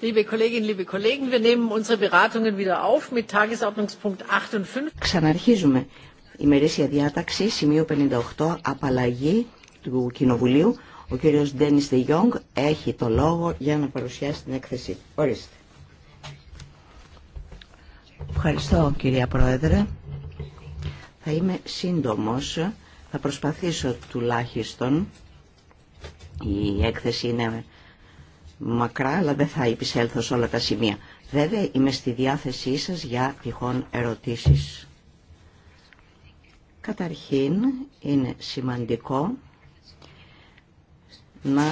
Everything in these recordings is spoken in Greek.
Liebe Kolleginnen, liebe Kollegen, wir nehmen unsere Beratungen wieder auf mit Tagesordnungspunkt 58. Ξαναρχίζουμε. Η μερίσια διάταξη, σημείο 58, απαλλαγή του Κοινοβουλίου. Ο κύριος Ντένις Δε Γιόγκ έχει το λόγο για να παρουσιάσει την έκθεση. Ορίστε. Ευχαριστώ κυρία Πρόεδρε. Θα είμαι σύντομος. Θα προσπαθήσω τουλάχιστον. Η έκθεση είναι μακρά, αλλά δεν θα επισέλθω σε όλα τα σημεία. Βέβαια, είμαι στη διάθεσή σας για τυχόν ερωτήσεις. Καταρχήν, είναι σημαντικό να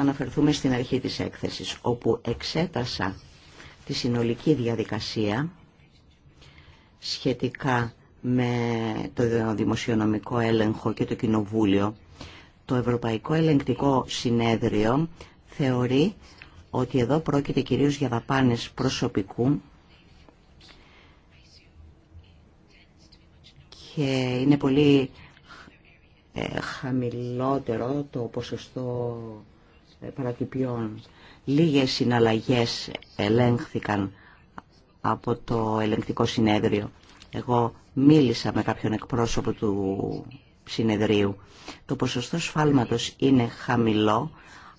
αναφερθούμε στην αρχή της έκθεσης, όπου εξέτασα τη συνολική διαδικασία σχετικά με το δημοσιονομικό έλεγχο και το κοινοβούλιο. Το Ευρωπαϊκό Ελεγκτικό Συνέδριο θεωρεί ότι εδώ πρόκειται κυρίως για δαπάνες προσωπικού και είναι πολύ ε, χαμηλότερο το ποσοστό ε, παρατυπιών. Λίγες συναλλαγές ελέγχθηκαν από το ελεγκτικό συνέδριο. Εγώ μίλησα με κάποιον εκπρόσωπο του συνεδρίου. Το ποσοστό σφάλματος είναι χαμηλό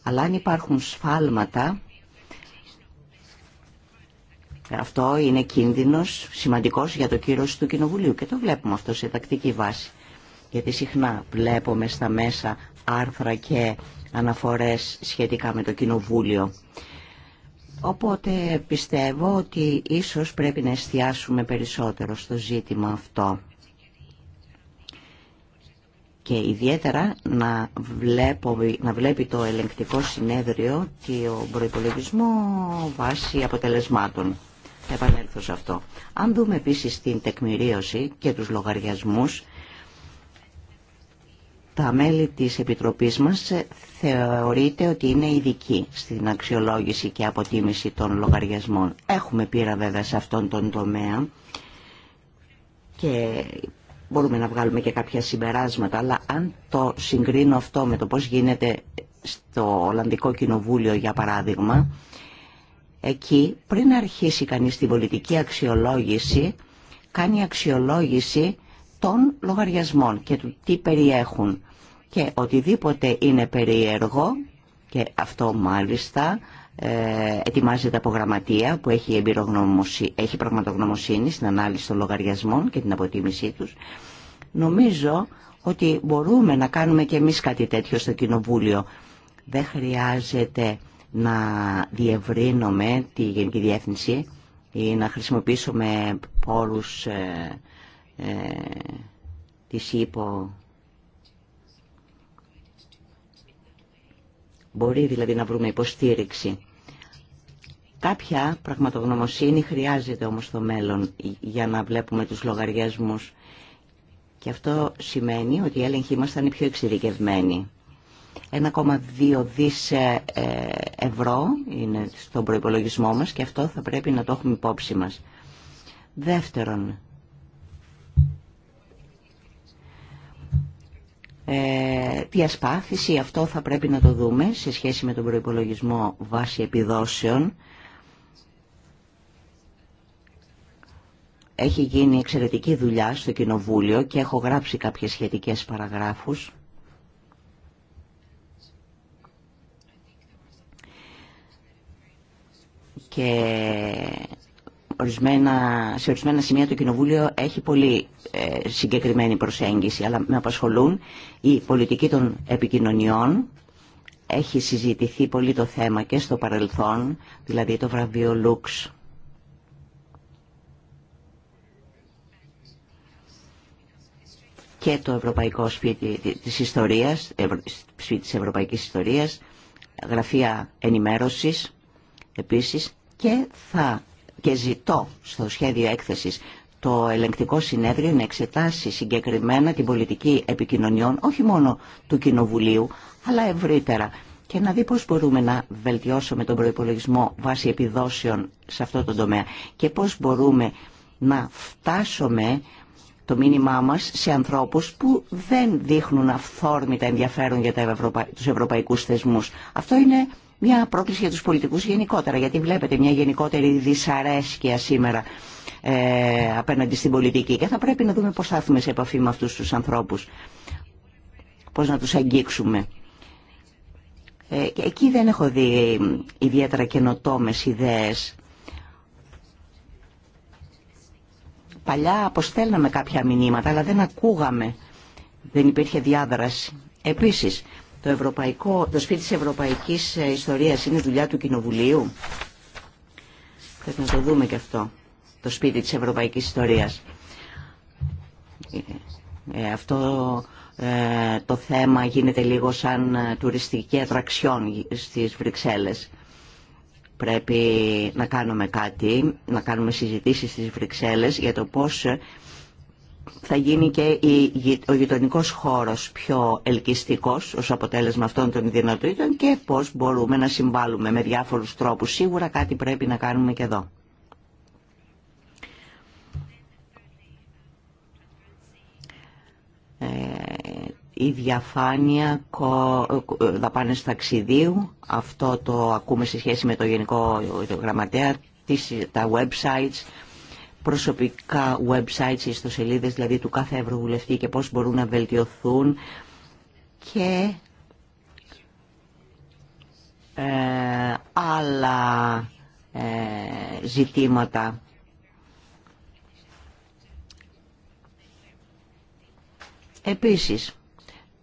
αλλά αν υπάρχουν σφάλματα, αυτό είναι κίνδυνος σημαντικός για το κύρος του Κοινοβουλίου και το βλέπουμε αυτό σε τακτική βάση. Γιατί συχνά βλέπουμε στα μέσα άρθρα και αναφορές σχετικά με το Κοινοβούλιο. Οπότε πιστεύω ότι ίσως πρέπει να εστιάσουμε περισσότερο στο ζήτημα αυτό και ιδιαίτερα να, βλέπω, να βλέπει το ελεγκτικό συνέδριο και ο προπολογισμό βάσει αποτελεσμάτων. Θα επανέλθω σε αυτό. Αν δούμε επίσης την τεκμηρίωση και τους λογαριασμούς, τα μέλη της Επιτροπής μας θεωρείται ότι είναι ειδικοί στην αξιολόγηση και αποτίμηση των λογαριασμών. Έχουμε πείρα βέβαια σε αυτόν τον τομέα και μπορούμε να βγάλουμε και κάποια συμπεράσματα, αλλά αν το συγκρίνω αυτό με το πώς γίνεται στο Ολλανδικό Κοινοβούλιο, για παράδειγμα, εκεί πριν αρχίσει κανείς την πολιτική αξιολόγηση, κάνει αξιολόγηση των λογαριασμών και του τι περιέχουν. Και οτιδήποτε είναι περίεργο, και αυτό μάλιστα ε, ετοιμάζεται από γραμματεία που έχει, έχει πραγματογνωμοσύνη στην ανάλυση των λογαριασμών και την αποτίμησή τους. Νομίζω ότι μπορούμε να κάνουμε και εμείς κάτι τέτοιο στο Κοινοβούλιο. Δεν χρειάζεται να διευρύνουμε τη Γενική Διεύθυνση ή να χρησιμοποιήσουμε πόρους ε, ε της ΥΠΟ Μπορεί δηλαδή να βρούμε υποστήριξη. Κάποια πραγματογνωμοσύνη χρειάζεται όμως στο μέλλον για να βλέπουμε τους λογαριασμούς. Και αυτό σημαίνει ότι οι έλεγχοι μας θα είναι πιο εξειδικευμένοι. 1,2 δις ε, ε, ευρώ είναι στον προϋπολογισμό μας και αυτό θα πρέπει να το έχουμε υπόψη μας. Δεύτερον, ε, ασπάθηση, αυτό θα πρέπει να το δούμε σε σχέση με τον προϋπολογισμό βάση επιδόσεων. Έχει γίνει εξαιρετική δουλειά στο Κοινοβούλιο και έχω γράψει κάποιες σχετικές παραγράφους. Και ορισμένα, σε ορισμένα σημεία το Κοινοβούλιο έχει πολύ ε, συγκεκριμένη προσέγγιση, αλλά με απασχολούν η πολιτική των επικοινωνιών. Έχει συζητηθεί πολύ το θέμα και στο παρελθόν, δηλαδή το βραβείο Λουξ. και το Ευρωπαϊκό Σπίτι της Ιστορίας, Σπίτι της Ευρωπαϊκής Ιστορίας, γραφεία ενημέρωσης επίσης και θα και ζητώ στο σχέδιο έκθεσης το ελεγκτικό συνέδριο να εξετάσει συγκεκριμένα την πολιτική επικοινωνιών όχι μόνο του Κοινοβουλίου αλλά ευρύτερα και να δει πώς μπορούμε να βελτιώσουμε τον προϋπολογισμό βάσει επιδόσεων σε αυτό το τομέα και πώς μπορούμε να φτάσουμε το μήνυμά μας σε ανθρώπους που δεν δείχνουν αυθόρμητα ενδιαφέρον για τα ευρωπα... τους ευρωπαϊκούς θεσμούς. Αυτό είναι μια πρόκληση για τους πολιτικούς γενικότερα, γιατί βλέπετε μια γενικότερη δυσαρέσκεια σήμερα ε, απέναντι στην πολιτική και θα πρέπει να δούμε πώς θα έρθουμε σε επαφή με αυτούς τους ανθρώπους, πώς να τους αγγίξουμε. Ε, εκεί δεν έχω δει ιδιαίτερα καινοτόμε ιδέες. Παλιά αποστέλναμε κάποια μηνύματα, αλλά δεν ακούγαμε. Δεν υπήρχε διάδραση. Επίσης, το, ευρωπαϊκό, το σπίτι της ευρωπαϊκής ε, ιστορίας είναι δουλειά του Κοινοβουλίου. Πρέπει να το δούμε και αυτό, το σπίτι της ευρωπαϊκής ιστορίας. Ε, ε, αυτό το θέμα γίνεται λίγο σαν τουριστική ατραξιόν στις Βρυξέλλες. Πρέπει να κάνουμε κάτι, να κάνουμε συζητήσεις στις Βρυξέλλες για το πώς θα γίνει και ο γειτονικό χώρος πιο ελκυστικός ως αποτέλεσμα αυτών των δυνατοτήτων και πώς μπορούμε να συμβάλλουμε με διάφορους τρόπους. Σίγουρα κάτι πρέπει να κάνουμε και εδώ. Ε, η διαφάνεια δαπάνες ταξιδίου, αυτό το ακούμε σε σχέση με το Γενικό Γραμματέα, τα websites, προσωπικά websites, ή ιστοσελίδες δηλαδή του κάθε ευρωβουλευτή και πώς μπορούν να βελτιωθούν και ε, άλλα ε, ζητήματα. Επίσης,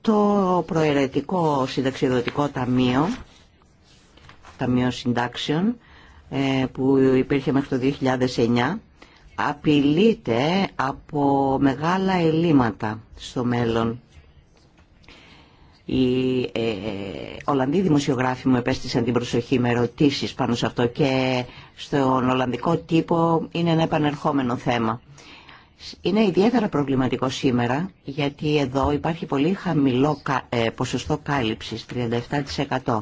το προαιρετικό συνταξιδοτικό ταμείο, ταμείο συντάξεων, ε, που υπήρχε μέχρι το 2009, απειλείται από μεγάλα ελλείμματα στο μέλλον. Οι ε, ε, Ολλανδοί δημοσιογράφοι μου επέστησαν την προσοχή με ερωτήσεις πάνω σε αυτό και στον Ολλανδικό τύπο είναι ένα επανερχόμενο θέμα. Είναι ιδιαίτερα προβληματικό σήμερα γιατί εδώ υπάρχει πολύ χαμηλό ε, ποσοστό κάλυψης, 37%.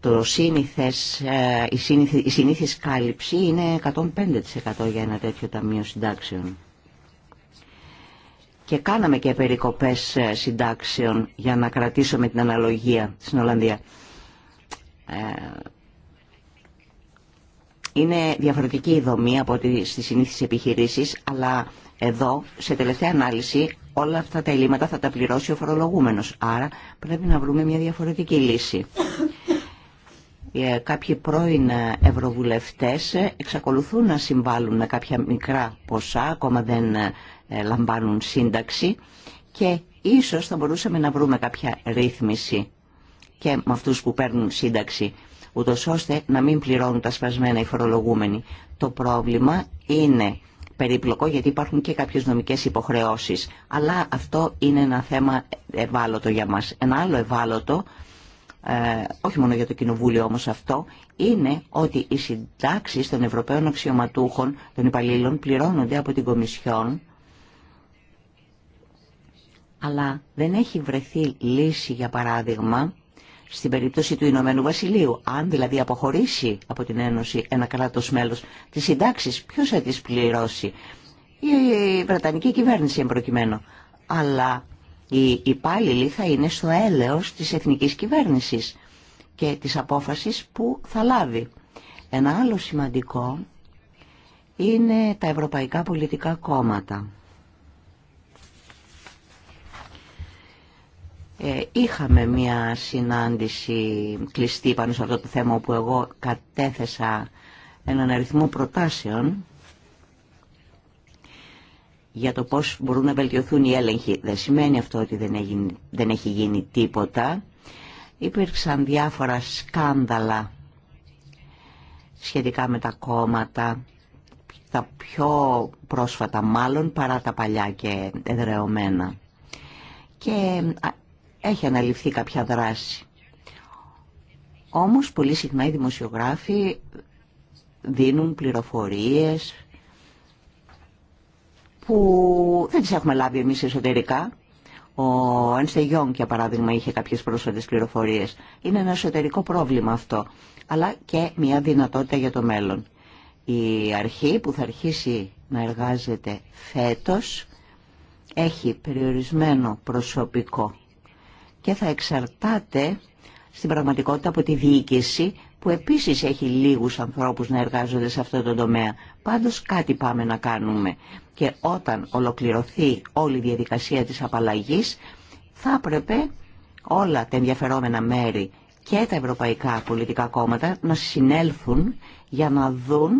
το σύνηθες, ε, η, σύνηθι, η κάλυψη είναι 105% για ένα τέτοιο ταμείο συντάξεων. Και κάναμε και περικοπές ε, συντάξεων για να κρατήσουμε την αναλογία στην Ολλανδία. Ε, είναι διαφορετική η δομή από ό,τι στις συνήθεις επιχειρήσεις, αλλά εδώ, σε τελευταία ανάλυση, όλα αυτά τα ελλείμματα θα τα πληρώσει ο φορολογούμενος. Άρα πρέπει να βρούμε μια διαφορετική λύση. Ε, κάποιοι πρώην ε, ευρωβουλευτές ε, εξακολουθούν να συμβάλλουν με κάποια μικρά ποσά, ακόμα δεν λαμβάνουν σύνταξη και ίσως θα μπορούσαμε να βρούμε κάποια ρύθμιση και με αυτούς που παίρνουν σύνταξη, ούτω ώστε να μην πληρώνουν τα σπασμένα οι φορολογούμενοι. Το πρόβλημα είναι περίπλοκο γιατί υπάρχουν και κάποιες νομικές υποχρεώσεις, αλλά αυτό είναι ένα θέμα ευάλωτο για μας. Ένα άλλο ευάλωτο ε, όχι μόνο για το Κοινοβούλιο όμως αυτό, είναι ότι οι συντάξεις των Ευρωπαίων αξιωματούχων των υπαλλήλων πληρώνονται από την Κομισιόν, αλλά δεν έχει βρεθεί λύση, για παράδειγμα, στην περίπτωση του Ηνωμένου Βασιλείου. Αν δηλαδή αποχωρήσει από την Ένωση ένα κράτος μέλος, τις συντάξεις ποιος θα τις πληρώσει. Η Βρετανική κυβέρνηση εμπροκειμένο. Αλλά οι υπάλληλοι θα είναι στο έλεος της εθνικής κυβέρνησης και της απόφασης που θα λάβει. Ένα άλλο σημαντικό είναι τα ευρωπαϊκά πολιτικά κόμματα. Ε, είχαμε μια συνάντηση κλειστή πάνω σε αυτό το θέμα όπου εγώ κατέθεσα έναν αριθμό προτάσεων για το πώς μπορούν να βελτιωθούν οι έλεγχοι. Δεν σημαίνει αυτό ότι δεν, έχει γίνει τίποτα. Υπήρξαν διάφορα σκάνδαλα σχετικά με τα κόμματα, τα πιο πρόσφατα μάλλον παρά τα παλιά και εδρεωμένα. Και έχει αναλυφθεί κάποια δράση. Όμως πολύ συχνά οι δημοσιογράφοι δίνουν πληροφορίες που δεν τις έχουμε λάβει εμείς εσωτερικά. Ο Ένστε Γιόγκ, για παράδειγμα, είχε κάποιες πρόσφατες πληροφορίες. Είναι ένα εσωτερικό πρόβλημα αυτό, αλλά και μια δυνατότητα για το μέλλον. Η αρχή που θα αρχίσει να εργάζεται φέτος έχει περιορισμένο προσωπικό και θα εξαρτάται στην πραγματικότητα από τη διοίκηση που επίσης έχει λίγους ανθρώπους να εργάζονται σε αυτό το τομέα. Πάντως κάτι πάμε να κάνουμε και όταν ολοκληρωθεί όλη η διαδικασία της απαλλαγής θα έπρεπε όλα τα ενδιαφερόμενα μέρη και τα ευρωπαϊκά πολιτικά κόμματα να συνέλθουν για να δουν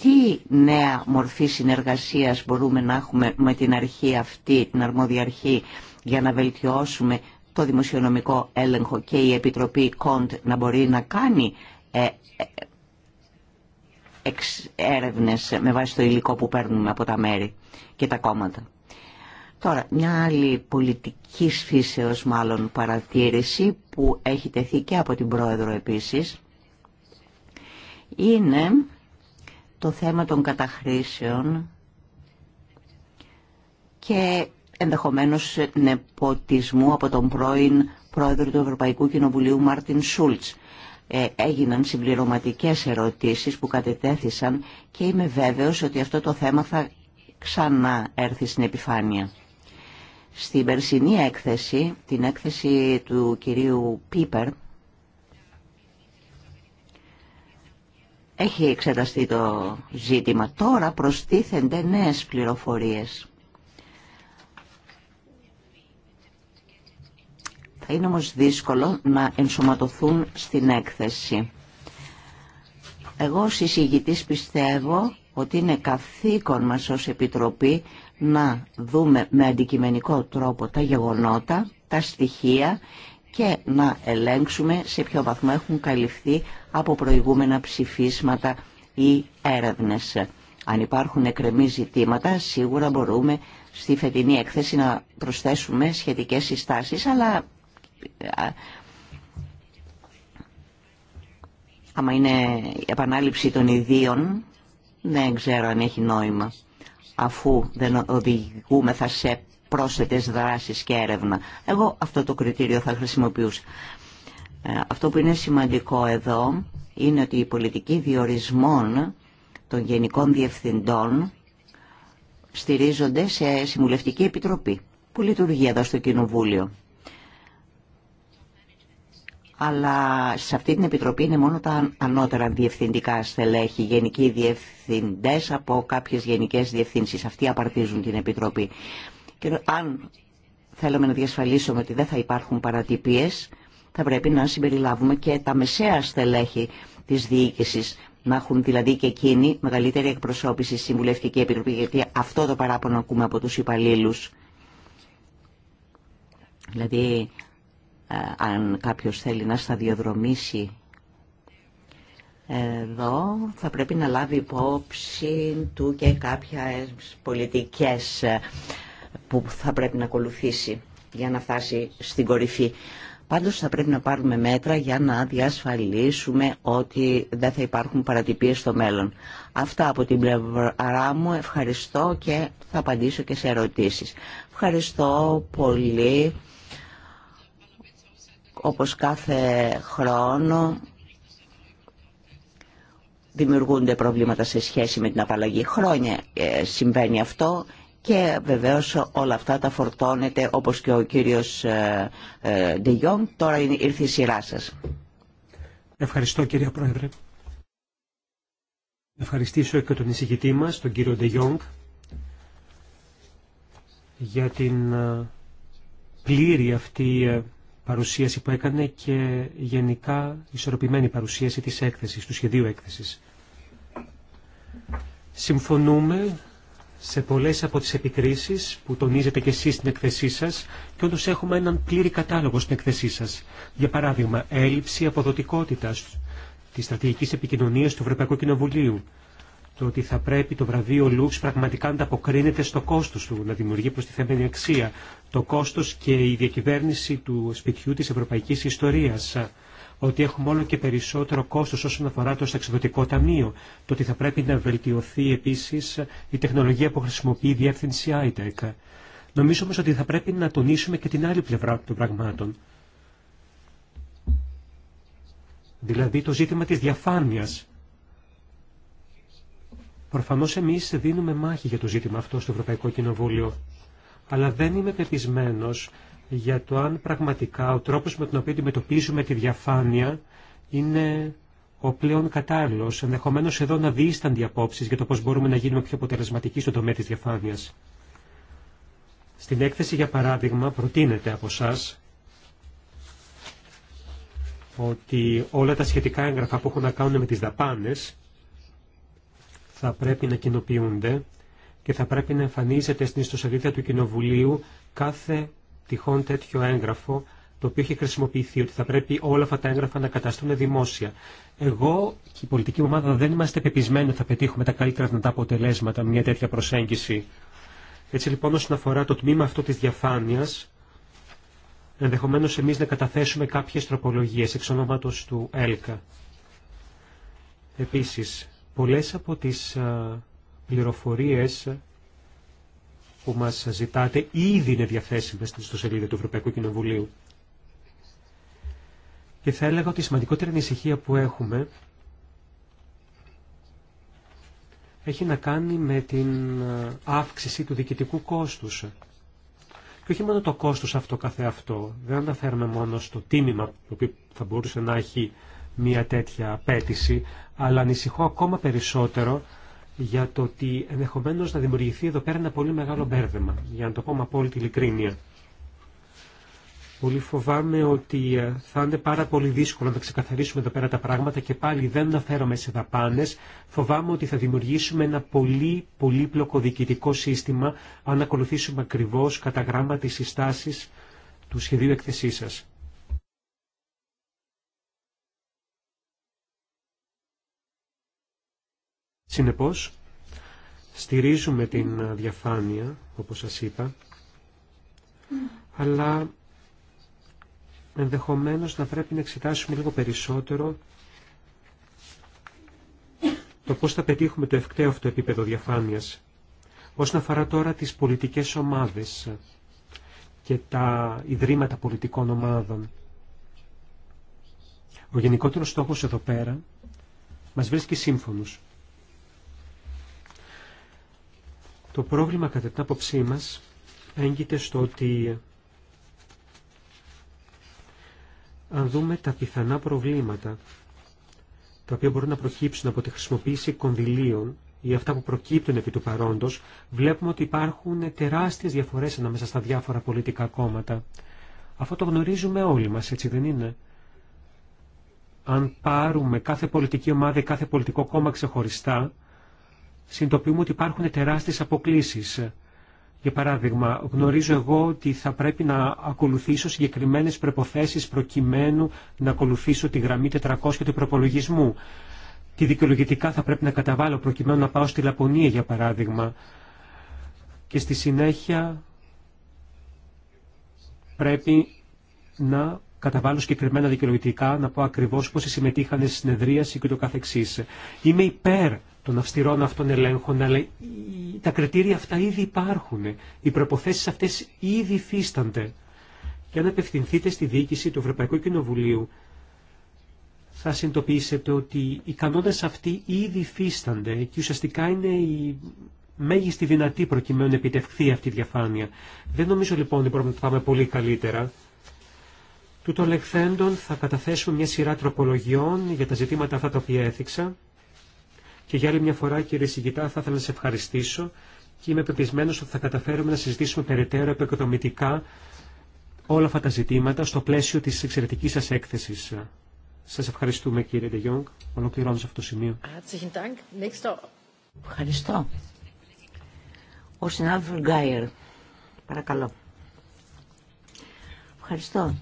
τι νέα μορφή συνεργασίας μπορούμε να έχουμε με την αρχή αυτή, την αρμόδια αρχή, για να βελτιώσουμε το δημοσιονομικό έλεγχο και η Επιτροπή Κοντ να μπορεί να κάνει ε, ε, έρευνες με βάση το υλικό που παίρνουμε από τα μέρη και τα κόμματα. Τώρα, μια άλλη πολιτική φύσεως μάλλον παρατήρηση που έχει τεθεί και από την Πρόεδρο επίσης είναι το θέμα των καταχρήσεων και ενδεχομένως νεποτισμού από τον πρώην Πρόεδρο του Ευρωπαϊκού Κοινοβουλίου Μάρτιν Σούλτς. Ε, έγιναν συμπληρωματικές ερωτήσεις που κατετέθησαν και είμαι βέβαιος ότι αυτό το θέμα θα ξανά έρθει στην επιφάνεια. Στην περσινή έκθεση, την έκθεση του κυρίου Πίπερ, έχει εξεταστεί το ζήτημα. Τώρα προστίθενται νέες πληροφορίες. Θα είναι όμως δύσκολο να ενσωματωθούν στην έκθεση. Εγώ ως εισηγητής πιστεύω ότι είναι καθήκον μας ως Επιτροπή να δούμε με αντικειμενικό τρόπο τα γεγονότα, τα στοιχεία και να ελέγξουμε σε ποιο βαθμό έχουν καλυφθεί από προηγούμενα ψηφίσματα ή έρευνες. Αν υπάρχουν εκρεμή ζητήματα, σίγουρα μπορούμε στη φετινή έκθεση να προσθέσουμε σχετικές συστάσεις, αλλά άμα είναι επανάληψη των ιδίων, δεν ξέρω αν έχει νόημα, αφού δεν οδηγούμεθα σε πρόσθετες δράσεις και έρευνα. Εγώ αυτό το κριτήριο θα χρησιμοποιούσα. Ε, αυτό που είναι σημαντικό εδώ είναι ότι η πολιτική διορισμών των γενικών διευθυντών στηρίζονται σε συμβουλευτική επιτροπή που λειτουργεί εδώ στο Κοινοβούλιο αλλά σε αυτή την επιτροπή είναι μόνο τα ανώτερα διευθυντικά στελέχη, γενικοί διευθυντές από κάποιες γενικές διευθύνσεις. Αυτοί απαρτίζουν την επιτροπή. Και αν θέλουμε να διασφαλίσουμε ότι δεν θα υπάρχουν παρατυπίες, θα πρέπει να συμπεριλάβουμε και τα μεσαία στελέχη της διοίκησης, να έχουν δηλαδή και εκείνοι μεγαλύτερη εκπροσώπηση στη Συμβουλευτική Επιτροπή, γιατί αυτό το παράπονο ακούμε από τους υπαλλήλου. Δηλαδή ε, αν κάποιος θέλει να σταδιοδρομήσει εδώ θα πρέπει να λάβει υπόψη του και κάποιες πολιτικές ε, που θα πρέπει να ακολουθήσει για να φτάσει στην κορυφή. Πάντως θα πρέπει να πάρουμε μέτρα για να διασφαλίσουμε ότι δεν θα υπάρχουν παρατυπίες στο μέλλον. Αυτά από την πλευρά μου. Ευχαριστώ και θα απαντήσω και σε ερωτήσεις. Ευχαριστώ πολύ. Όπως κάθε χρόνο δημιουργούνται προβλήματα σε σχέση με την απαλλαγή. Χρόνια ε, συμβαίνει αυτό και βεβαίως όλα αυτά τα φορτώνεται όπως και ο κύριος ε, ε, Ντεγιόν. Τώρα ήρθε η σειρά σας. Ευχαριστώ κυρία Πρόεδρε. Ευχαριστήσω και τον εισηγητή μας, τον κύριο Ντεγιόνγκ, για την πλήρη αυτή παρουσίαση που έκανε και γενικά ισορροπημένη παρουσίαση της έκθεσης, του σχεδίου έκθεσης. Συμφωνούμε σε πολλές από τις επικρίσεις που τονίζετε και εσείς στην εκθεσή σας και όντως έχουμε έναν πλήρη κατάλογο στην εκθεσή σας. Για παράδειγμα, έλλειψη αποδοτικότητας της στρατηγικής επικοινωνίας του Ευρωπαϊκού Κοινοβουλίου, το ότι θα πρέπει το βραβείο Λουξ πραγματικά να ανταποκρίνεται στο κόστος του, να δημιουργεί προστιθέμενη αξία. Το κόστος και η διακυβέρνηση του σπιτιού της ευρωπαϊκής ιστορίας ότι έχουμε όλο και περισσότερο κόστο όσον αφορά το σταξιδωτικό ταμείο. Το ότι θα πρέπει να βελτιωθεί επίση η τεχνολογία που χρησιμοποιεί η διεύθυνση ITEC. Νομίζω όμω ότι θα πρέπει να τονίσουμε και την άλλη πλευρά των πραγμάτων. Δηλαδή το ζήτημα τη διαφάνεια. Προφανώς εμείς δίνουμε μάχη για το ζήτημα αυτό στο Ευρωπαϊκό Κοινοβούλιο. Αλλά δεν είμαι πεπισμένος για το αν πραγματικά ο τρόπος με τον οποίο αντιμετωπίζουμε τη διαφάνεια είναι ο πλέον κατάλληλο, ενδεχομένω εδώ να οι απόψει για το πώ μπορούμε να γίνουμε πιο αποτελεσματικοί στον τομέα τη διαφάνεια. Στην έκθεση, για παράδειγμα, προτείνεται από εσά ότι όλα τα σχετικά έγγραφα που έχουν να κάνουν με τι δαπάνε θα πρέπει να κοινοποιούνται και θα πρέπει να εμφανίζεται στην ιστοσελίδα του Κοινοβουλίου κάθε τυχόν τέτοιο έγγραφο το οποίο έχει χρησιμοποιηθεί, ότι θα πρέπει όλα αυτά τα έγγραφα να καταστούν δημόσια. Εγώ και η πολιτική ομάδα δεν είμαστε πεπισμένοι ότι θα πετύχουμε τα καλύτερα δυνατά αποτελέσματα μια τέτοια προσέγγιση. Έτσι λοιπόν όσον αφορά το τμήμα αυτό της διαφάνειας, ενδεχομένως εμείς να καταθέσουμε κάποιες τροπολογίες εξ του ΕΛΚΑ. Επίσης, Πολλές από τις ε, πληροφορίες που μας ζητάτε ήδη είναι διαθέσιμες στην ιστοσελίδα του Ευρωπαϊκού Κοινοβουλίου. Και θα έλεγα ότι η σημαντικότερη ανησυχία που έχουμε έχει να κάνει με την ε, αύξηση του διοικητικού κόστους. Και όχι μόνο το κόστος αυτό καθεαυτό, δεν αναφέρουμε μόνο στο τίμημα το θα μπορούσε να έχει μια τέτοια απέτηση, αλλά ανησυχώ ακόμα περισσότερο για το ότι ενδεχομένως να δημιουργηθεί εδώ πέρα ένα πολύ μεγάλο μπέρδεμα, για να το πω με απόλυτη ειλικρίνεια. Πολύ φοβάμαι ότι ε, θα είναι πάρα πολύ δύσκολο να ξεκαθαρίσουμε εδώ πέρα τα πράγματα και πάλι δεν αναφέρομαι σε δαπάνε. Φοβάμαι ότι θα δημιουργήσουμε ένα πολύ πολύπλοκο διοικητικό σύστημα αν ακολουθήσουμε ακριβώ κατά γράμμα τι συστάσει του σχεδίου εκθεσή σα. Συνεπώς, στηρίζουμε την διαφάνεια, όπως σας είπα, αλλά ενδεχομένως να πρέπει να εξετάσουμε λίγο περισσότερο το πώς θα πετύχουμε το ευκταίο αυτό επίπεδο διαφάνειας. Όσον αφορά τώρα τις πολιτικές ομάδες και τα ιδρύματα πολιτικών ομάδων. Ο γενικότερος στόχος εδώ πέρα μας βρίσκει σύμφωνος. Το πρόβλημα κατά την άποψή μας έγκυται στο ότι αν δούμε τα πιθανά προβλήματα τα οποία μπορούν να προκύψουν από τη χρησιμοποίηση κονδυλίων ή αυτά που προκύπτουν επί του παρόντος, βλέπουμε ότι υπάρχουν τεράστιες διαφορές ανάμεσα στα διάφορα πολιτικά κόμματα. Αυτό το γνωρίζουμε όλοι μας, έτσι δεν είναι. Αν πάρουμε κάθε πολιτική ομάδα ή κάθε πολιτικό κόμμα ξεχωριστά, συνειδητοποιούμε ότι υπάρχουν τεράστιες αποκλήσεις. Για παράδειγμα, γνωρίζω εγώ ότι θα πρέπει να ακολουθήσω συγκεκριμένες προποθέσεις προκειμένου να ακολουθήσω τη γραμμή 400 του προπολογισμού. Τι δικαιολογητικά θα πρέπει να καταβάλω προκειμένου να πάω στη Λαπωνία, για παράδειγμα. Και στη συνέχεια πρέπει να καταβάλω συγκεκριμένα δικαιολογητικά, να πω ακριβώς πώς συμμετείχαν στη συνεδρίαση και το καθεξής. Είμαι υπέρ των αυστηρών αυτών ελέγχων, αλλά τα κριτήρια αυτά ήδη υπάρχουν. Οι προποθέσει αυτές ήδη υφίστανται. Και αν απευθυνθείτε στη διοίκηση του Ευρωπαϊκού Κοινοβουλίου, θα συνειδητοποιήσετε ότι οι κανόνες αυτοί ήδη υφίστανται και ουσιαστικά είναι η μέγιστη δυνατή προκειμένου να επιτευχθεί αυτή η διαφάνεια. Δεν νομίζω λοιπόν ότι μπορούμε να πάμε πολύ καλύτερα. Του λεχθέντων θα καταθέσουμε μια σειρά τροπολογιών για τα ζητήματα αυτά τα οποία έθιξα. Και για άλλη μια φορά, κύριε Σιγητά, θα ήθελα να σε ευχαριστήσω και είμαι πεπισμένο ότι θα καταφέρουμε να συζητήσουμε περαιτέρω επικοδομητικά όλα αυτά τα ζητήματα στο πλαίσιο της εξαιρετικής σας έκθεσης. Σας ευχαριστούμε κύριε Ντεγιόνγκ, Ολοκληρώνω σε αυτό το σημείο. Ευχαριστώ. Ο συνάδελφος Γκάιερ. Παρακαλώ. Ευχαριστώ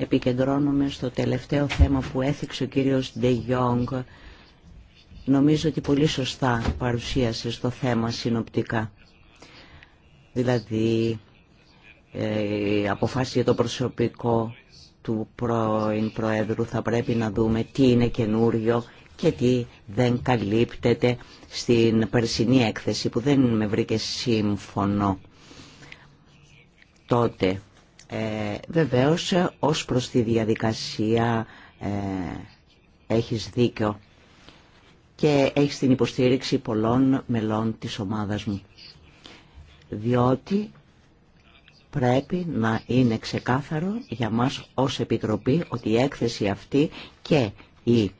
επικεντρώνομαι στο τελευταίο θέμα που έθιξε ο κύριος Ντε Jong. Νομίζω ότι πολύ σωστά παρουσίασε στο θέμα συνοπτικά. Δηλαδή, ε, αποφάσει για το προσωπικό του πρώην Προέδρου θα πρέπει να δούμε τι είναι καινούριο και τι δεν καλύπτεται στην περσινή έκθεση που δεν με βρήκε σύμφωνο τότε ε, βεβαίως, ως προς τη διαδικασία ε, έχεις δίκιο και έχεις την υποστήριξη πολλών μελών της ομάδας μου. Διότι πρέπει να είναι ξεκάθαρο για μας ως Επιτροπή ότι η έκθεση αυτή και η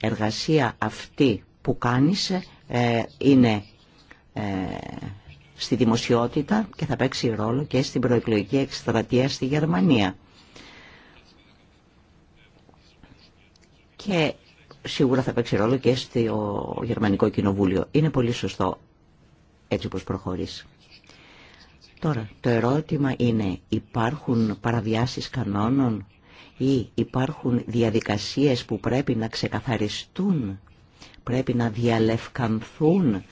εργασία αυτή που κάνεις ε, είναι ε, στη δημοσιότητα και θα παίξει ρόλο και στην προεκλογική εκστρατεία στη Γερμανία. Και σίγουρα θα παίξει ρόλο και στο Γερμανικό Κοινοβούλιο. Είναι πολύ σωστό έτσι όπως προχωρείς Τώρα, το ερώτημα είναι υπάρχουν παραβιάσεις κανόνων ή υπάρχουν διαδικασίες που πρέπει να ξεκαθαριστούν, πρέπει να διαλευκανθούν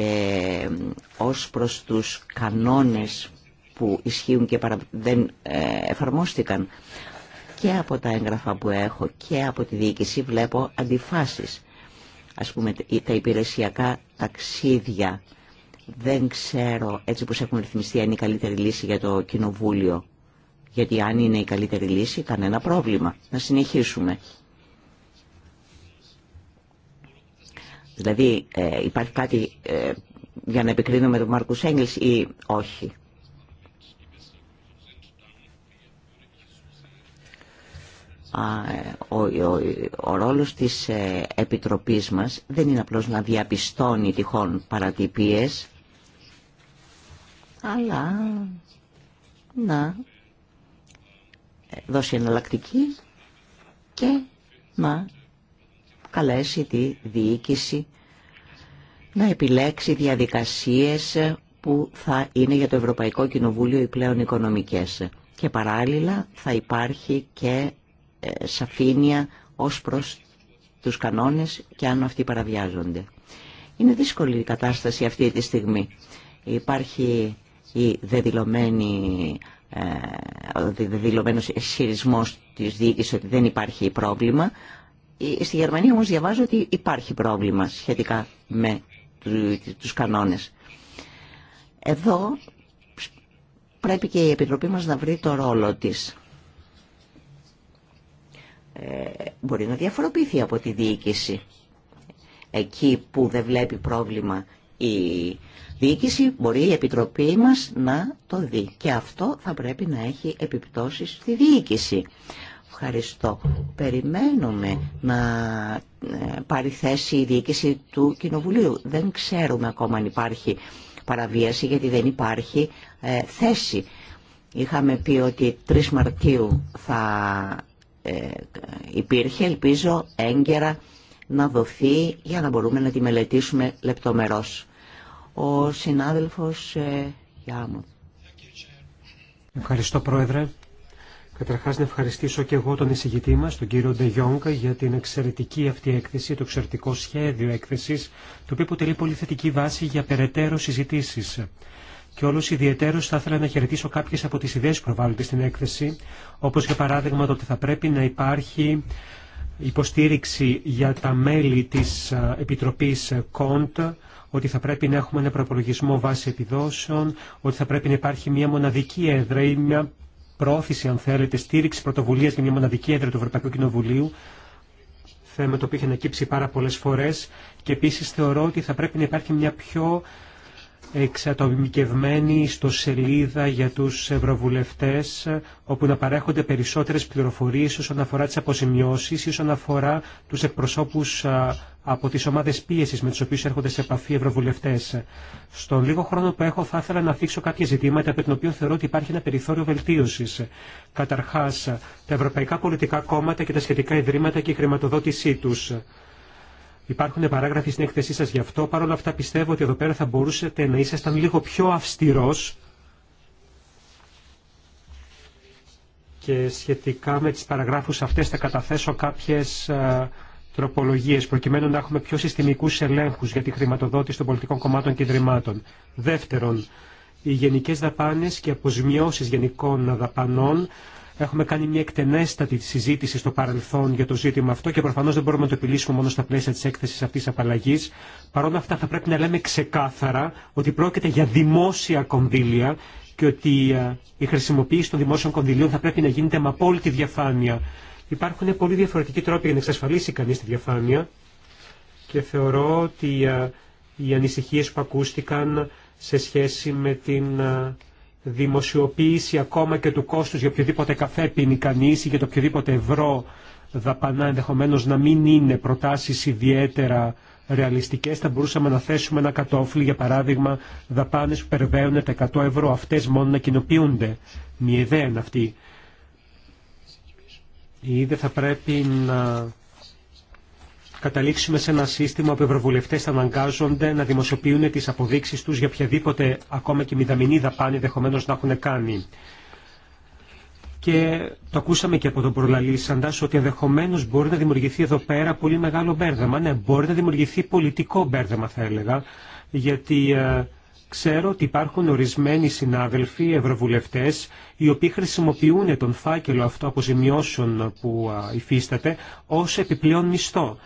ε, ως προς τους κανόνες που ισχύουν και παρα... δεν ε, εφαρμόστηκαν. Και από τα έγγραφα που έχω και από τη διοίκηση βλέπω αντιφάσεις. Ας πούμε τα υπηρεσιακά ταξίδια. Δεν ξέρω έτσι πως έχουν ρυθμιστεί αν είναι η καλύτερη λύση για το κοινοβούλιο. Γιατί αν είναι η καλύτερη λύση κανένα πρόβλημα. Να συνεχίσουμε. Δηλαδή ε, υπάρχει κάτι ε, για να επικρίνουμε τον Μάρκους Έγγελς ή όχι. Ε, ο, ο, ο ρόλος της Επιτροπής μας δεν είναι απλώς να διαπιστώνει τυχόν παρατυπίες, αλλά να δώσει εναλλακτική και να καλέσει τη διοίκηση να επιλέξει διαδικασίες που θα είναι για το Ευρωπαϊκό Κοινοβούλιο οι πλέον οικονομικές. Και παράλληλα θα υπάρχει και ε, σαφήνεια ως προς τους κανόνες και αν αυτοί παραβιάζονται. Είναι δύσκολη η κατάσταση αυτή τη στιγμή. Υπάρχει η δεδηλωμένη ε, ο δεδηλωμένος ισχυρισμός της διοίκησης ότι δεν υπάρχει πρόβλημα Στη Γερμανία όμως διαβάζω ότι υπάρχει πρόβλημα σχετικά με τους κανόνες. Εδώ πρέπει και η Επιτροπή μας να βρει το ρόλο της. Ε, μπορεί να διαφοροποιηθεί από τη διοίκηση. Εκεί που δεν βλέπει πρόβλημα η διοίκηση, μπορεί η Επιτροπή μας να το δει. Και αυτό θα πρέπει να έχει επιπτώσεις στη διοίκηση. Ευχαριστώ. Περιμένουμε να ε, πάρει θέση η διοίκηση του Κοινοβουλίου. Δεν ξέρουμε ακόμα αν υπάρχει παραβίαση γιατί δεν υπάρχει ε, θέση. Είχαμε πει ότι 3 Μαρτίου θα ε, υπήρχε, ελπίζω έγκαιρα να δοθεί για να μπορούμε να τη μελετήσουμε λεπτομερώς. Ο συνάδελφος ε, Ευχαριστώ Πρόεδρε. Καταρχάς να ευχαριστήσω και εγώ τον εισηγητή μας, τον κύριο Ντεγιόγκα, για την εξαιρετική αυτή έκθεση, το εξαιρετικό σχέδιο έκθεσης, το οποίο αποτελεί πολύ θετική βάση για περαιτέρω συζητήσεις. Και όλος ιδιαιτέρως θα ήθελα να χαιρετήσω κάποιες από τις ιδέες που προβάλλονται στην έκθεση, όπως για παράδειγμα το ότι θα πρέπει να υπάρχει υποστήριξη για τα μέλη της Επιτροπής ε, ΚΟΝΤ, ότι θα πρέπει να έχουμε ένα προπολογισμό βάση επιδόσεων, ότι θα πρέπει να υπάρχει μια μοναδική έδρα ή μια πρόθεση, αν θέλετε, στήριξη πρωτοβουλία για μια μοναδική έδρα του Ευρωπαϊκού Κοινοβουλίου, θέμα το οποίο έχει ανακύψει πάρα πολλέ φορέ. Και επίση θεωρώ ότι θα πρέπει να υπάρχει μια πιο εξατομικευμένη στο σελίδα για τους ευρωβουλευτές όπου να παρέχονται περισσότερες πληροφορίες όσον αφορά τις αποζημιώσεις ή όσον αφορά τους εκπροσώπους από τις ομάδες πίεσης με τους οποίους έρχονται σε επαφή οι ευρωβουλευτές. Στον λίγο χρόνο που έχω θα ήθελα να θίξω κάποια ζητήματα από την οποία θεωρώ ότι υπάρχει ένα περιθώριο βελτίωσης. Καταρχάς, τα ευρωπαϊκά πολιτικά κόμματα και τα σχετικά ιδρύματα και η χρηματοδότησή τους. Υπάρχουν παράγραφοι στην έκθεσή σας γι' αυτό. Παρ' όλα αυτά πιστεύω ότι εδώ πέρα θα μπορούσατε να ήσασταν λίγο πιο αυστηρός και σχετικά με τις παραγράφους αυτές θα καταθέσω κάποιες ε, τροπολογίες προκειμένου να έχουμε πιο συστημικούς ελέγχους για τη χρηματοδότηση των πολιτικών κομμάτων και ιδρυμάτων. Δεύτερον, οι γενικές δαπάνες και αποζημιώσεις γενικών δαπανών Έχουμε κάνει μια εκτενέστατη συζήτηση στο παρελθόν για το ζήτημα αυτό και προφανώ δεν μπορούμε να το επιλύσουμε μόνο στα πλαίσια τη έκθεση αυτή απαλλαγή. Παρ' αυτά θα πρέπει να λέμε ξεκάθαρα ότι πρόκειται για δημόσια κονδύλια και ότι ε, η χρησιμοποίηση των δημόσιων κονδυλίων θα πρέπει να γίνεται με απόλυτη διαφάνεια. Υπάρχουν πολύ διαφορετικοί τρόποι για να εξασφαλίσει κανεί τη διαφάνεια και θεωρώ ότι ε, οι ανησυχίε που ακούστηκαν σε σχέση με την ε, δημοσιοποίηση ακόμα και του κόστους για οποιοδήποτε καφέ πίνει κανείς ή για το οποιοδήποτε ευρώ δαπανά ενδεχομένω να μην είναι προτάσεις ιδιαίτερα ρεαλιστικές θα μπορούσαμε να θέσουμε ένα κατόφλι για παράδειγμα δαπάνες που περβαίνουν τα 100 ευρώ αυτές μόνο να κοινοποιούνται μια ιδέα είναι αυτή ή δεν θα πρέπει να καταλήξουμε σε ένα σύστημα που οι ευρωβουλευτέ αναγκάζονται να δημοσιοποιούν τι αποδείξει του για οποιαδήποτε ακόμα και μηδαμινή δαπάνη ενδεχομένω να έχουν κάνει. Και το ακούσαμε και από τον Προλαλήσαντα ότι ενδεχομένω μπορεί να δημιουργηθεί εδώ πέρα πολύ μεγάλο μπέρδεμα. Ναι, μπορεί να δημιουργηθεί πολιτικό μπέρδεμα, θα έλεγα, γιατί ε, Ξέρω ότι υπάρχουν ορισμένοι συνάδελφοι, ευρωβουλευτέ, οι οποίοι χρησιμοποιούν τον φάκελο αυτό αποζημιώσεων που υφίσταται ω επιπλέον μισθό.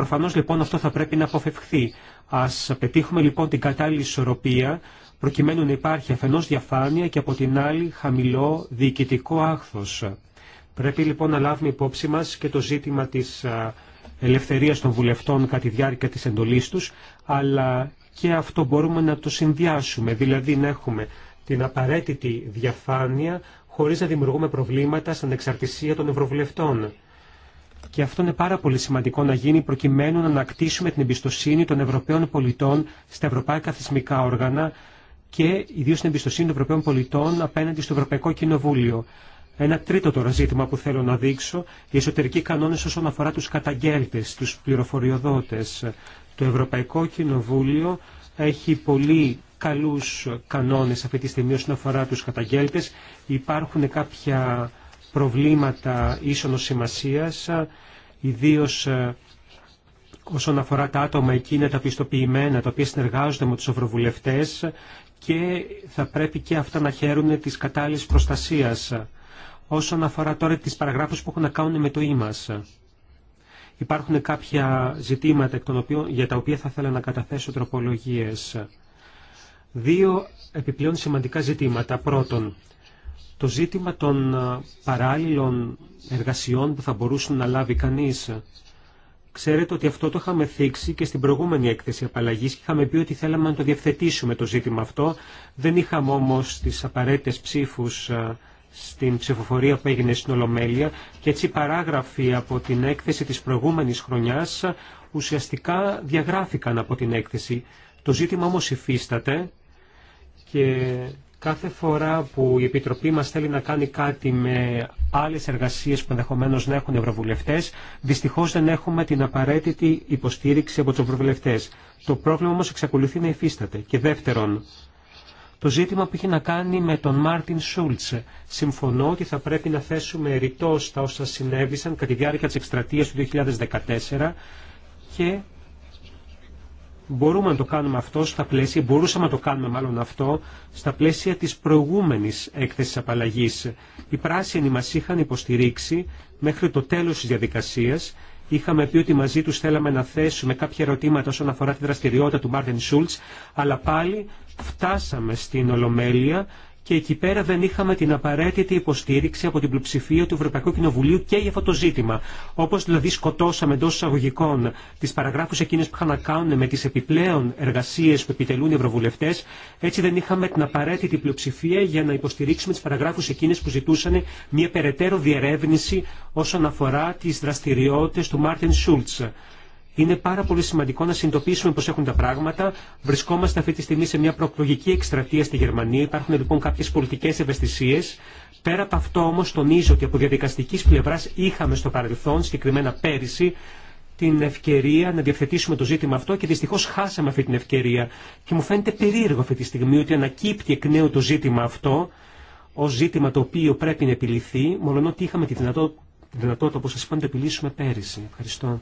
Προφανώ λοιπόν αυτό θα πρέπει να αποφευχθεί. Α πετύχουμε λοιπόν την κατάλληλη ισορροπία προκειμένου να υπάρχει αφενό διαφάνεια και από την άλλη χαμηλό διοικητικό άχθο. Πρέπει λοιπόν να λάβουμε υπόψη μα και το ζήτημα τη ελευθερία των βουλευτών κατά τη διάρκεια τη εντολή του, αλλά και αυτό μπορούμε να το συνδυάσουμε, δηλαδή να έχουμε την απαραίτητη διαφάνεια χωρίς να δημιουργούμε προβλήματα στην εξαρτησία των ευρωβουλευτών. Και αυτό είναι πάρα πολύ σημαντικό να γίνει προκειμένου να ανακτήσουμε την εμπιστοσύνη των Ευρωπαίων πολιτών στα ευρωπαϊκά θεσμικά όργανα και ιδίω την εμπιστοσύνη των Ευρωπαίων πολιτών απέναντι στο Ευρωπαϊκό Κοινοβούλιο. Ένα τρίτο τώρα ζήτημα που θέλω να δείξω, οι εσωτερικοί κανόνε όσον αφορά του καταγγέλτε, του πληροφοριοδότε. Το Ευρωπαϊκό Κοινοβούλιο έχει πολύ καλούς κανόνες αυτή τη στιγμή όσον αφορά του καταγγέλτες. Υπάρχουν κάποια προβλήματα ίσονος σημασίας, ιδίως ε, όσον αφορά τα άτομα εκείνα τα πιστοποιημένα, τα οποία συνεργάζονται με τους ευρωβουλευτές και θα πρέπει και αυτά να χαίρουν της κατάλληλης προστασίας. Όσον αφορά τώρα τις παραγράφους που έχουν να κάνουν με το μα. Υπάρχουν κάποια ζητήματα για τα οποία θα ήθελα να καταθέσω τροπολογίες. Δύο επιπλέον σημαντικά ζητήματα. Πρώτον, το ζήτημα των ε, παράλληλων εργασιών που θα μπορούσε να λάβει κανείς. Ε, ξέρετε ότι αυτό το είχαμε θίξει και στην προηγούμενη έκθεση απαλλαγή και είχαμε πει ότι θέλαμε να το διευθετήσουμε το ζήτημα αυτό. Δεν είχαμε όμω τις απαραίτητε ψήφους ε, στην ψηφοφορία που έγινε στην Ολομέλεια και έτσι παράγραφοι από την έκθεση της προηγούμενης χρονιάς ουσιαστικά διαγράφηκαν από την έκθεση. Το ζήτημα όμως υφίσταται και Κάθε φορά που η Επιτροπή μας θέλει να κάνει κάτι με άλλες εργασίες που ενδεχομένω να έχουν ευρωβουλευτές, δυστυχώς δεν έχουμε την απαραίτητη υποστήριξη από τους ευρωβουλευτές. Το πρόβλημα όμως εξακολουθεί να υφίσταται. Και δεύτερον, το ζήτημα που είχε να κάνει με τον Μάρτιν Σούλτς. Συμφωνώ ότι θα πρέπει να θέσουμε ρητό στα όσα συνέβησαν κατά τη διάρκεια της εκστρατείας του 2014 και Μπορούμε να το κάνουμε αυτό στα πλαίσια, μπορούσαμε να το κάνουμε μάλλον αυτό, στα πλαίσια της προηγούμενης έκθεσης απαλλαγής. Οι πράσινοι μας είχαν υποστηρίξει μέχρι το τέλος της διαδικασίας. Είχαμε πει ότι μαζί τους θέλαμε να θέσουμε κάποια ερωτήματα όσον αφορά τη δραστηριότητα του Μάρτιν Σούλτς, αλλά πάλι φτάσαμε στην Ολομέλεια και εκεί πέρα δεν είχαμε την απαραίτητη υποστήριξη από την πλειοψηφία του Ευρωπαϊκού Κοινοβουλίου και για αυτό το ζήτημα. Όπω δηλαδή σκοτώσαμε εντό εισαγωγικών τι παραγράφου εκείνε που είχαν να κάνουν με τι επιπλέον εργασίε που επιτελούν οι Ευρωβουλευτέ, έτσι δεν είχαμε την απαραίτητη πλειοψηφία για να υποστηρίξουμε τι παραγράφου εκείνε που ζητούσαν μια περαιτέρω διερεύνηση όσον αφορά τι δραστηριότητε του Μάρτιν Σούλτ. Είναι πάρα πολύ σημαντικό να συνειδητοποιήσουμε πώ έχουν τα πράγματα. Βρισκόμαστε αυτή τη στιγμή σε μια προκλογική εκστρατεία στη Γερμανία. Υπάρχουν λοιπόν κάποιε πολιτικέ ευαισθησίε. Πέρα από αυτό όμω τονίζω ότι από διαδικαστική πλευρά είχαμε στο παρελθόν, συγκεκριμένα πέρυσι, την ευκαιρία να διευθετήσουμε το ζήτημα αυτό και δυστυχώ χάσαμε αυτή την ευκαιρία. Και μου φαίνεται περίεργο αυτή τη στιγμή ότι ανακύπτει εκ νέου το ζήτημα αυτό ω ζήτημα το οποίο πρέπει να επιληθεί, μόνο ότι είχαμε τη δυνατότητα, όπω σα είπα, να το επιλύσουμε πέρυσι. Ευχαριστώ.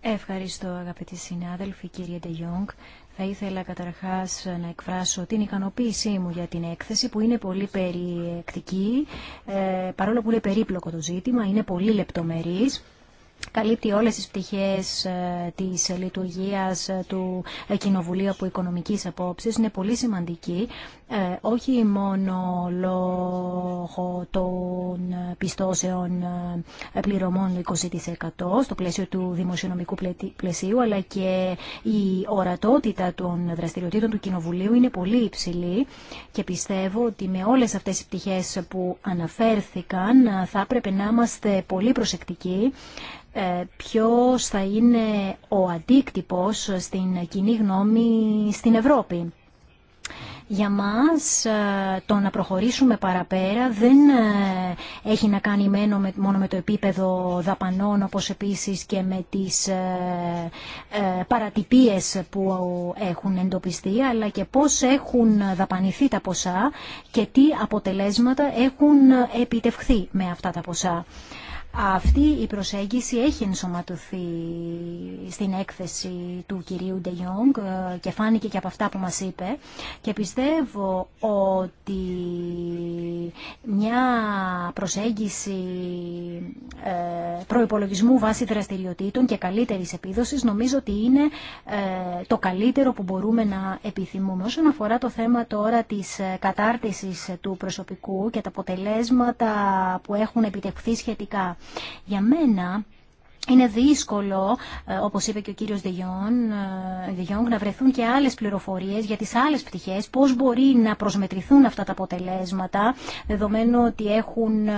Ευχαριστώ αγαπητοί συνάδελφοι κύριε Ντεγιόγκ. Θα ήθελα καταρχάς να εκφράσω την ικανοποίησή μου για την έκθεση που είναι πολύ περιεκτική, ε, παρόλο που είναι περίπλοκο το ζήτημα, είναι πολύ λεπτομερής καλύπτει όλες τις πτυχές ε, της λειτουργίας ε, του Κοινοβουλίου από οικονομικής απόψης είναι πολύ σημαντική ε, όχι μόνο λόγω των πιστώσεων πληρωμών 20% στο πλαίσιο του δημοσιονομικού πλαισίου αλλά και η ορατότητα των δραστηριοτήτων του Κοινοβουλίου είναι πολύ υψηλή και πιστεύω ότι με όλες αυτές τις πτυχές που αναφέρθηκαν θα έπρεπε να είμαστε πολύ προσεκτικοί ε, ποιος θα είναι ο αντίκτυπος στην κοινή γνώμη στην Ευρώπη. Για μας ε, το να προχωρήσουμε παραπέρα δεν ε, έχει να κάνει μόνο με το επίπεδο δαπανών όπως επίσης και με τις παρατυπίες που έχουν εντοπιστεί αλλά και πώς έχουν δαπανηθεί τα ποσά και τι αποτελέσματα έχουν επιτευχθεί με αυτά τα ποσά. Αυτή η προσέγγιση έχει ενσωματωθεί στην έκθεση του κυρίου Ντε και φάνηκε και από αυτά που μας είπε και πιστεύω ότι μια προσέγγιση ε, προϋπολογισμού βάσει δραστηριοτήτων και καλύτερης επίδοσης νομίζω ότι είναι ε, το καλύτερο που μπορούμε να επιθυμούμε. Όσον αφορά το θέμα τώρα της ε, κατάρτισης του προσωπικού και τα αποτελέσματα που έχουν επιτευχθεί σχετικά για μένα είναι δύσκολο, ε, όπως είπε και ο κύριος Διόγκ, ε, να βρεθούν και άλλες πληροφορίες για τις άλλες πτυχές, πώς μπορεί να προσμετρηθούν αυτά τα αποτελέσματα, δεδομένου ότι έχουν ε,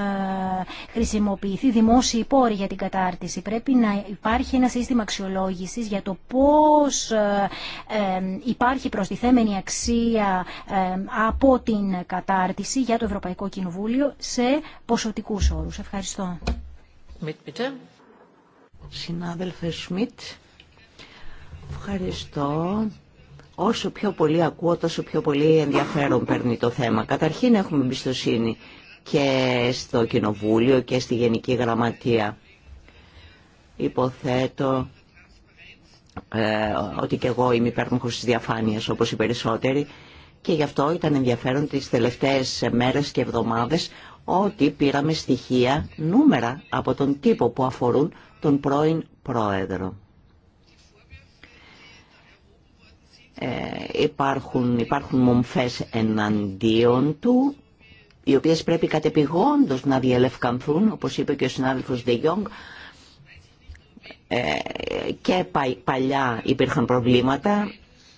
χρησιμοποιηθεί δημόσιοι πόροι για την κατάρτιση. Πρέπει να υπάρχει ένα σύστημα αξιολόγησης για το πώς υπάρχει προστιθέμενη αξία από την κατάρτιση για το Ευρωπαϊκό Κοινοβούλιο σε ποσοτικούς όρους. Ευχαριστώ. Συνάδελφε Σμιτ, ευχαριστώ. Όσο πιο πολύ ακούω, τόσο πιο πολύ ενδιαφέρον παίρνει το θέμα. Καταρχήν έχουμε εμπιστοσύνη και στο Κοινοβούλιο και στη Γενική Γραμματεία. Υποθέτω ε, ότι και εγώ είμαι υπέρμαχος της διαφάνειας όπως οι περισσότεροι και γι' αυτό ήταν ενδιαφέρον τις τελευταίες μέρες και εβδομάδες ότι πήραμε στοιχεία, νούμερα από τον τύπο που αφορούν τον πρώην πρόεδρο. Ε, υπάρχουν, υπάρχουν μομφές εναντίον του, οι οποίες πρέπει κατεπηγόντως να διελευκανθούν, όπως είπε και ο συνάδελφος De ε, και παλιά υπήρχαν προβλήματα,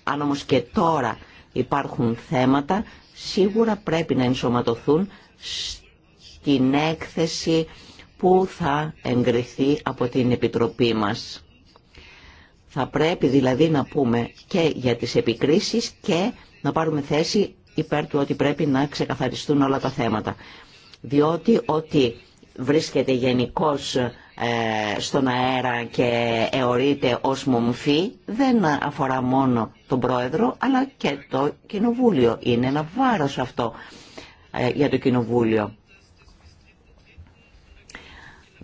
αν όμως και τώρα υπάρχουν θέματα, σίγουρα πρέπει να ενσωματωθούν την έκθεση που θα εγκριθεί από την Επιτροπή μας. Θα πρέπει δηλαδή να πούμε και για τις επικρίσεις και να πάρουμε θέση υπέρ του ότι πρέπει να ξεκαθαριστούν όλα τα θέματα. Διότι ότι βρίσκεται γενικώ ε, στον αέρα και εωρείται ως μομφή δεν αφορά μόνο τον Πρόεδρο αλλά και το Κοινοβούλιο. Είναι ένα βάρος αυτό ε, για το Κοινοβούλιο.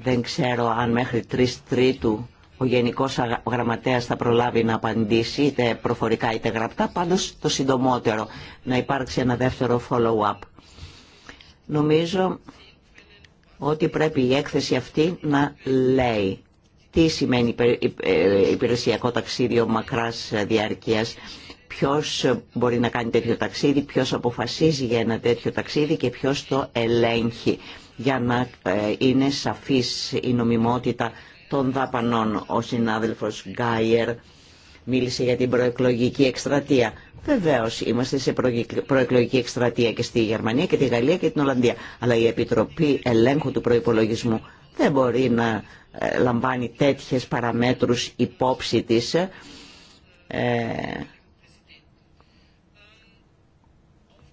Δεν ξέρω αν μέχρι 3 Τρίτου ο Γενικός Γραμματέας θα προλάβει να απαντήσει είτε προφορικά είτε γραπτά, πάντως το συντομότερο να υπάρξει ένα δεύτερο follow-up. Νομίζω ότι πρέπει η έκθεση αυτή να λέει τι σημαίνει ε, υπηρεσιακό ταξίδιο μακράς διαρκείας, ποιος μπορεί να κάνει τέτοιο ταξίδι, ποιος αποφασίζει για ένα τέτοιο ταξίδι και ποιος το ελέγχει για να ε, είναι σαφής η νομιμότητα των δαπανών. Ο συνάδελφος Γκάιερ μίλησε για την προεκλογική εκστρατεία. Βεβαίω, είμαστε σε προεκλογική εκστρατεία και στη Γερμανία και τη Γαλλία και την Ολλανδία. Αλλά η Επιτροπή Ελέγχου του Προϋπολογισμού δεν μπορεί να ε, λαμβάνει τέτοιες παραμέτρους υπόψη της. Ε,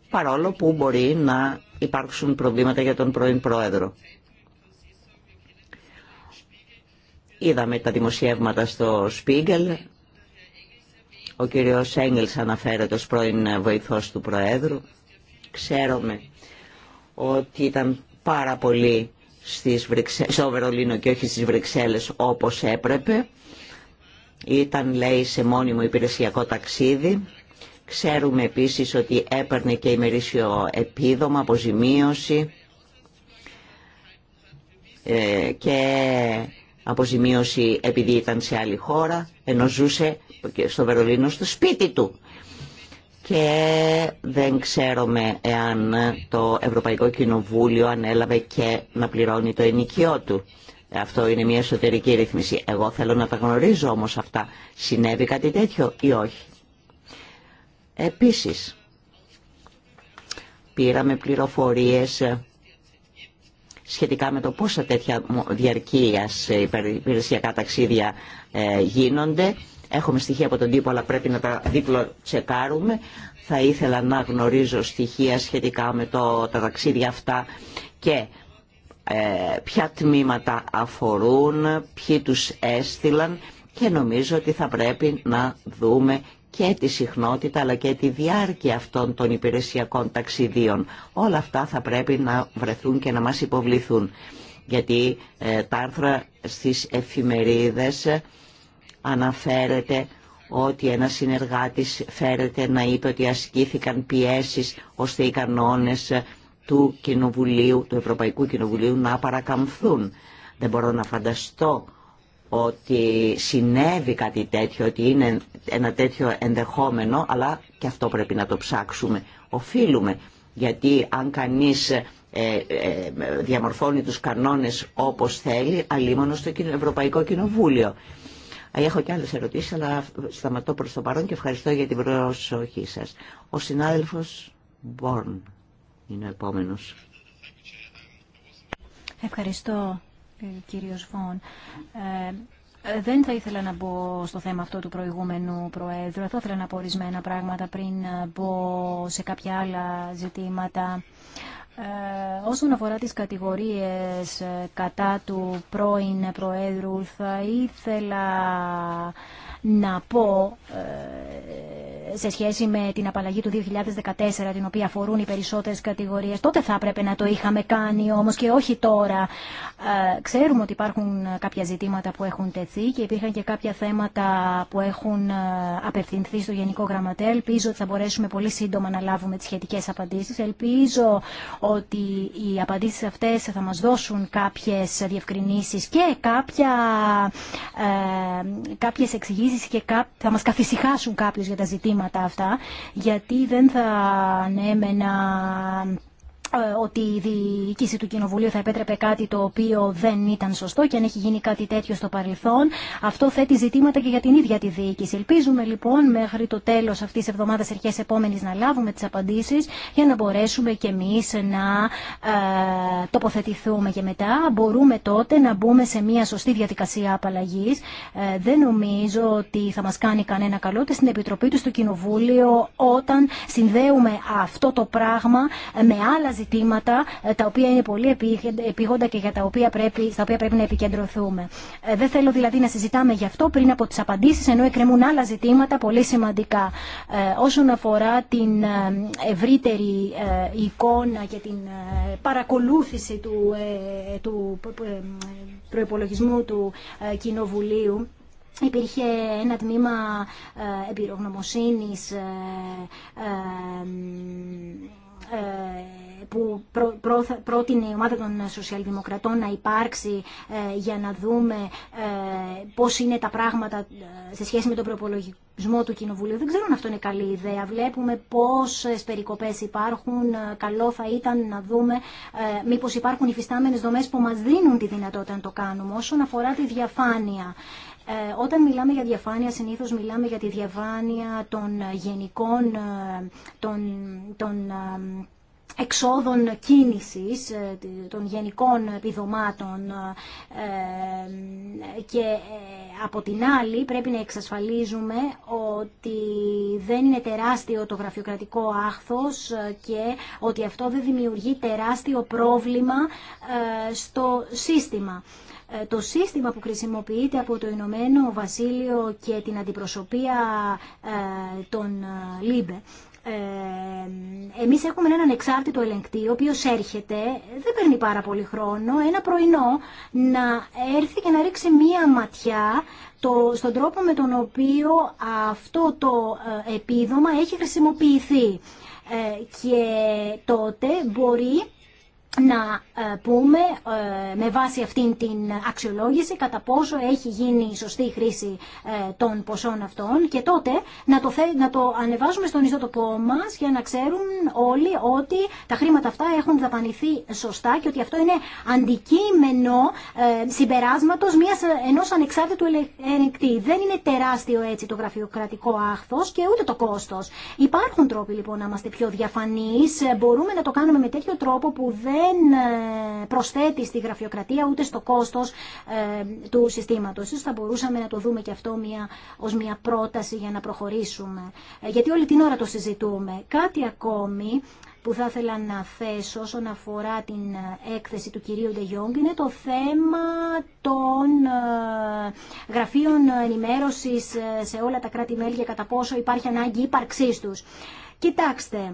παρόλο που μπορεί να υπάρξουν προβλήματα για τον πρώην Πρόεδρο. Είδαμε τα δημοσιεύματα στο Spiegel. Ο κύριος Έγγελς αναφέρεται ως πρώην βοηθός του Προέδρου. Ξέρουμε ότι ήταν πάρα πολύ στις Βρυξε... στο Βερολίνο και όχι στις Βρυξέλλες όπως έπρεπε. Ήταν, λέει, σε μόνιμο υπηρεσιακό ταξίδι Ξέρουμε επίσης ότι έπαιρνε και ημερήσιο επίδομα, αποζημίωση ε, και αποζημίωση επειδή ήταν σε άλλη χώρα, ενώ ζούσε στο Βερολίνο στο σπίτι του. Και δεν ξέρουμε εάν το Ευρωπαϊκό Κοινοβούλιο ανέλαβε και να πληρώνει το ενοικιό του. Αυτό είναι μια εσωτερική ρύθμιση. Εγώ θέλω να τα γνωρίζω όμως αυτά. Συνέβη κάτι τέτοιο ή όχι. Επίσης, πήραμε πληροφορίες σχετικά με το πόσα τέτοια διαρκείας υπηρεσιακά ταξίδια ε, γίνονται. Έχουμε στοιχεία από τον τύπο, αλλά πρέπει να τα δίπλο τσεκάρουμε. Θα ήθελα να γνωρίζω στοιχεία σχετικά με το, τα ταξίδια αυτά και ε, ποια τμήματα αφορούν, ποιοι τους έστειλαν και νομίζω ότι θα πρέπει να δούμε και τη συχνότητα αλλά και τη διάρκεια αυτών των υπηρεσιακών ταξιδίων. Όλα αυτά θα πρέπει να βρεθούν και να μας υποβληθούν. Γιατί ε, τα άρθρα στις εφημερίδες ε, αναφέρεται ότι ένας συνεργάτης φέρεται να είπε ότι ασκήθηκαν πιέσεις ώστε οι κανόνες ε, του, κοινοβουλίου, του Ευρωπαϊκού Κοινοβουλίου να παρακαμφθούν. Δεν μπορώ να φανταστώ ότι συνέβη κάτι τέτοιο, ότι είναι ένα τέτοιο ενδεχόμενο, αλλά και αυτό πρέπει να το ψάξουμε. Οφείλουμε, γιατί αν κανείς ε, ε, διαμορφώνει τους κανόνες όπως θέλει, αλλήμωνο στο Ευρωπαϊκό Κοινοβούλιο. Ε, έχω και άλλες ερωτήσεις, αλλά σταματώ προς το παρόν και ευχαριστώ για την προσοχή σας. Ο συνάδελφος Μπορν είναι ο επόμενος. Ευχαριστώ, ε, κύριος Φων. Ε, ε, δεν θα ήθελα να μπω στο θέμα αυτό του προηγούμενου Προέδρου. Θα ήθελα να πω ορισμένα πράγματα πριν μπω σε κάποια άλλα ζητήματα. όσον αφορά τις κατηγορίες κατά του πρώην Προέδρου, θα ήθελα να πω σε σχέση με την απαλλαγή του 2014 την οποία αφορούν οι περισσότερες κατηγορίες. Τότε θα έπρεπε να το είχαμε κάνει όμως και όχι τώρα. Ε, ξέρουμε ότι υπάρχουν κάποια ζητήματα που έχουν τεθεί και υπήρχαν και κάποια θέματα που έχουν ε, απευθυνθεί στο Γενικό Γραμματέα. Ελπίζω ότι θα μπορέσουμε πολύ σύντομα να λάβουμε τις σχετικές απαντήσεις. Ελπίζω ότι οι απαντήσεις αυτές θα μας δώσουν κάποιες διευκρινήσεις και κάποια, ε, κάποιες εξηγήσεις και θα μας καθησυχάσουν κάποιους για τα ζητήματα μηνύματα αυτά, γιατί δεν θα ανέμενα ε, ότι η διοίκηση του Κοινοβουλίου θα επέτρεπε κάτι το οποίο δεν ήταν σωστό και αν έχει γίνει κάτι τέτοιο στο παρελθόν, αυτό θέτει ζητήματα και για την ίδια τη διοίκηση. Ελπίζουμε λοιπόν μέχρι το τέλο αυτή τη εβδομάδα, αρχέ επόμενη, να λάβουμε τι απαντήσει για να μπορέσουμε κι εμεί να ε, τοποθετηθούμε. Και μετά μπορούμε τότε να μπούμε σε μια σωστή διαδικασία απαλλαγή. Ε, δεν νομίζω ότι θα μα κάνει κανένα καλό ούτε στην Επιτροπή του στο Κοινοβούλιο όταν συνδέουμε αυτό το πράγμα με άλλα ζητήματα ε, τα οποία είναι πολύ επίγοντα και για τα οποία πρέπει, στα οποία πρέπει να επικεντρωθούμε. Ε, δεν θέλω δηλαδή να συζητάμε γι' αυτό πριν από τι απαντήσει, ενώ εκκρεμούν άλλα ζητήματα πολύ σημαντικά. Ε, όσον αφορά την ευρύτερη εικόνα και την παρακολούθηση του, του προπολογισμού του Κοινοβουλίου, Υπήρχε ένα τμήμα εμπειρογνωμοσύνης που πρότεινε η ομάδα των Σοσιαλδημοκρατών να υπάρξει ε, για να δούμε ε, πώς είναι τα πράγματα ε, σε σχέση με τον προπολογισμό του Κοινοβουλίου. Δεν ξέρω αν αυτό είναι καλή ιδέα. Βλέπουμε πόσες περικοπές υπάρχουν. Καλό θα ήταν να δούμε μήπως υπάρχουν υφιστάμενες δομές που μας δίνουν τη δυνατότητα να το κάνουμε. Όσον αφορά τη διαφάνεια, όταν μιλάμε για διαφάνεια, συνήθως μιλάμε για τη διαφάνεια των γενικών, των, των εξόδων κίνησης ε, των γενικών επιδομάτων ε, και ε, από την άλλη πρέπει να εξασφαλίζουμε ότι δεν είναι τεράστιο το γραφειοκρατικό άχθος και ότι αυτό δεν δημιουργεί τεράστιο πρόβλημα στο σύστημα. Το σύστημα που χρησιμοποιείται από το Ηνωμένο Βασίλειο και την αντιπροσωπεία των ΛΥΜΠΕ ε, εμείς έχουμε έναν εξάρτητο ελεγκτή, ο οποίος έρχεται, δεν παίρνει πάρα πολύ χρόνο, ένα πρωινό να έρθει και να ρίξει μία ματιά το, στον τρόπο με τον οποίο αυτό το ε, επίδομα έχει χρησιμοποιηθεί. Ε, και τότε μπορεί να ε, πούμε ε, με βάση αυτήν την αξιολόγηση κατά πόσο έχει γίνει η σωστή χρήση ε, των ποσών αυτών και τότε να το, να το ανεβάζουμε στον ιστότοπό μας για να ξέρουν όλοι ότι τα χρήματα αυτά έχουν δαπανηθεί σωστά και ότι αυτό είναι αντικείμενο συμπεράσματος μιας, ενός ανεξάρτητου ελεγκτή. Δεν είναι τεράστιο έτσι το γραφειοκρατικό άχθος και ούτε το κόστος. Υπάρχουν τρόποι λοιπόν να είμαστε πιο διαφανείς. Μπορούμε να το κάνουμε με τέτοιο τρόπο που δεν δεν ε, προσθέτει στη γραφειοκρατία ούτε στο κόστος ε, του συστήματος. Ίσως θα μπορούσαμε να το δούμε και αυτό μια, ως μια πρόταση για να προχωρήσουμε. Ε, γιατί όλη την ώρα το συζητούμε. Κάτι ακόμη που θα ήθελα να θέσω όσον αφορά την έκθεση του κυρίου Ντε είναι το θέμα των γραφείων ενημέρωσης σε όλα τα κράτη-μέλη και κατά πόσο υπάρχει ανάγκη ύπαρξής τους. Κοιτάξτε,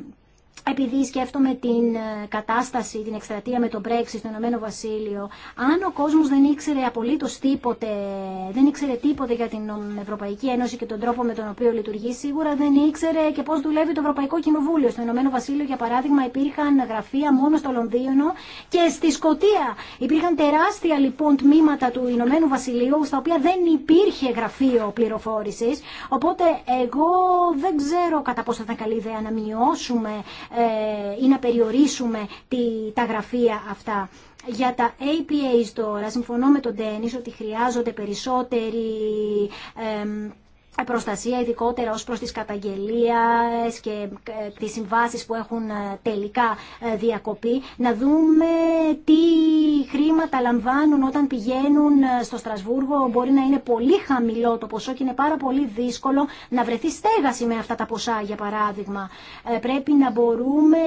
επειδή σκέφτομαι την ε, κατάσταση, την εκστρατεία με τον Brexit στο Ηνωμένο Βασίλειο, αν ο κόσμος δεν ήξερε απολύτως τίποτε, δεν ήξερε τίποτε για την Ευρωπαϊκή Ένωση και τον τρόπο με τον οποίο λειτουργεί, σίγουρα δεν ήξερε και πώς δουλεύει το Ευρωπαϊκό Κοινοβούλιο. Στο Ηνωμένο Βασίλειο, για παράδειγμα, υπήρχαν γραφεία μόνο στο Λονδίνο και στη Σκωτία. Υπήρχαν τεράστια λοιπόν τμήματα του Ηνωμένου Βασιλείου, στα οποία δεν υπήρχε γραφείο πληροφόρηση. Οπότε εγώ δεν ξέρω κατά πόσο θα καλή ιδέα να μειώσουμε ε, ή να περιορίσουμε τα γραφεία αυτά. Για τα APAs τώρα, συμφωνώ με τον Τένις ότι χρειάζονται περισσότεροι ε, προστασία ειδικότερα ως προς τις καταγγελίες και ε, τις συμβάσεις που έχουν ε, τελικά ε, διακοπεί, να δούμε τι χρήματα λαμβάνουν όταν πηγαίνουν στο Στρασβούργο. Μπορεί να είναι πολύ χαμηλό το ποσό και είναι πάρα πολύ δύσκολο να βρεθεί στέγαση με αυτά τα ποσά, για παράδειγμα. Πρέπει να, μπορούμε,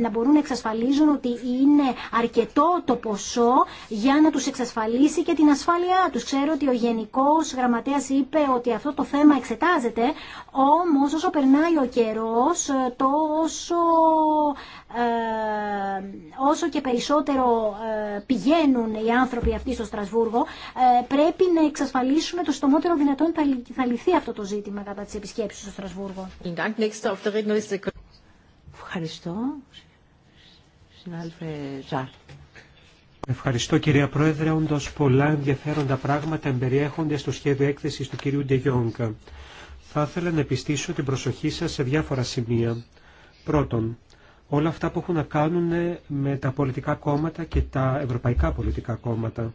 να μπορούν να εξασφαλίζουν ότι είναι αρκετό το ποσό για να τους εξασφαλίσει και την ασφάλειά τους. Ξέρω ότι ο Γενικός Γραμματέας είπε ότι αυτό το θέμα θέμα εξετάζεται, όμως όσο περνάει ο καιρός, ε, τόσο ε, όσο και περισσότερο ε, πηγαίνουν οι άνθρωποι αυτοί στο Στρασβούργο, πρέπει να εξασφαλίσουμε το στομότερο δυνατόν θα λυθεί αυτό το ζήτημα κατά τις επισκέψεις στο Στρασβούργο. Ευχαριστώ. Συνάδελφε Ζάρ. Ευχαριστώ κυρία Πρόεδρε. Όντω πολλά ενδιαφέροντα πράγματα εμπεριέχονται στο σχέδιο έκθεσης του κυρίου Ντεγιόγκα. Θα ήθελα να επιστήσω την προσοχή σας σε διάφορα σημεία. Πρώτον, όλα αυτά που έχουν να κάνουν με τα πολιτικά κόμματα και τα ευρωπαϊκά πολιτικά κόμματα.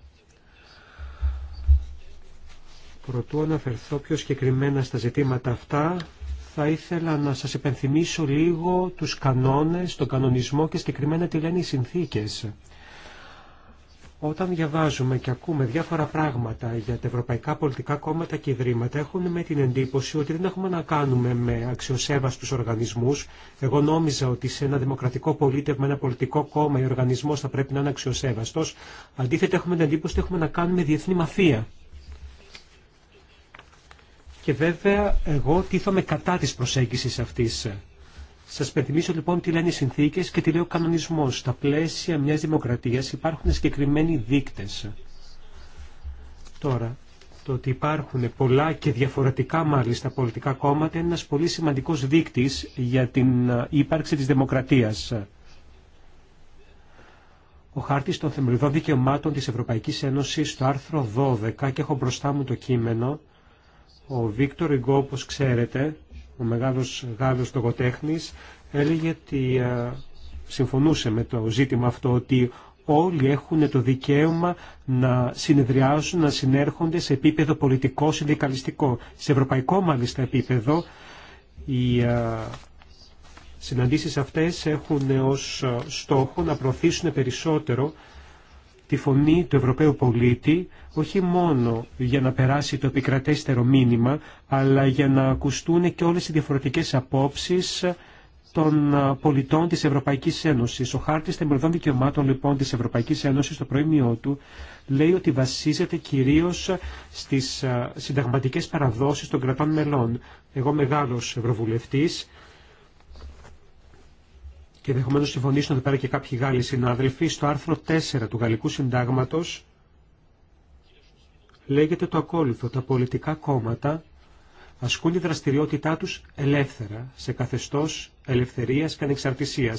Προτού αναφερθώ πιο συγκεκριμένα στα ζητήματα αυτά, θα ήθελα να σας υπενθυμίσω λίγο τους κανόνες, τον κανονισμό και συγκεκριμένα τι λένε οι συνθήκες όταν διαβάζουμε και ακούμε διάφορα πράγματα για τα ευρωπαϊκά πολιτικά κόμματα και ιδρύματα, έχουμε με την εντύπωση ότι δεν έχουμε να κάνουμε με αξιοσέβαστους οργανισμούς. Εγώ νόμιζα ότι σε ένα δημοκρατικό πολίτευμα, ένα πολιτικό κόμμα, ο οργανισμός θα πρέπει να είναι αξιοσέβαστος. Αντίθετα, έχουμε την εντύπωση ότι έχουμε να κάνουμε διεθνή μαφία. Και βέβαια, εγώ τίθομαι κατά της προσέγγισης αυτής. Σα υπενθυμίσω λοιπόν τι λένε οι συνθήκε και τι λέει ο κανονισμό. Στα πλαίσια μια δημοκρατία υπάρχουν συγκεκριμένοι δείκτε. Τώρα, το ότι υπάρχουν πολλά και διαφορετικά μάλιστα πολιτικά κόμματα είναι ένα πολύ σημαντικό δείκτη για την ύπαρξη τη δημοκρατία. Ο χάρτη των θεμελιδών δικαιωμάτων τη Ευρωπαϊκή Ένωση, στο άρθρο 12 και έχω μπροστά μου το κείμενο. Ο Βίκτορ Ιγκό, όπω ξέρετε, ο μεγάλος Γάλλος τογοτέχνης έλεγε ότι συμφωνούσε με το ζήτημα αυτό ότι όλοι έχουν το δικαίωμα να συνεδριάζουν, να συνέρχονται σε επίπεδο πολιτικό, συνδικαλιστικό. Σε ευρωπαϊκό μάλιστα επίπεδο οι συναντήσεις αυτές έχουν ως στόχο να προωθήσουν περισσότερο τη φωνή του Ευρωπαίου πολίτη όχι μόνο για να περάσει το επικρατέστερο μήνυμα, αλλά για να ακουστούν και όλες οι διαφορετικές απόψεις των πολιτών της Ευρωπαϊκής Ένωσης. Ο χάρτης πολιτών δικαιωμάτων λοιπόν της Ευρωπαϊκής Ένωσης στο προήμιό του λέει ότι βασίζεται κυρίως στις συνταγματικές παραδόσεις των κρατών μελών. Εγώ μεγάλος ευρωβουλευτής και ενδεχομένω συμφωνήσουν εδώ πέρα και κάποιοι Γάλλοι συνάδελφοι, στο άρθρο 4 του Γαλλικού Συντάγματο λέγεται το ακόλουθο. Τα πολιτικά κόμματα ασκούν τη δραστηριότητά του ελεύθερα, σε καθεστώ ελευθερία και ανεξαρτησία.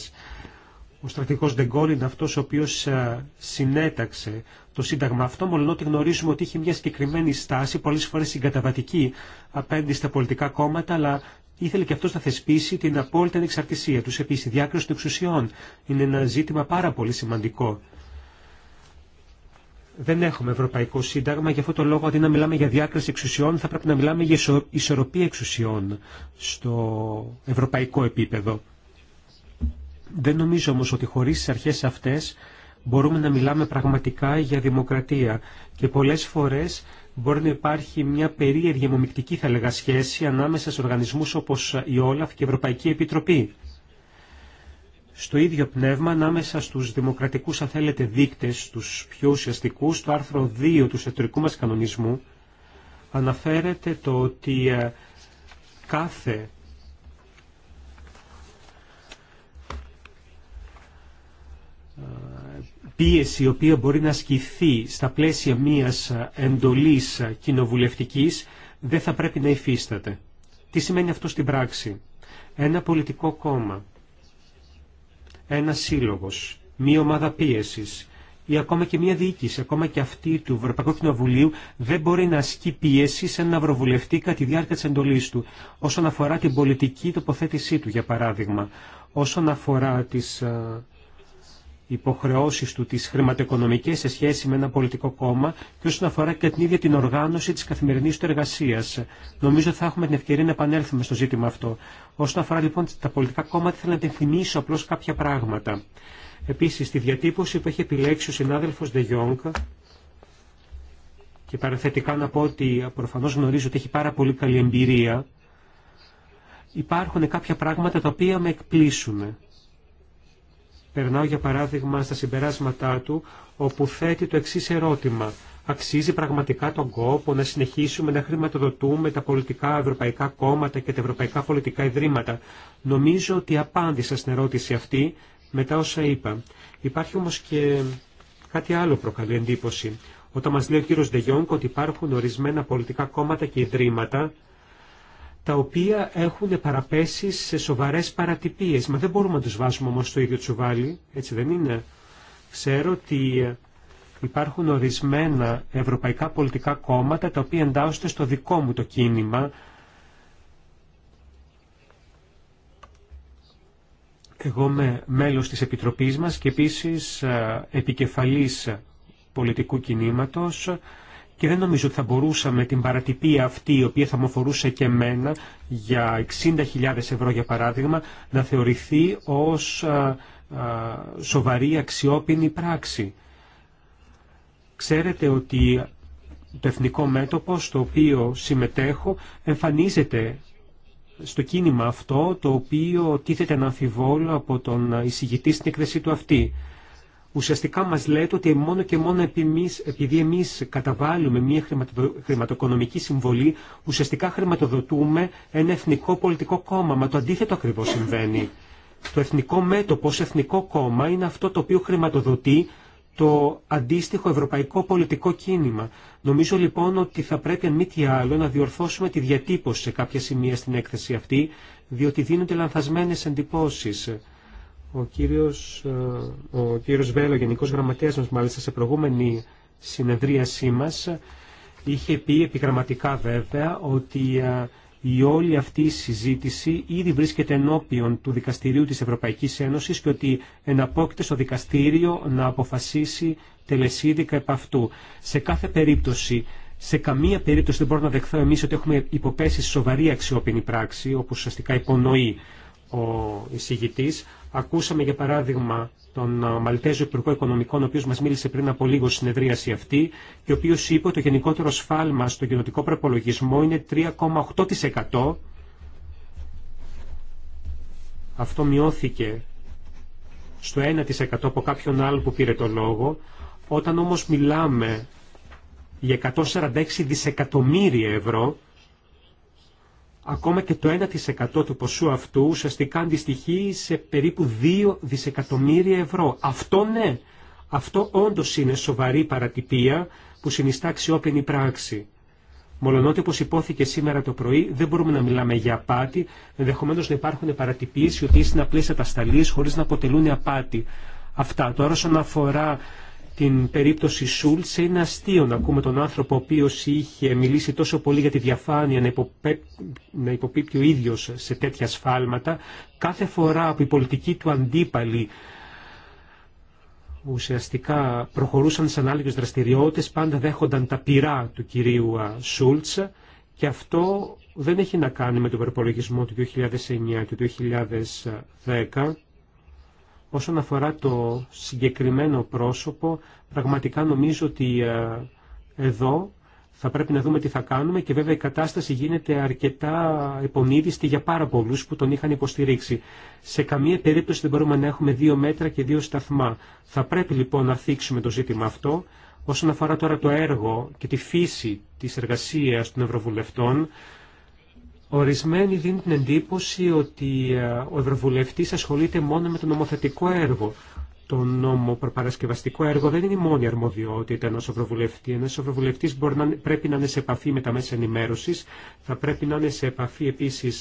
Ο στρατηγό Ντεγκόλ είναι αυτό ο οποίο ε, συνέταξε το Σύνταγμα αυτό, μόνο ότι γνωρίζουμε ότι είχε μια συγκεκριμένη στάση, πολλέ φορέ συγκαταβατική απέναντι στα πολιτικά κόμματα, αλλά ήθελε και αυτός να θεσπίσει την απόλυτη ανεξαρτησία τους. Επίσης, η διάκριση των εξουσιών είναι ένα ζήτημα πάρα πολύ σημαντικό. Δεν έχουμε Ευρωπαϊκό Σύνταγμα, γι' αυτό το λόγο αντί να μιλάμε για διάκριση εξουσιών θα πρέπει να μιλάμε για ισορροπία εξουσιών στο ευρωπαϊκό επίπεδο. Δεν νομίζω όμως ότι χωρίς τις αρχές αυτές μπορούμε να μιλάμε πραγματικά για δημοκρατία και πολλές φορές μπορεί να υπάρχει μια περίεργη αιμομικτική θα λέγα, σχέση ανάμεσα σε οργανισμούς όπως η Όλαφ και η Ευρωπαϊκή Επιτροπή. Στο ίδιο πνεύμα, ανάμεσα στους δημοκρατικούς αν θέλετε δείκτες, τους πιο ουσιαστικού, το άρθρο 2 του εσωτερικού μας κανονισμού αναφέρεται το ότι ε, κάθε πίεση η οποία μπορεί να ασκηθεί στα πλαίσια μιας ε, εντολής ε, κοινοβουλευτικής δεν θα πρέπει να υφίσταται. Τι σημαίνει αυτό στην πράξη. Ένα πολιτικό κόμμα, ένα σύλλογος, μία ομάδα πίεσης ή ακόμα και μία διοίκηση, ακόμα και αυτή του Ευρωπαϊκού Κοινοβουλίου δεν μπορεί να ασκεί πίεση σε έναν αυροβουλευτή κατά τη διάρκεια της εντολής του όσον αφορά την πολιτική τοποθέτησή του για παράδειγμα, όσον αφορά τις ε, υποχρεώσεις του, τι χρηματοοικονομικές σε σχέση με ένα πολιτικό κόμμα και όσον αφορά και την ίδια την οργάνωση της καθημερινής του εργασίας. Νομίζω θα έχουμε την ευκαιρία να επανέλθουμε στο ζήτημα αυτό. Όσον αφορά λοιπόν τα πολιτικά κόμματα θέλω να την θυμίσω απλώς κάποια πράγματα. Επίσης, στη διατύπωση που έχει επιλέξει ο συνάδελφος De Jong, και παραθετικά να πω ότι προφανώς γνωρίζω ότι έχει πάρα πολύ καλή εμπειρία, υπάρχουν κάποια πράγματα τα οποία με εκπλήσουν. Περνάω για παράδειγμα στα συμπεράσματά του, όπου θέτει το εξή ερώτημα. Αξίζει πραγματικά τον κόπο να συνεχίσουμε να χρηματοδοτούμε τα πολιτικά ευρωπαϊκά κόμματα και τα ευρωπαϊκά πολιτικά ιδρύματα. Νομίζω ότι απάντησα στην ερώτηση αυτή μετά όσα είπα. Υπάρχει όμως και κάτι άλλο προκαλεί εντύπωση. Όταν μας λέει ο κύριος Ντεγιόνκ ότι υπάρχουν ορισμένα πολιτικά κόμματα και ιδρύματα τα οποία έχουν παραπέσει σε σοβαρές παρατυπίες. Μα δεν μπορούμε να τους βάζουμε όμως στο ίδιο τσουβάλι, έτσι δεν είναι. Ξέρω ότι υπάρχουν ορισμένα ευρωπαϊκά πολιτικά κόμματα τα οποία εντάσσονται στο δικό μου το κίνημα. Εγώ είμαι μέλος της Επιτροπής μας και επίσης ε, επικεφαλής πολιτικού κινήματος και δεν νομίζω ότι θα μπορούσαμε την παρατυπία αυτή, η οποία θα μου αφορούσε και εμένα, για 60.000 ευρώ για παράδειγμα, να θεωρηθεί ως σοβαρή αξιόπινη πράξη. Ξέρετε ότι το εθνικό μέτωπο στο οποίο συμμετέχω εμφανίζεται στο κίνημα αυτό το οποίο τίθεται να αμφιβόλω από τον εισηγητή στην έκθεση του αυτή ουσιαστικά μας λέτε ότι μόνο και μόνο επιμείς, επειδή εμείς καταβάλουμε μια χρηματοοικονομική συμβολή, ουσιαστικά χρηματοδοτούμε ένα εθνικό πολιτικό κόμμα. Μα το αντίθετο ακριβώς συμβαίνει. Το εθνικό μέτωπο ως εθνικό κόμμα είναι αυτό το οποίο χρηματοδοτεί το αντίστοιχο ευρωπαϊκό πολιτικό κίνημα. Νομίζω λοιπόν ότι θα πρέπει αν μη τι άλλο να διορθώσουμε τη διατύπωση σε κάποια σημεία στην έκθεση αυτή, διότι δίνονται λανθασμένες εντυπώσεις. Ο κύριος, ε, ο κύριος Βέλο, γενικός γραμματέας μας, μάλιστα σε προηγούμενη συνεδρίασή μας, είχε πει επιγραμματικά βέβαια ότι ε, η όλη αυτή η συζήτηση ήδη βρίσκεται ενώπιον του Δικαστηρίου της Ευρωπαϊκής Ένωσης και ότι εναπόκειται στο δικαστήριο να αποφασίσει τελεσίδικα επ' αυτού. Σε κάθε περίπτωση, σε καμία περίπτωση δεν μπορώ να δεχθώ εμείς ότι έχουμε υποπέσει σοβαρή αξιόπινη πράξη, όπως ουσιαστικά υπονοεί ο εισηγητής. Ακούσαμε για παράδειγμα τον Μαλτέζο Υπουργό Οικονομικών, ο οποίο μα μίλησε πριν από λίγο στην συνεδρίαση αυτή και ο οποίο είπε ότι το γενικότερο σφάλμα στο κοινοτικό προπολογισμό είναι 3,8%. Αυτό μειώθηκε στο 1% από κάποιον άλλο που πήρε το λόγο. Όταν όμως μιλάμε για 146 δισεκατομμύρια ευρώ, ακόμα και το 1% του ποσού αυτού ουσιαστικά αντιστοιχεί σε περίπου 2 δισεκατομμύρια ευρώ. Αυτό ναι, αυτό όντως είναι σοβαρή παρατυπία που συνιστά αξιόπινη πράξη. Μολονότι όπω υπόθηκε σήμερα το πρωί, δεν μπορούμε να μιλάμε για απάτη, ενδεχομένω να υπάρχουν παρατυπίε οι οποίε είναι απλέ ατασταλείς, χωρί να αποτελούν απάτη. Αυτά. Τώρα, όσον αφορά την περίπτωση Σούλτ είναι αστείο να ακούμε τον άνθρωπο ο οποίο είχε μιλήσει τόσο πολύ για τη διαφάνεια να, υποπέ... να υποπίπτει ο ίδιο σε τέτοια σφάλματα κάθε φορά που οι πολιτικοί του αντίπαλοι ουσιαστικά προχωρούσαν σαν άλλες δραστηριότητε, πάντα δέχονταν τα πειρά του κυρίου Σούλτσα και αυτό δεν έχει να κάνει με τον προπολογισμό του 2009 και του 2010 Όσον αφορά το συγκεκριμένο πρόσωπο, πραγματικά νομίζω ότι ε, εδώ θα πρέπει να δούμε τι θα κάνουμε και βέβαια η κατάσταση γίνεται αρκετά επονίδιστη για πάρα πολλούς που τον είχαν υποστηρίξει. Σε καμία περίπτωση δεν μπορούμε να έχουμε δύο μέτρα και δύο σταθμά. Θα πρέπει λοιπόν να θίξουμε το ζήτημα αυτό. Όσον αφορά τώρα το έργο και τη φύση της εργασίας των Ευρωβουλευτών, Ορισμένοι δίνουν την εντύπωση ότι ε, ο Ευρωβουλευτής ασχολείται μόνο με το νομοθετικό έργο. Το προπαρασκευαστικό έργο δεν είναι η μόνη αρμοδιότητα ενό Ευρωβουλευτή. Ένα Ευρωβουλευτή πρέπει να είναι σε επαφή με τα μέσα ενημέρωση, θα πρέπει να είναι σε επαφή επίση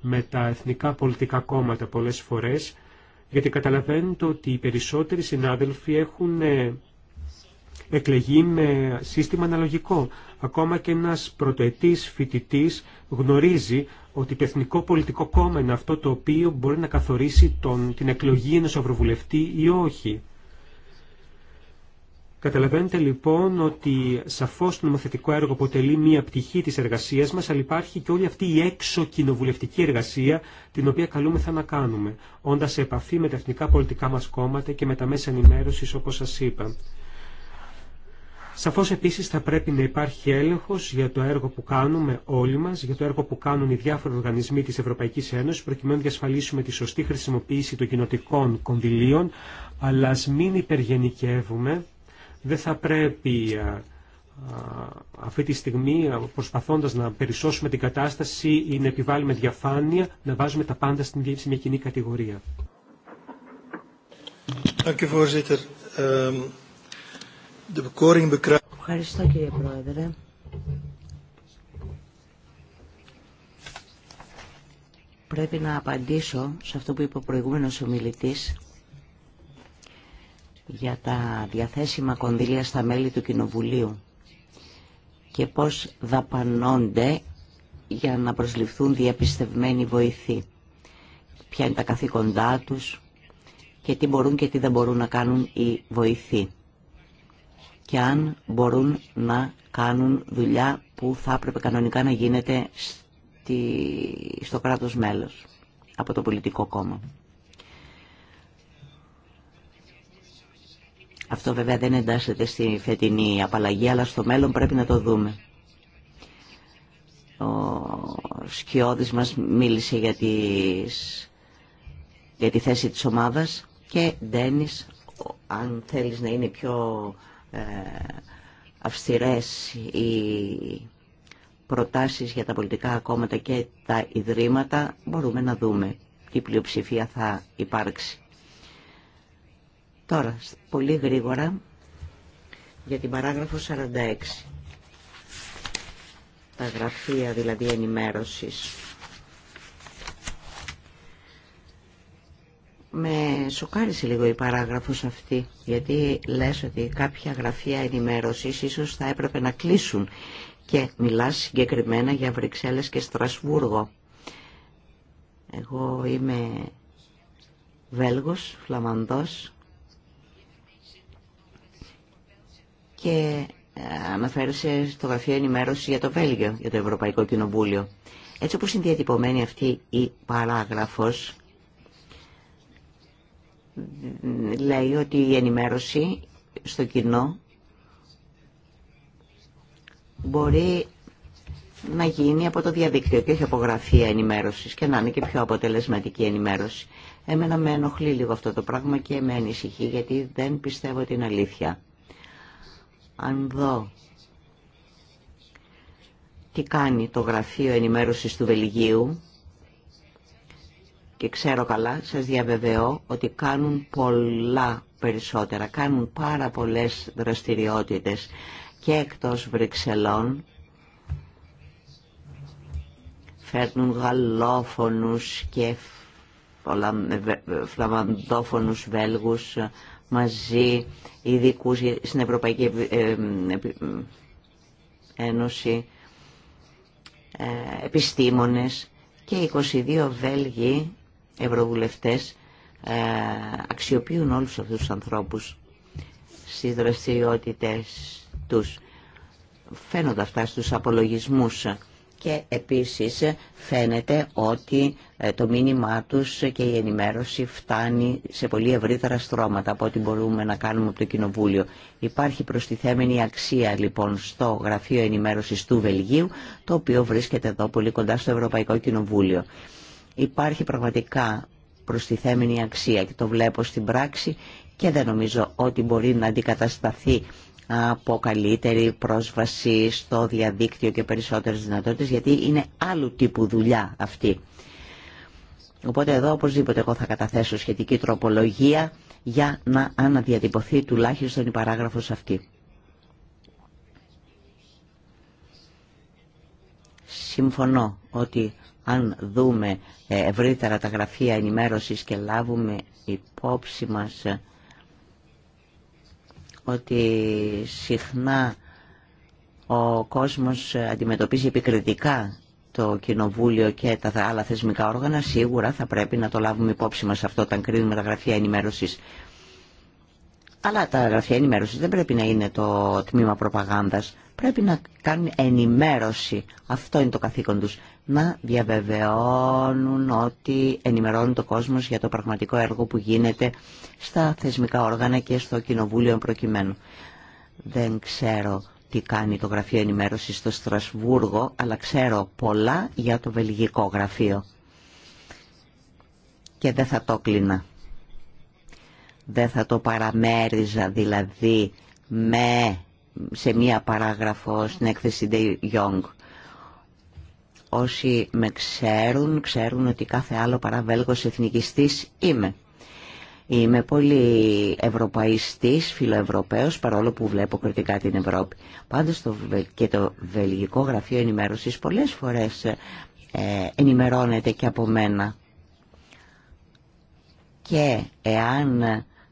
με τα εθνικά πολιτικά κόμματα πολλέ φορέ, γιατί καταλαβαίνετε ότι οι περισσότεροι συνάδελφοι έχουν ε, εκλεγεί με σύστημα αναλογικό. Ακόμα και ένας πρωτοετής φοιτητή γνωρίζει ότι το Εθνικό Πολιτικό Κόμμα είναι αυτό το οποίο μπορεί να καθορίσει τον, την εκλογή ενός ευρωβουλευτή ή όχι. Καταλαβαίνετε λοιπόν ότι σαφώς το νομοθετικό έργο αποτελεί μία πτυχή της εργασίας μας, αλλά υπάρχει και όλη αυτή η έξω κοινοβουλευτική εργασία την οποία καλούμεθα να κάνουμε, όντας σε επαφή με τα εθνικά πολιτικά μας κόμματα και με τα μέσα ενημέρωσης όπως σας είπα. Σαφώς επίσης θα πρέπει να υπάρχει έλεγχος για το έργο που κάνουμε όλοι μας, για το έργο που κάνουν οι διάφοροι οργανισμοί της Ευρωπαϊκής Ένωσης, προκειμένου να διασφαλίσουμε τη σωστή χρησιμοποίηση των κοινοτικών κονδυλίων, αλλά ας μην υπεργενικεύουμε, δεν θα πρέπει αυτή τη στιγμή προσπαθώντας να περισσώσουμε την κατάσταση ή να επιβάλλουμε διαφάνεια, να βάζουμε τα πάντα στην μια κοινή κατηγορία. Ευχαριστώ κύριε Πρόεδρε. Πρέπει να απαντήσω σε αυτό που είπε ο προηγούμενος ομιλητής για τα διαθέσιμα κονδύλια στα μέλη του Κοινοβουλίου και πώς δαπανώνται για να προσληφθούν διαπιστευμένοι βοηθοί. Ποια είναι τα καθήκοντά τους και τι μπορούν και τι δεν μπορούν να κάνουν οι βοηθοί και αν μπορούν να κάνουν δουλειά που θα έπρεπε κανονικά να γίνεται στο κράτος μέλος από το πολιτικό κόμμα. Αυτό βέβαια δεν εντάσσεται στη φετινή απαλλαγή, αλλά στο μέλλον πρέπει να το δούμε. Ο Σκιώδης μας μίλησε για, τις, για τη θέση της ομάδας και Ντένις, αν θέλεις να είναι πιο ε, αυστηρές οι προτάσεις για τα πολιτικά κόμματα και τα ιδρύματα, μπορούμε να δούμε τι πλειοψηφία θα υπάρξει. Τώρα, πολύ γρήγορα, για την παράγραφο 46. Τα γραφεία δηλαδή ενημέρωσης. Με σοκάρισε λίγο η παράγραφος αυτή, γιατί λες ότι κάποια γραφεία ενημέρωσης ίσως θα έπρεπε να κλείσουν και μιλάς συγκεκριμένα για Βρυξέλλες και Στρασβούργο. Εγώ είμαι Βέλγος, Φλαμανδός και αναφέρεσαι στο γραφείο ενημέρωση για το Βέλγιο, για το Ευρωπαϊκό Κοινοβούλιο. Έτσι όπως είναι διατυπωμένη αυτή η παράγραφος, λέει ότι η ενημέρωση στο κοινό μπορεί να γίνει από το διαδίκτυο και όχι από γραφεία ενημέρωσης και να είναι και πιο αποτελεσματική ενημέρωση. Εμένα με ενοχλεί λίγο αυτό το πράγμα και με ανησυχεί γιατί δεν πιστεύω την αλήθεια. Αν δω τι κάνει το γραφείο ενημέρωσης του Βελγίου και ξέρω καλά, σας διαβεβαιώ ότι κάνουν πολλά περισσότερα, κάνουν πάρα πολλές δραστηριότητες και εκτός Βρυξελών φέρνουν γαλλόφωνους και ε, ε, φλαμαντόφωνους Βέλγους μαζί, ειδικού στην Ευρωπαϊκή ε, Ένωση, επιστήμονες και 22 Βέλγοι ευρωβουλευτές ε, αξιοποιούν όλους αυτούς τους ανθρώπους στις δραστηριότητες τους. Φαίνονται αυτά στους απολογισμούς και επίσης φαίνεται ότι ε, το μήνυμά τους και η ενημέρωση φτάνει σε πολύ ευρύτερα στρώματα από ό,τι μπορούμε να κάνουμε από το Κοινοβούλιο. Υπάρχει προστιθέμενη αξία λοιπόν στο Γραφείο Ενημέρωσης του Βελγίου, το οποίο βρίσκεται εδώ πολύ κοντά στο Ευρωπαϊκό Κοινοβούλιο υπάρχει πραγματικά προστιθέμενη αξία και το βλέπω στην πράξη και δεν νομίζω ότι μπορεί να αντικατασταθεί από καλύτερη πρόσβαση στο διαδίκτυο και περισσότερες δυνατότητες γιατί είναι άλλου τύπου δουλειά αυτή. Οπότε εδώ οπωσδήποτε εγώ θα καταθέσω σχετική τροπολογία για να αναδιατυπωθεί τουλάχιστον η παράγραφος αυτή. Συμφωνώ ότι αν δούμε ε, ευρύτερα τα γραφεία ενημέρωσης και λάβουμε υπόψη μας ε, ότι συχνά ο κόσμος ε, αντιμετωπίζει επικριτικά το Κοινοβούλιο και τα άλλα θεσμικά όργανα, σίγουρα θα πρέπει να το λάβουμε υπόψη μας αυτό όταν κρίνουμε τα γραφεία ενημέρωσης. Αλλά τα γραφεία ενημέρωσης δεν πρέπει να είναι το τμήμα προπαγάνδας πρέπει να κάνουν ενημέρωση. Αυτό είναι το καθήκον τους. Να διαβεβαιώνουν ότι ενημερώνουν το κόσμο για το πραγματικό έργο που γίνεται στα θεσμικά όργανα και στο κοινοβούλιο προκειμένου. Δεν ξέρω τι κάνει το γραφείο ενημέρωση στο Στρασβούργο, αλλά ξέρω πολλά για το βελγικό γραφείο. Και δεν θα το κλείνα. Δεν θα το παραμέριζα δηλαδή με σε μία παράγραφο στην έκθεση De Jong. Όσοι με ξέρουν, ξέρουν ότι κάθε άλλο παρά Βέλγος εθνικιστής είμαι. Είμαι πολύ ευρωπαϊστής, φιλοευρωπαίος, παρόλο που βλέπω κριτικά την Ευρώπη. Πάντως το, και το Βελγικό Γραφείο Ενημέρωσης πολλές φορές ε, ενημερώνεται και από μένα. Και εάν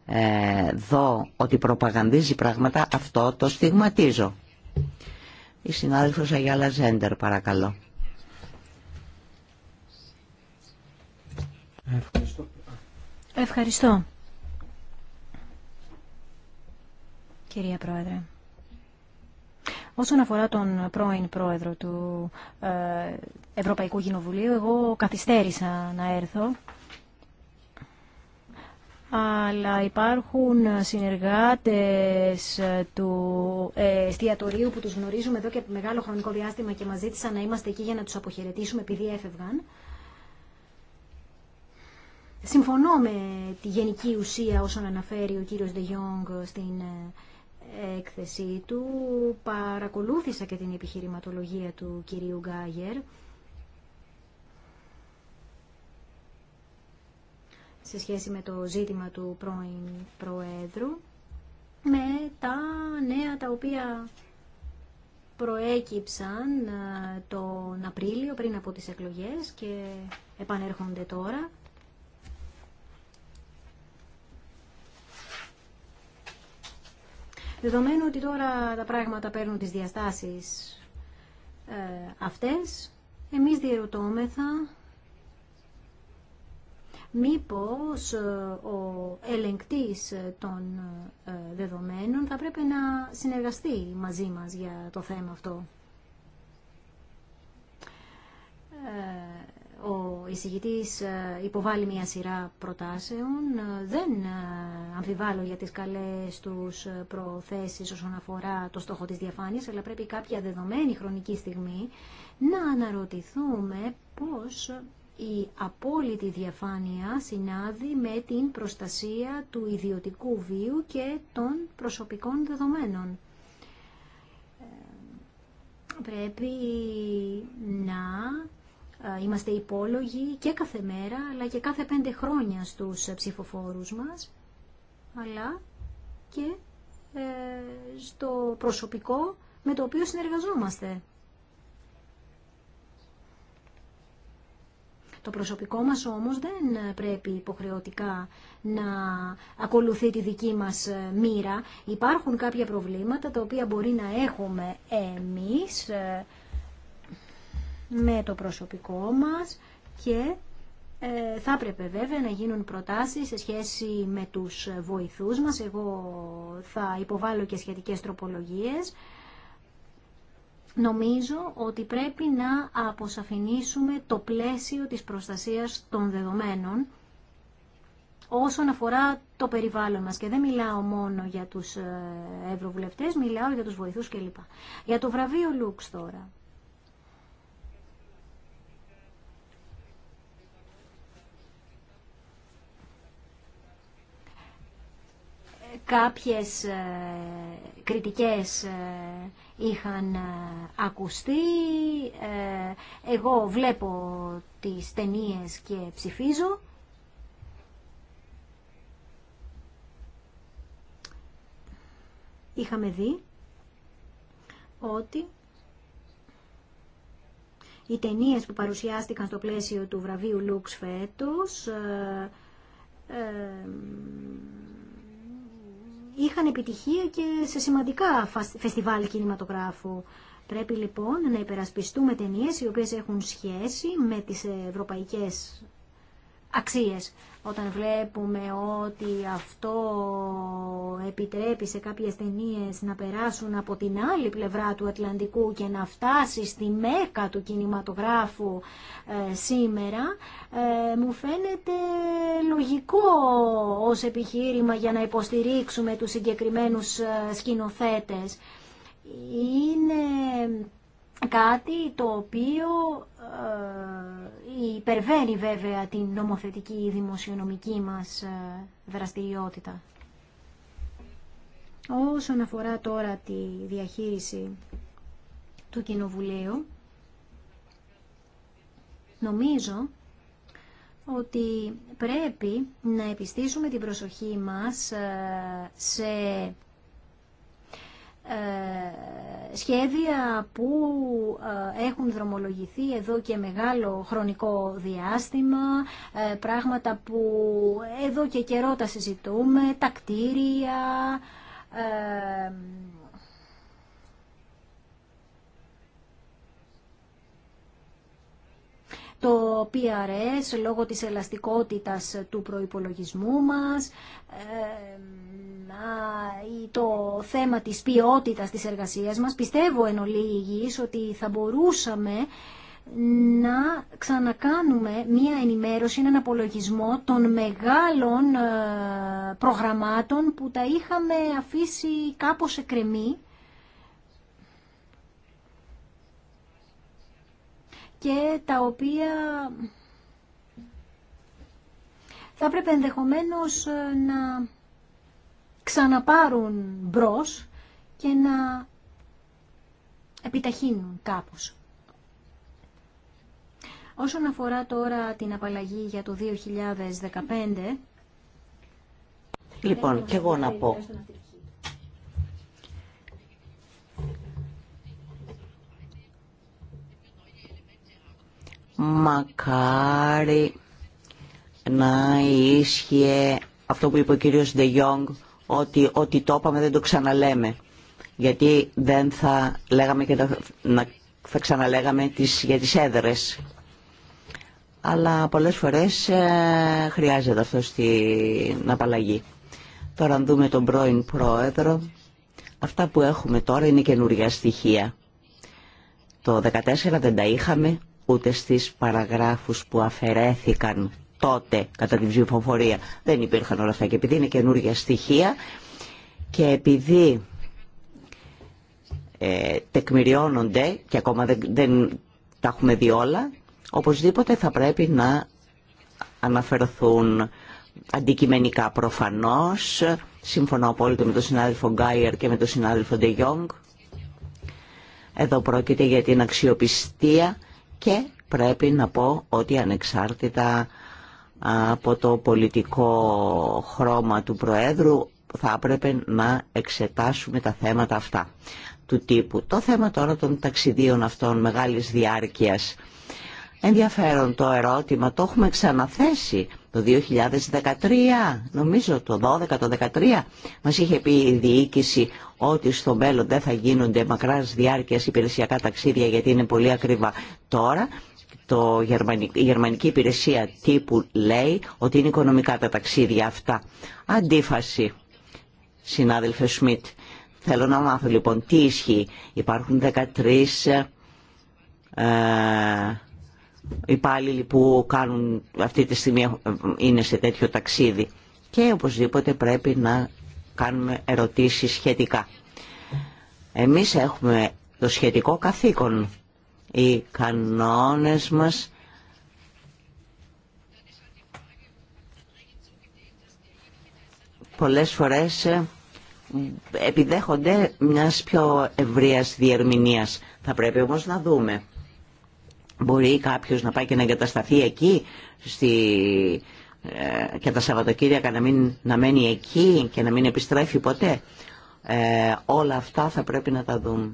ε, δω ότι προπαγανδίζει πράγματα, αυτό το στιγματίζω. Η συνάδελφος Αγιάλα Ζέντερ, παρακαλώ. Ευχαριστώ. Ευχαριστώ. Κυρία Πρόεδρε. Όσον αφορά τον πρώην πρόεδρο του ε, Ευρωπαϊκού Κοινοβουλίου, εγώ καθυστέρησα να έρθω αλλά υπάρχουν συνεργάτες του ε, εστιατορίου που τους γνωρίζουμε εδώ και μεγάλο χρονικό διάστημα και μας ζήτησαν να είμαστε εκεί για να τους αποχαιρετήσουμε επειδή έφευγαν. Συμφωνώ με τη γενική ουσία όσον αναφέρει ο κύριος De Jong στην ε, έκθεσή του. Παρακολούθησα και την επιχειρηματολογία του κυρίου Γκάγερ σε σχέση με το ζήτημα του πρώην Προέδρου με τα νέα τα οποία προέκυψαν ε, τον Απρίλιο πριν από τις εκλογές και επανέρχονται τώρα. Δεδομένου ότι τώρα τα πράγματα παίρνουν τις διαστάσεις ε, αυτές, εμείς διερωτώμεθα μήπως ε, ο ελεγκτής των ε, δεδομένων θα πρέπει να συνεργαστεί μαζί μας για το θέμα αυτό. Ε, ο εισηγητής υποβάλλει μια σειρά προτάσεων. Δεν αμφιβάλλω για τις καλές τους προθέσεις όσον αφορά το στόχο της διαφάνειας, αλλά πρέπει κάποια δεδομένη χρονική στιγμή να αναρωτηθούμε πώς η απόλυτη διαφάνεια συνάδει με την προστασία του ιδιωτικού βίου και των προσωπικών δεδομένων. Ε, πρέπει να ε, είμαστε υπόλογοι και κάθε μέρα, αλλά και κάθε πέντε χρόνια στους ψηφοφόρους μας, αλλά και ε, στο προσωπικό με το οποίο συνεργαζόμαστε. Το προσωπικό μας όμως δεν πρέπει υποχρεωτικά να ακολουθεί τη δική μας μοίρα. Υπάρχουν κάποια προβλήματα τα οποία μπορεί να έχουμε εμείς ε, με το προσωπικό μας και ε, θα έπρεπε βέβαια να γίνουν προτάσεις σε σχέση με τους βοηθούς μας. Εγώ θα υποβάλω και σχετικές τροπολογίες Νομίζω ότι πρέπει να αποσαφηνίσουμε το πλαίσιο της προστασίας των δεδομένων όσον αφορά το περιβάλλον μας. Και δεν μιλάω μόνο για τους ε, ευρωβουλευτές, μιλάω για τους βοηθούς κλπ. Για το βραβείο Λουξ τώρα. Κάποιες ε, κριτικές ε, είχαν ε, ακουστεί. Ε, εγώ βλέπω τις ταινίε και ψηφίζω. Είχαμε δει ότι οι ταινίε που παρουσιάστηκαν στο πλαίσιο του βραβείου Λουξ φέτος ε, είχαν επιτυχία και σε σημαντικά φεστιβάλ κινηματογράφου. Πρέπει λοιπόν να υπερασπιστούμε ταινίε οι οποίες έχουν σχέση με τις ευρωπαϊκές αξίες. Όταν βλέπουμε ότι αυτό επιτρέπει σε κάποιες ταινίε να περάσουν από την άλλη πλευρά του Ατλαντικού και να φτάσει στη μέκα του κινηματογράφου ε, σήμερα, ε, μου φαίνεται λογικό ως επιχείρημα για να υποστηρίξουμε τους συγκεκριμένους ε, σκηνοθέτες. Είναι κάτι το οποίο ε, υπερβαίνει βέβαια την νομοθετική δημοσιονομική μας ε, δραστηριότητα. Όσον αφορά τώρα τη διαχείριση του Κοινοβουλίου, νομίζω ότι πρέπει να επιστήσουμε την προσοχή μας ε, σε ε, σχέδια που ε, έχουν δρομολογηθεί εδώ και μεγάλο χρονικό διάστημα, ε, πράγματα που εδώ και καιρό τα συζητούμε, τα κτίρια, το PRS λόγω της ελαστικότητας του προϋπολογισμού μας, το θέμα της ποιότητας της εργασίας μας. Πιστεύω εν ότι θα μπορούσαμε να ξανακάνουμε μία ενημέρωση, έναν απολογισμό των μεγάλων ε, προγραμμάτων που τα είχαμε αφήσει κάπως σε και τα οποία θα έπρεπε ενδεχομένως ε, να ξαναπάρουν μπρο και να επιταχύνουν κάπως. Όσον αφορά τώρα την απαλλαγή για το 2015... Λοιπόν, και εγώ να πω. Μακάρι να ίσχυε αυτό που είπε ο κύριος Ντεγιόγκ ότι ό,τι το είπαμε δεν το ξαναλέμε. Γιατί δεν θα, λέγαμε και θα ξαναλέγαμε τις, για τις έδρες. Αλλά πολλές φορές ε, χρειάζεται αυτό στην απαλλαγή. Τώρα αν δούμε τον πρώην πρόεδρο, αυτά που έχουμε τώρα είναι καινούργια στοιχεία. Το 2014 δεν τα είχαμε ούτε στις παραγράφους που αφαιρέθηκαν τότε κατά την ψηφοφορία. Δεν υπήρχαν όλα αυτά και επειδή είναι καινούργια στοιχεία και επειδή ε, τεκμηριώνονται και ακόμα δεν, τα έχουμε δει όλα, οπωσδήποτε θα πρέπει να αναφερθούν αντικειμενικά προφανώς. Σύμφωνα απόλυτα με τον συνάδελφο Γκάιερ και με τον συνάδελφο Ντε Εδώ πρόκειται για την αξιοπιστία και πρέπει να πω ότι ανεξάρτητα από το πολιτικό χρώμα του Προέδρου θα έπρεπε να εξετάσουμε τα θέματα αυτά του τύπου. Το θέμα τώρα των ταξιδίων αυτών μεγάλης διάρκειας. Ενδιαφέρον το ερώτημα, το έχουμε ξαναθέσει το 2013, νομίζω το 12, το 2013, μας είχε πει η διοίκηση ότι στο μέλλον δεν θα γίνονται μακράς διάρκειας υπηρεσιακά ταξίδια γιατί είναι πολύ ακριβά. Τώρα το γερμανική, η γερμανική υπηρεσία τύπου λέει ότι είναι οικονομικά τα ταξίδια αυτά. Αντίφαση, συνάδελφε Σμιτ. Θέλω να μάθω λοιπόν τι ισχύει. Υπάρχουν 13 ε, υπάλληλοι που κάνουν αυτή τη στιγμή ε, είναι σε τέτοιο ταξίδι. Και οπωσδήποτε πρέπει να κάνουμε ερωτήσεις σχετικά. Εμείς έχουμε το σχετικό καθήκον οι κανόνες μας πολλές φορές ε, επιδέχονται μιας πιο ευρείας διερμηνίας. Θα πρέπει όμως να δούμε. Μπορεί κάποιος να πάει και να εγκατασταθεί εκεί στη... Ε, και τα Σαββατοκύριακα να, μην... να μένει εκεί και να μην επιστρέφει ποτέ. Ε, όλα αυτά θα πρέπει να τα δούμε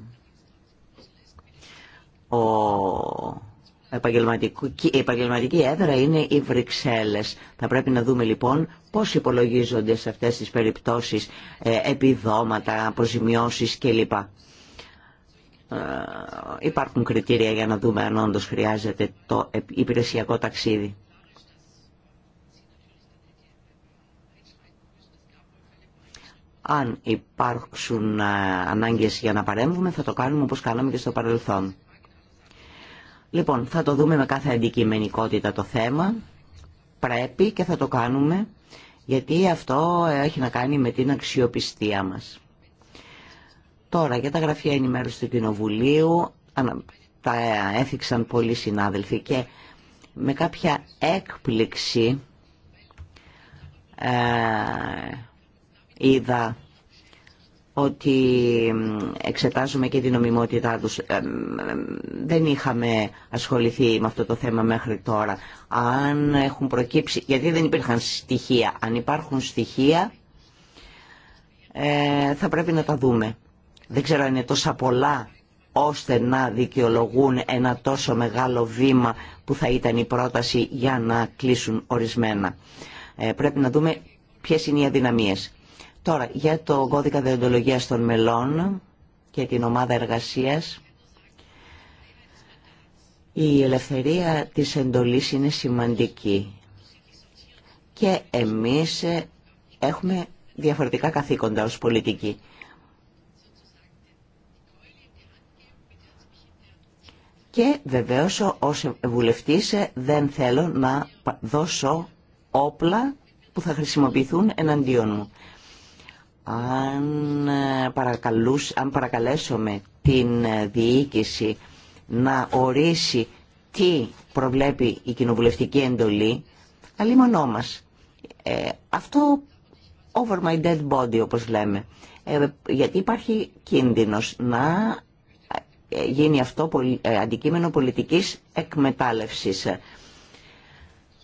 ο επαγγελματική, η επαγγελματική έδρα είναι οι Βρυξέλλες. Θα πρέπει να δούμε λοιπόν πώς υπολογίζονται σε αυτές τις περιπτώσεις ε, επιδόματα, αποζημιώσεις κλπ. Ε, υπάρχουν κριτήρια για να δούμε αν όντως χρειάζεται το υπηρεσιακό ταξίδι. Αν υπάρξουν ε, ανάγκες για να παρέμβουμε θα το κάνουμε όπως κάναμε και στο παρελθόν. Λοιπόν, θα το δούμε με κάθε αντικειμενικότητα το θέμα. Πρέπει και θα το κάνουμε, γιατί αυτό έχει να κάνει με την αξιοπιστία μας. Τώρα, για τα γραφεία ενημέρωση του Κοινοβουλίου, τα έθιξαν πολλοί συνάδελφοι και με κάποια έκπληξη ε, είδα ότι εξετάζουμε και την νομιμότητά τους. Ε, δεν είχαμε ασχοληθεί με αυτό το θέμα μέχρι τώρα. Αν έχουν προκύψει, γιατί δεν υπήρχαν στοιχεία. Αν υπάρχουν στοιχεία ε, θα πρέπει να τα δούμε. Δεν ξέρω αν είναι τόσα πολλά ώστε να δικαιολογούν ένα τόσο μεγάλο βήμα που θα ήταν η πρόταση για να κλείσουν ορισμένα. Ε, πρέπει να δούμε ποιες είναι οι αδυναμίες. Τώρα, για το κώδικα διοντολογίας των μελών και την ομάδα εργασίας, η ελευθερία της εντολής είναι σημαντική. Και εμείς ε, έχουμε διαφορετικά καθήκοντα ως πολιτικοί. Και βεβαίως ως βουλευτής ε, δεν θέλω να δώσω όπλα που θα χρησιμοποιηθούν εναντίον μου αν, ε, αν παρακαλέσουμε την ε, διοίκηση να ορίσει τι προβλέπει η κοινοβουλευτική εντολή, αλλήμωνό μας. Ε, αυτό over my dead body όπως λέμε. Ε, γιατί υπάρχει κίνδυνος να γίνει αυτό αντικείμενο πολιτικής εκμετάλλευσης.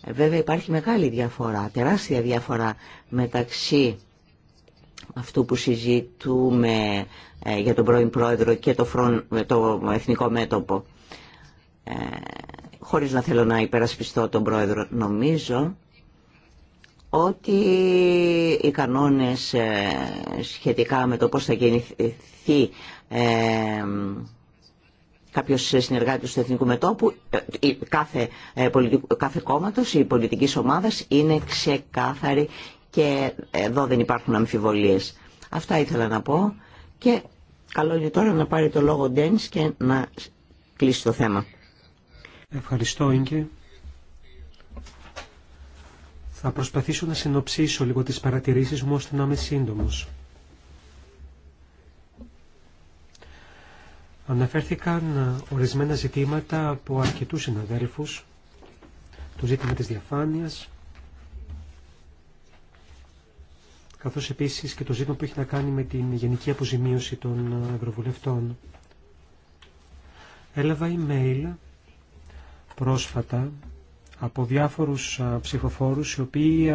Βέβαια υπάρχει μεγάλη διαφορά, τεράστια διαφορά μεταξύ αυτού που συζητούμε ε, για τον πρώην πρόεδρο και το, φρον, ε, το εθνικό μέτωπο. Ε, χωρίς να θέλω να υπερασπιστώ τον πρόεδρο, νομίζω ότι οι κανόνες ε, σχετικά με το πώς θα γεννηθεί κάποιος συνεργάτης του Εθνικού Μετώπου, κάθε, κάθε κόμματος ή πολιτικής ομάδας είναι ξεκάθαρη και εδώ δεν υπάρχουν αμφιβολίες. Αυτά ήθελα να πω και καλό είναι τώρα να πάρει το λόγο Ντένις και να κλείσει το θέμα. Ευχαριστώ Ίγκε. Θα προσπαθήσω να συνοψίσω λίγο τις παρατηρήσεις μου ώστε να είμαι σύντομος. Αναφέρθηκαν ε, ορισμένα ζητήματα από αρκετούς συναδέλφους, το ζήτημα της διαφάνειας, καθώς επίσης και το ζήτημα που έχει να κάνει με την γενική αποζημίωση των ευρωβουλευτών. Έλαβα email πρόσφατα από διάφορους ψηφοφόρους οι οποίοι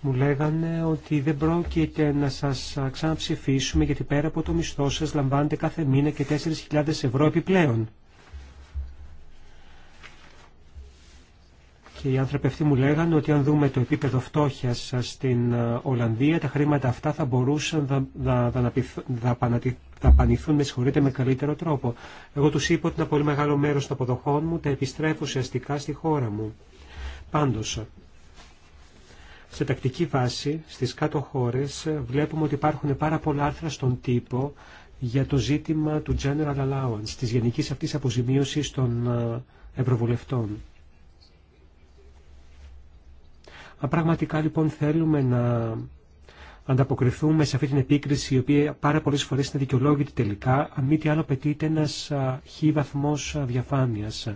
μου λέγανε ότι δεν πρόκειται να σας ξαναψηφίσουμε γιατί πέρα από το μισθό σας λαμβάνετε κάθε μήνα και 4.000 ευρώ επιπλέον. Και οι άνθρωποι αυτοί μου λέγανε ότι αν δούμε το επίπεδο φτώχεια στην ε, Ολλανδία, τα χρήματα αυτά θα μπορούσαν να πανηθούν, με συγχωρείτε με καλύτερο τρόπο. Εγώ του είπα ότι ένα πολύ μεγάλο μέρο των αποδοχών μου τα επιστρέφω ουσιαστικά στη χώρα μου. Πάντω, σε τακτική βάση, στις κάτω χώρες, βλέπουμε ότι υπάρχουν πάρα πολλά άρθρα στον τύπο για το ζήτημα του General Allowance, της γενικής αυτής αποζημίωσης των ε, Ευρωβουλευτών. Αν πραγματικά λοιπόν θέλουμε να ανταποκριθούμε σε αυτή την επίκριση η οποία πάρα πολλές φορές είναι δικαιολόγητη τελικά, αν μη τι άλλο πετείται ένας χι βαθμός διαφάνειας.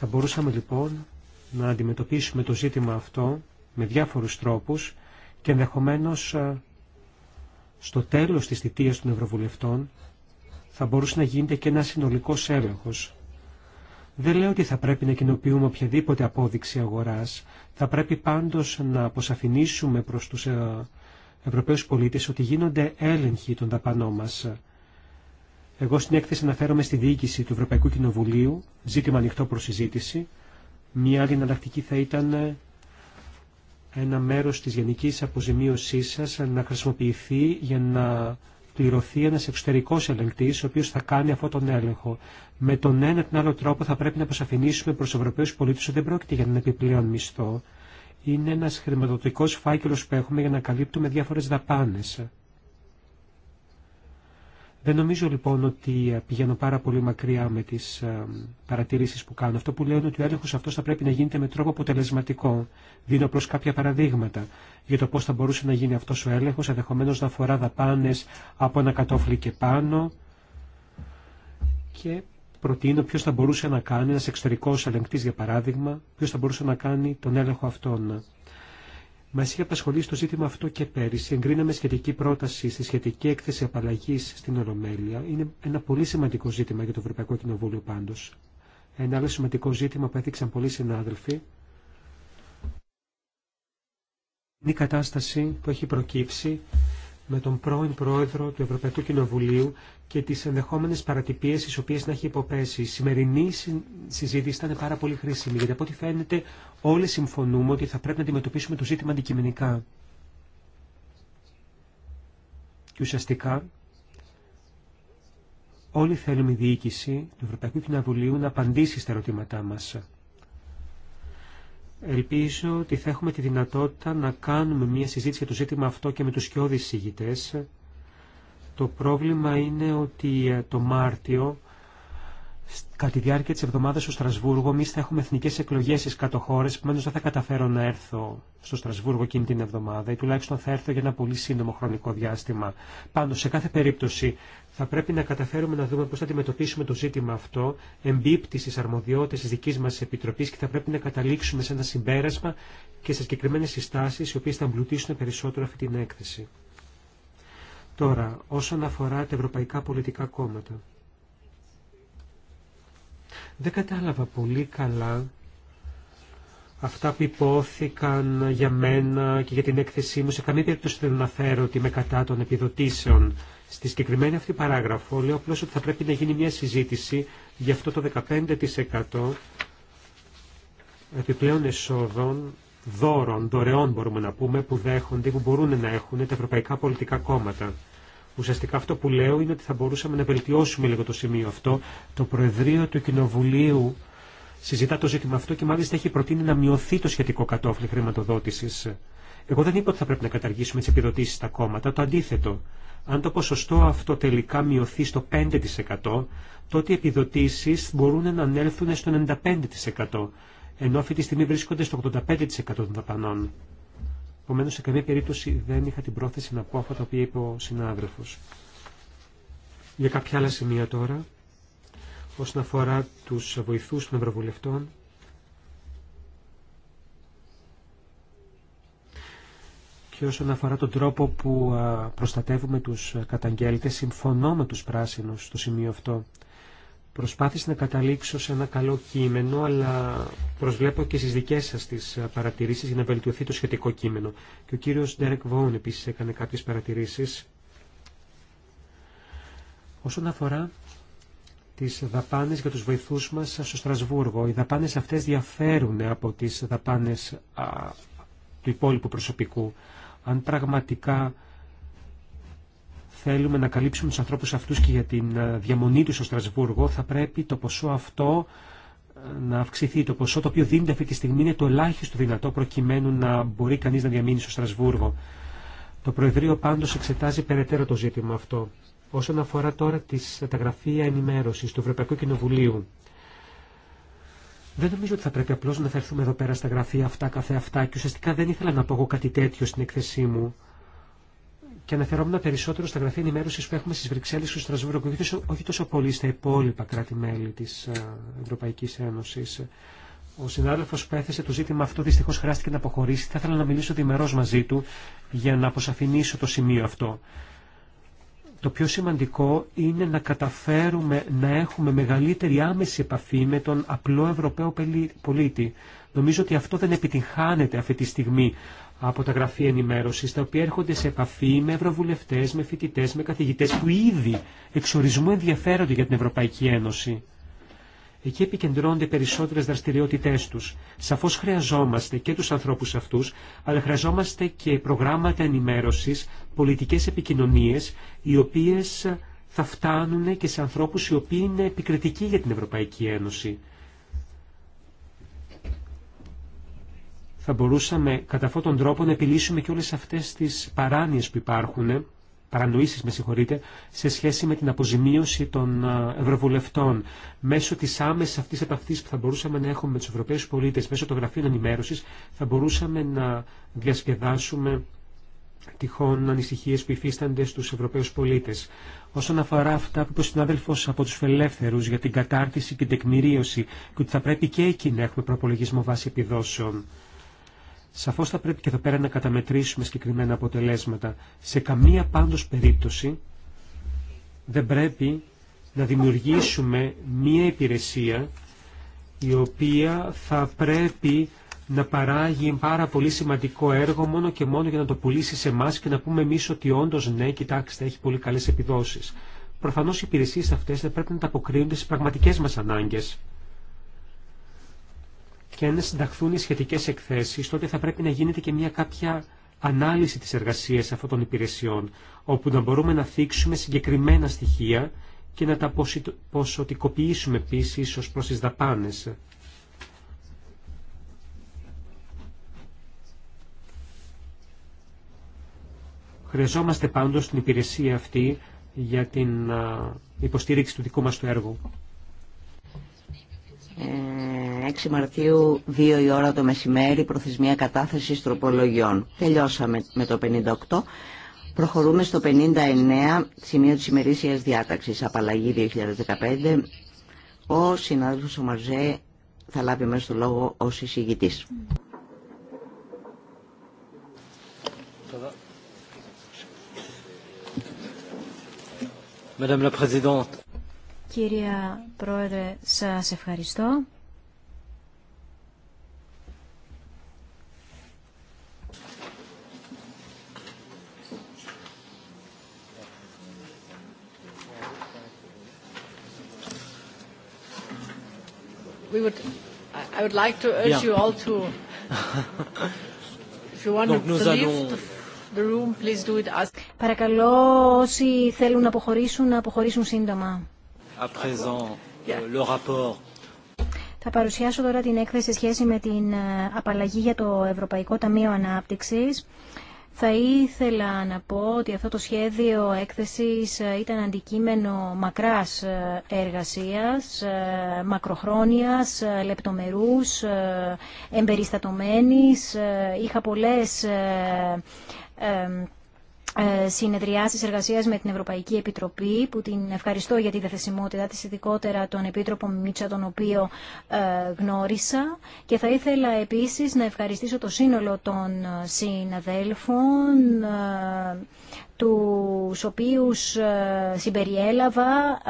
Θα μπορούσαμε λοιπόν να αντιμετωπίσουμε το ζήτημα αυτό με διάφορους τρόπους και ενδεχομένως στο τέλος της θητείας των Ευρωβουλευτών θα μπορούσε να γίνεται και ένα συνολικός έλεγχος. Δεν λέω ότι θα πρέπει να κοινοποιούμε οποιαδήποτε απόδειξη αγοράς. Θα πρέπει πάντως να αποσαφηνίσουμε προς τους ε, Ευρωπαίους πολίτες ότι γίνονται έλεγχοι των δαπανών μας. Εγώ στην έκθεση αναφέρομαι στη διοίκηση του Ευρωπαϊκού Κοινοβουλίου, ζήτημα ανοιχτό προς συζήτηση. Μία άλλη εναλλακτική θα ήταν ένα μέρος της γενικής αποζημίωσής σας να χρησιμοποιηθεί για να πληρωθεί ένας εξωτερικός ελεγκτής, ο οποίος θα κάνει αυτόν τον έλεγχο. Με τον ένα τον άλλο τρόπο θα πρέπει να αποσαφηνίσουμε προς Ευρωπαίους πολίτες ότι δεν πρόκειται για έναν επιπλέον μισθό. Είναι ένας χρηματοδοτικός φάκελος που έχουμε για να καλύπτουμε διάφορες δαπάνες. Δεν νομίζω λοιπόν ότι ε, πηγαίνω πάρα πολύ μακριά με τις ε, παρατήρησει που κάνω. Αυτό που λέω είναι ότι ο έλεγχος αυτός θα πρέπει να γίνεται με τρόπο αποτελεσματικό. Δίνω απλώ κάποια παραδείγματα για το πώς θα μπορούσε να γίνει αυτός ο έλεγχος, ενδεχομένω να αφορά δαπάνε από ένα κατόφλι και πάνω και προτείνω ποιο θα μπορούσε να κάνει, ένα εξωτερικό ελεγκτή για παράδειγμα, ποιο θα μπορούσε να κάνει τον έλεγχο αυτόν. Μα είχε απασχολήσει το ζήτημα αυτό και πέρυσι. Εγκρίναμε σχετική πρόταση στη σχετική έκθεση απαλλαγή στην Ολομέλεια. Είναι ένα πολύ σημαντικό ζήτημα για το Ευρωπαϊκό Κοινοβούλιο πάντω. Ένα άλλο σημαντικό ζήτημα που έδειξαν πολλοί συνάδελφοι είναι η κατάσταση που έχει προκύψει με τον πρώην πρόεδρο του Ευρωπαϊκού Κοινοβουλίου και τι ενδεχόμενε παρατυπίε τι οποίε να έχει υποπέσει. Η σημερινή συζήτηση ήταν πάρα πολύ χρήσιμη, γιατί από ό,τι φαίνεται όλοι συμφωνούμε ότι θα πρέπει να αντιμετωπίσουμε το ζήτημα αντικειμενικά. Και ουσιαστικά όλοι θέλουμε η διοίκηση του Ευρωπαϊκού Κοινοβουλίου να απαντήσει στα ερωτήματά μας. Ελπίζω ότι θα έχουμε τη δυνατότητα να κάνουμε μια συζήτηση για το ζήτημα αυτό και με τους σκιώδεις συγητές. Το πρόβλημα είναι ότι ε, το Μάρτιο κατά τη διάρκεια τη εβδομάδα στο Στρασβούργο. Εμεί θα έχουμε εθνικέ εκλογέ στις κάτω που μόνο δεν θα καταφέρω να έρθω στο Στρασβούργο εκείνη την εβδομάδα ή τουλάχιστον θα έρθω για ένα πολύ σύντομο χρονικό διάστημα. Πάντω, σε κάθε περίπτωση θα πρέπει να καταφέρουμε να δούμε πώ θα αντιμετωπίσουμε το ζήτημα αυτό, εμπίπτει στι αρμοδιότητε τη δική μα επιτροπή και θα πρέπει να καταλήξουμε σε ένα συμπέρασμα και σε συγκεκριμένε συστάσει οι οποίε θα εμπλουτίσουν περισσότερο αυτή την έκθεση. Τώρα, όσον αφορά τα ευρωπαϊκά πολιτικά κόμματα. Δεν κατάλαβα πολύ καλά αυτά που υπόθηκαν για μένα και για την έκθεσή μου. Σε καμία περίπτωση δεν αναφέρω ότι είμαι κατά των επιδοτήσεων. Στη συγκεκριμένη αυτή παράγραφο λέω απλώ ότι θα πρέπει να γίνει μια συζήτηση για αυτό το 15% επιπλέον εσόδων δώρων, δωρεών μπορούμε να πούμε, που δέχονται ή που μπορούν να έχουν τα ευρωπαϊκά πολιτικά κόμματα. Ουσιαστικά αυτό που λέω είναι ότι θα μπορούσαμε να βελτιώσουμε λίγο το σημείο αυτό. Το Προεδρείο του Κοινοβουλίου συζητά το ζήτημα αυτό και μάλιστα έχει προτείνει να μειωθεί το σχετικό κατόφλι χρηματοδότηση. Εγώ δεν είπα ότι θα πρέπει να καταργήσουμε τι επιδοτήσει στα κόμματα. Το αντίθετο. Αν το ποσοστό αυτό τελικά μειωθεί στο 5%, τότε οι επιδοτήσει μπορούν να ανέλθουν στο 95%, ενώ αυτή τη στιγμή βρίσκονται στο 85% των δαπανών. Επομένω, σε καμία περίπτωση δεν είχα την πρόθεση να πω αυτά τα οποία είπε ο συνάδελφο. Για κάποια άλλα σημεία τώρα, όσον αφορά του βοηθού των Ευρωβουλευτών, και όσον αφορά τον τρόπο που προστατεύουμε τους καταγγέλτες, συμφωνώ με τους πράσινους στο σημείο αυτό. Προσπάθησα να καταλήξω σε ένα καλό κείμενο, αλλά προσβλέπω και στις δικές σας τις παρατηρήσεις για να βελτιωθεί το σχετικό κείμενο. Και ο κύριος Ντέρεκ Βόουν επίσης έκανε κάποιες παρατηρήσεις. Όσον αφορά τις δαπάνες για τους βοηθούς μας στο Στρασβούργο, οι δαπάνες αυτές διαφέρουν από τις δαπάνες του υπόλοιπου προσωπικού. Αν πραγματικά θέλουμε να καλύψουμε τους ανθρώπους αυτούς και για την ε, διαμονή τους στο Στρασβούργο, θα πρέπει το ποσό αυτό ε, να αυξηθεί. Το ποσό το οποίο δίνεται αυτή τη στιγμή είναι το ελάχιστο δυνατό προκειμένου να μπορεί κανείς να διαμείνει στο Στρασβούργο. Το Προεδρείο πάντως εξετάζει περαιτέρω το ζήτημα αυτό. Όσον αφορά τώρα τις, τα γραφεία ενημέρωσης του Ευρωπαϊκού Κοινοβουλίου, δεν νομίζω ότι θα πρέπει απλώ να φερθούμε εδώ πέρα στα γραφεία αυτά καθε αυτά και ουσιαστικά δεν ήθελα να πω εγώ κάτι τέτοιο στην εκθεσή μου και αναφερόμουν περισσότερο στα γραφεία ενημέρωση που έχουμε στι Βρυξέλλε και στο Στρασβούργο και όχι τόσο πολύ στα υπόλοιπα κράτη-μέλη τη ε, Ευρωπαϊκή Ένωση. Ο συνάδελφο που έθεσε το ζήτημα αυτό δυστυχώ χρειάστηκε να αποχωρήσει. Θα ήθελα να μιλήσω διμερό μαζί του για να αποσαφηνίσω το σημείο αυτό. Το πιο σημαντικό είναι να καταφέρουμε να έχουμε μεγαλύτερη άμεση επαφή με τον απλό Ευρωπαίο πολίτη. Νομίζω ότι αυτό δεν επιτυγχάνεται αυτή τη στιγμή από τα γραφεία ενημέρωση, τα οποία έρχονται σε επαφή με ευρωβουλευτέ, με φοιτητέ, με καθηγητέ που ήδη εξορισμού ενδιαφέρονται για την Ευρωπαϊκή Ένωση. Εκεί επικεντρώνονται περισσότερε δραστηριότητέ του. Σαφώ χρειαζόμαστε και του ανθρώπου αυτού, αλλά χρειαζόμαστε και προγράμματα ενημέρωση, πολιτικέ επικοινωνίε, οι οποίε θα φτάνουν και σε ανθρώπου οι οποίοι είναι επικριτικοί για την Ευρωπαϊκή Ένωση. θα μπορούσαμε κατά αυτόν τον τρόπο να επιλύσουμε και όλες αυτές τις παράνοιες που υπάρχουν, παρανοήσεις με συγχωρείτε, σε σχέση με την αποζημίωση των ε, ευρωβουλευτών. Μέσω της άμεσης αυτής επαφής που θα μπορούσαμε να έχουμε με τους Ευρωπαίους πολίτες, μέσω των γραφείων ενημέρωσης, θα μπορούσαμε να διασκεδάσουμε τυχόν ανησυχίες που υφίστανται στους Ευρωπαίους πολίτες. Όσον αφορά αυτά που είπε ο συνάδελφο από του φελεύθερους για την κατάρτιση και την τεκμηρίωση και ότι θα πρέπει και εκεί να έχουμε προπολογισμό βάση επιδόσεων. Σαφώ θα πρέπει και εδώ πέρα να καταμετρήσουμε συγκεκριμένα αποτελέσματα. Σε καμία πάντω περίπτωση δεν πρέπει να δημιουργήσουμε μία υπηρεσία η οποία θα πρέπει να παράγει πάρα πολύ σημαντικό έργο μόνο και μόνο για να το πουλήσει σε εμά και να πούμε εμεί ότι όντω ναι, κοιτάξτε, έχει πολύ καλέ επιδόσει. Προφανώ οι υπηρεσίε αυτέ θα πρέπει να τα αποκρίνονται στι πραγματικέ μα ανάγκε και αν συνταχθούν οι σχετικές εκθέσεις, τότε θα πρέπει να γίνεται και μια κάποια ανάλυση της εργασίας αυτών των υπηρεσιών, όπου να μπορούμε να θίξουμε συγκεκριμένα στοιχεία και να τα ποσοτικοποιήσουμε επίση ω προς τις δαπάνες. Χρειαζόμαστε πάντως την υπηρεσία αυτή για την υποστήριξη του δικού μας του έργου. Ε, 6 Μαρτίου, 2 η ώρα το μεσημέρι, προθεσμία κατάθεσης τροπολογιών. Τελειώσαμε με το 58. Προχωρούμε στο 59, σημείο της ημερήσιας διάταξης, απαλλαγή 2015. Ο συνάδελφος ο Μαρζέ θα λάβει μέσα στο λόγο ως εισηγητής. Κυρία Πρόεδρε, σας ευχαριστώ. Παρακαλώ όσοι θέλουν να αποχωρήσουν, να αποχωρήσουν σύντομα. Euh, θα παρουσιάσω τώρα την έκθεση σε σχέση με την ε, απαλλαγή για το Ευρωπαϊκό Ταμείο Ανάπτυξης. Θα ήθελα να πω ότι αυτό το σχέδιο έκθεσης ήταν αντικείμενο μακράς εργασίας, ε, μακροχρόνιας, ε, λεπτομερούς, ε, εμπεριστατωμένης. Είχα πολλές ε, συνεδριάσεις εργασίας με την Ευρωπαϊκή Επιτροπή που την ευχαριστώ για τη διαθεσιμότητά της ειδικότερα τον Επίτροπο Μίτσα τον οποίο ε, γνώρισα και θα ήθελα επίσης να ευχαριστήσω το σύνολο των ε, συναδέλφων τους οποίους συμπεριέλαβα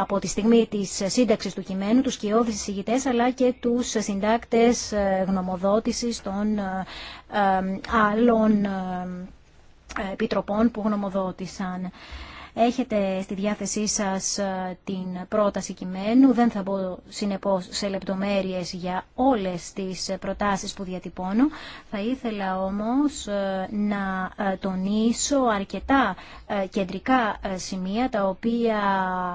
από τη στιγμή της σύνταξης του κειμένου, τους κοιόδης εισηγητές, αλλά και τους συντάκτες γνωμοδότησης των άλλων ε, επιτροπών που γνωμοδότησαν. Έχετε στη διάθεσή σας ε, την πρόταση κειμένου. Δεν θα μπω συνεπώς σε λεπτομέρειες για όλες τις προτάσεις που διατυπώνω. Θα ήθελα όμως ε, να ε, τονίσω αρκετά κεντρικά σημεία τα οποία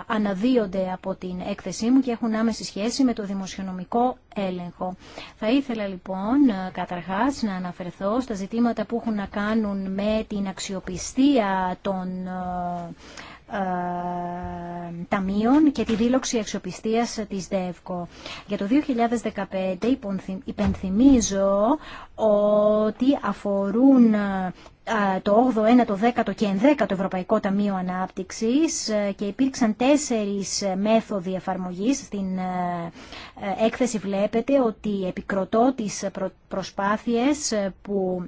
αναδύονται από την έκθεσή μου και έχουν άμεση σχέση με το δημοσιονομικό έλεγχο. Θα ήθελα λοιπόν καταρχάς να αναφερθώ στα ζητήματα που έχουν να κάνουν με την αξιοπιστία των ε, ταμείων και τη δήλωξη αξιοπιστίας της ΔΕΒΚΟ. Για το 2015 υπενθυμίζω ότι αφορούν ε, το 8ο, 9ο, 10ο και 11ο Ευρωπαϊκό Ταμείο Ανάπτυξης ε, και υπήρξαν τέσσερις μέθοδοι εφαρμογής. Στην έκθεση βλέπετε ότι επικροτώ τις προσπάθειες που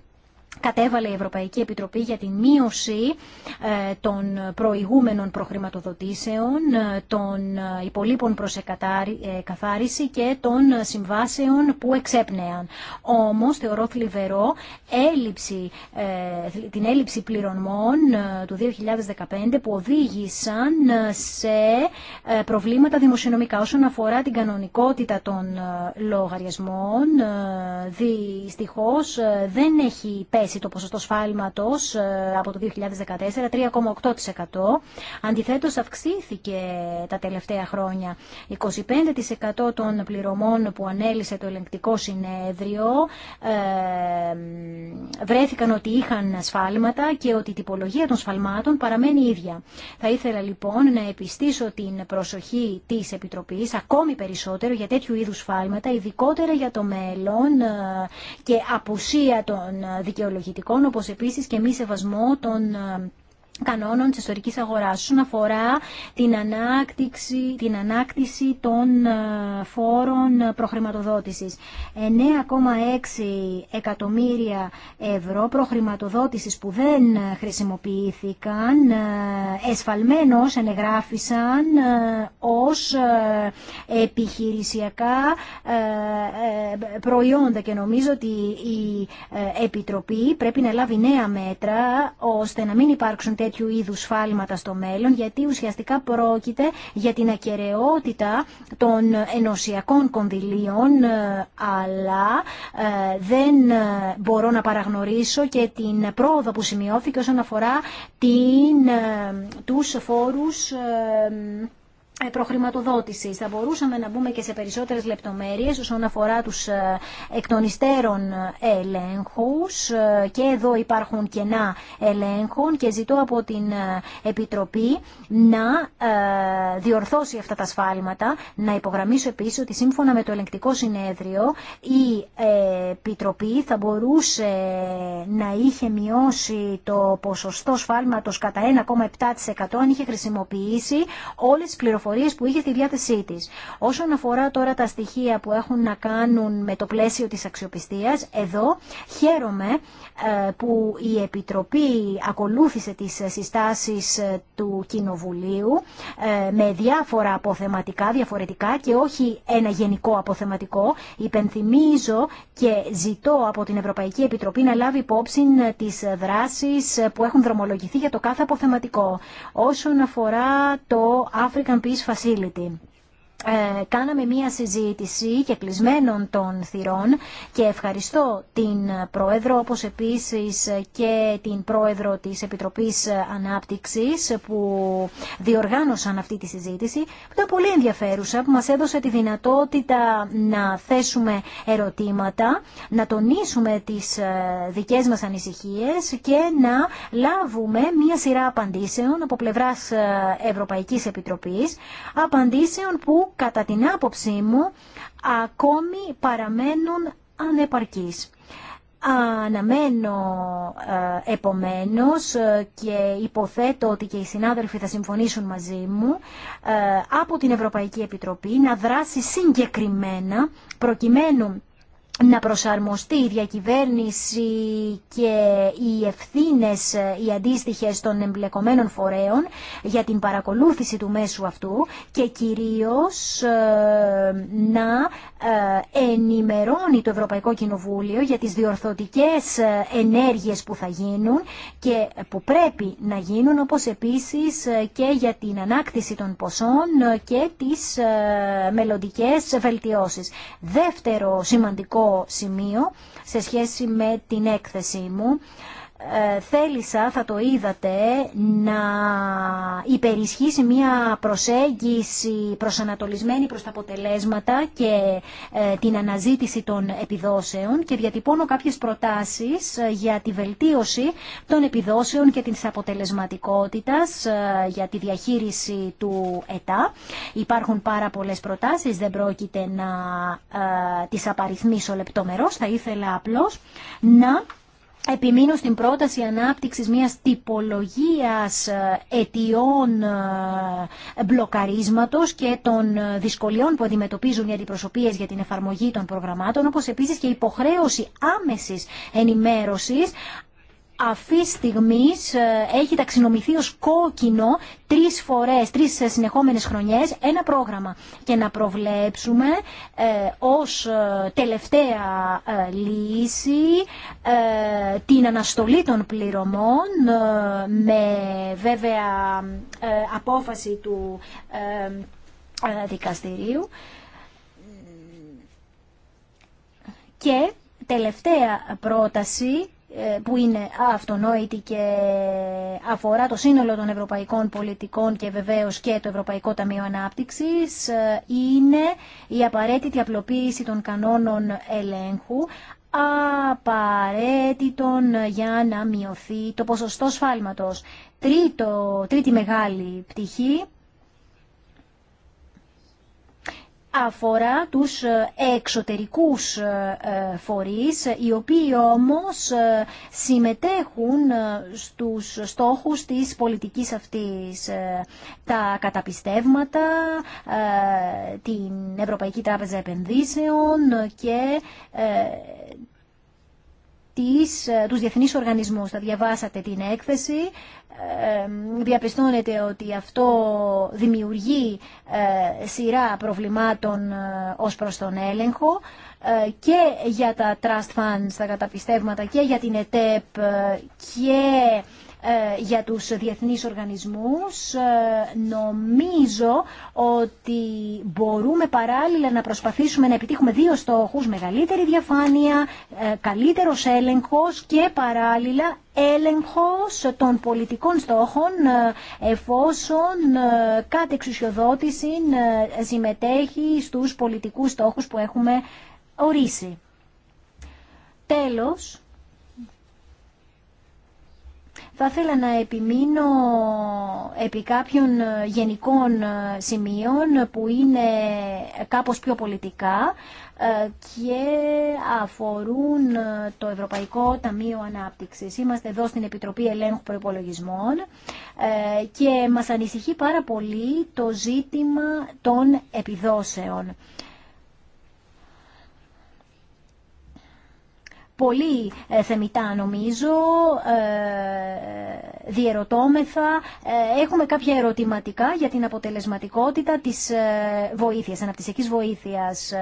κατέβαλε η Ευρωπαϊκή Επιτροπή για τη μείωση ε, των προηγούμενων προχρηματοδοτήσεων, ε, των ε, υπολείπων προς καθάριση και των συμβάσεων που εξέπνεαν. Όμως, θεωρώ θλιβερό έλλειψη, την έλλειψη πληρωμών του 2015 που οδήγησαν σε προβλήματα δημοσιονομικά όσον αφορά την κανονικότητα των λογαριασμών. Δυστυχώς δεν έχει πέσει το ποσοστό σφάλματο ε, από το 2014, 3,8%. Αντιθέτως αυξήθηκε τα τελευταία χρόνια. 25% των πληρωμών που ανέλησε το ελεγκτικό συνέδριο ε, βρέθηκαν ότι είχαν σφάλματα και ότι η τυπολογία των σφαλμάτων παραμένει ίδια. Θα ήθελα λοιπόν να επιστήσω την προσοχή της Επιτροπής ακόμη περισσότερο για τέτοιου είδους σφάλματα, ειδικότερα για το μέλλον ε, και απουσία των δικαιωμάτων δικαιολογητικών, όπως επίσης και μη σεβασμό των ε, κανόνων της ιστορικής αγοράς όσον αφορά την ανάκτηση, την ανάκτηση των ε, φόρων ε, προχρηματοδότησης. 9,6 εκατομμύρια ευρώ προχρηματοδότησης που δεν χρησιμοποιήθηκαν ε, εσφαλμένως ενεγράφησαν ως επιχειρησιακά προϊόντα και νομίζω ότι η Επιτροπή πρέπει να λάβει νέα μέτρα ώστε να μην υπάρξουν τέτοιου είδου σφάλματα στο μέλλον, γιατί ουσιαστικά πρόκειται για την ακαιρεότητα των ενωσιακών κονδυλίων, ε, αλλά ε, δεν ε, μπορώ να παραγνωρίσω και την πρόοδο που σημειώθηκε όσον αφορά την, τους φόρους ε, προχρηματοδότησης. Θα μπορούσαμε να μπούμε και σε περισσότερες λεπτομέρειες όσον αφορά τους ε, εκτονιστέρων των ε, ελέγχους και εδώ υπάρχουν κενά ελέγχων και ζητώ από την Επιτροπή να διορθώσει αυτά τα σφάλματα. Να υπογραμμίσω επίσης ότι σύμφωνα με το ελεγκτικό συνέδριο η Επιτροπή θα μπορούσε να είχε μειώσει το ποσοστό σφάλματος κατά 1,7% αν είχε χρησιμοποιήσει όλες τις πληροφορίες που είχε στη διάθεσή της. Όσον αφορά τώρα τα στοιχεία που έχουν να κάνουν με το πλαίσιο της αξιοπιστίας, εδώ χαίρομαι ε, που η Επιτροπή ακολούθησε τις συστάσεις ε, του Κοινοβουλίου ε, με διάφορα αποθεματικά διαφορετικά και όχι ένα γενικό αποθεματικό. Υπενθυμίζω και ζητώ από την Ευρωπαϊκή Επιτροπή να λάβει υπόψη τις δράσεις που έχουν δρομολογηθεί για το κάθε αποθεματικό. Όσον αφορά το African Peace Facility. Ε, κάναμε μία συζήτηση και κλεισμένων των θυρών και ευχαριστώ την Πρόεδρο όπως επίσης και την Πρόεδρο της Επιτροπής Ανάπτυξης που διοργάνωσαν αυτή τη συζήτηση που ήταν πολύ ενδιαφέρουσα που μας έδωσε τη δυνατότητα να θέσουμε ερωτήματα να τονίσουμε τις ε, δικές μας ανησυχίες και να λάβουμε μία σειρά απαντήσεων από πλευράς ε, Ευρωπαϊκής Επιτροπής απαντήσεων που κατά την άποψή μου ακόμη παραμένουν ανεπαρκείς. Αναμένω ε, επομένως ε, και υποθέτω ότι και οι συνάδελφοι θα συμφωνήσουν μαζί μου ε, από την Ευρωπαϊκή Επιτροπή να δράσει συγκεκριμένα προκειμένου να προσαρμοστεί η διακυβέρνηση και οι ευθύνες οι αντίστοιχες των εμπλεκομένων φορέων για την παρακολούθηση του μέσου αυτού και κυρίως ε, να ε, ενημερώνει το Ευρωπαϊκό Κοινοβούλιο για τις διορθωτικές ε, ενέργειες που θα γίνουν και που πρέπει να γίνουν όπως επίσης και για την ανάκτηση των ποσών και τις μελλοντικές βελτιώσεις. Δεύτερο σημαντικό σημείο σε σχέση με την έκθεσή μου. Ε, θέλησα, θα το είδατε, να υπερισχύσει μια προσέγγιση προσανατολισμένη προς τα αποτελέσματα και ε, την αναζήτηση των επιδόσεων και διατυπώνω κάποιες προτάσεις ε, για τη βελτίωση των επιδόσεων και της αποτελεσματικότητας για τη διαχείριση του ΕΤΑ. Υπάρχουν πάρα πολλές προτάσεις, δεν πρόκειται να τις απαριθμίσω λεπτομερώς, θα ήθελα απλώς να επιμείνω στην πρόταση ανάπτυξης μιας τυπολογίας ε, αιτιών ε, μπλοκαρίσματος και των ε, δυσκολιών που αντιμετωπίζουν οι αντιπροσωπείες για την εφαρμογή των προγραμμάτων, όπως επίσης και υποχρέωση άμεσης ενημέρωσης αυτή τη στιγμή ε, έχει ταξινομηθεί ως κόκκινο τρεις φορές, τρεις ε, συνεχόμενες χρονιές ένα πρόγραμμα και να προβλέψουμε ε, ως τελευταία λύση την αναστολή των πληρωμών με βέβαια απόφαση του δικαστηρίου και τελευταία πρόταση ε, που είναι αυτονόητη και αφορά το σύνολο των ευρωπαϊκών πολιτικών και βεβαίως και το Ευρωπαϊκό Ταμείο Ανάπτυξης ε, είναι η απαραίτητη απλοποίηση των κανόνων ελέγχου απαραίτητον για να μειωθεί το ποσοστό σφάλματος. Τρίτο, τρίτη μεγάλη πτυχή αφορά τους ε, εξωτερικούς ε, ε, φορείς, οι οποίοι όμως συμμετέχουν στους στόχους της πολιτικής αυτής. Τα καταπιστεύματα, την Ευρωπαϊκή Τράπεζα Επενδύσεων και τις, ε, τους διεθνείς οργανισμούς. Θα διαβάσατε την έκθεση, ε, διαπιστώνεται ότι αυτό δημιουργεί ε, σειρά προβλημάτων ως προς τον έλεγχο και για τα trust funds, τα καταπιστεύματα και για την ΕΤΕΠ και ε, για τους διεθνείς οργανισμούς. Ε, νομίζω ότι μπορούμε παράλληλα να προσπαθήσουμε να επιτύχουμε δύο στόχους, μεγαλύτερη διαφάνεια, ε, καλύτερος έλεγχος και παράλληλα έλεγχος των πολιτικών στόχων εφόσον κάθε εξουσιοδότηση συμμετέχει στους πολιτικούς στόχους που έχουμε ορίσει. Τέλος, θα ήθελα να επιμείνω επί κάποιων ε, γενικών ε, σημείων που είναι κάπως πιο πολιτικά ε, και αφορούν το Ευρωπαϊκό Ταμείο Ανάπτυξης. Είμαστε εδώ στην Επιτροπή Ελέγχου Προϋπολογισμών και μας ανησυχεί πάρα πολύ το ζήτημα των επιδόσεων. πολύ ε, θεμητά νομίζω, ε, διερωτώμεθα, ε, έχουμε κάποια ερωτηματικά για την αποτελεσματικότητα της βοήθειας, αναπτυσσικής βοήθειας.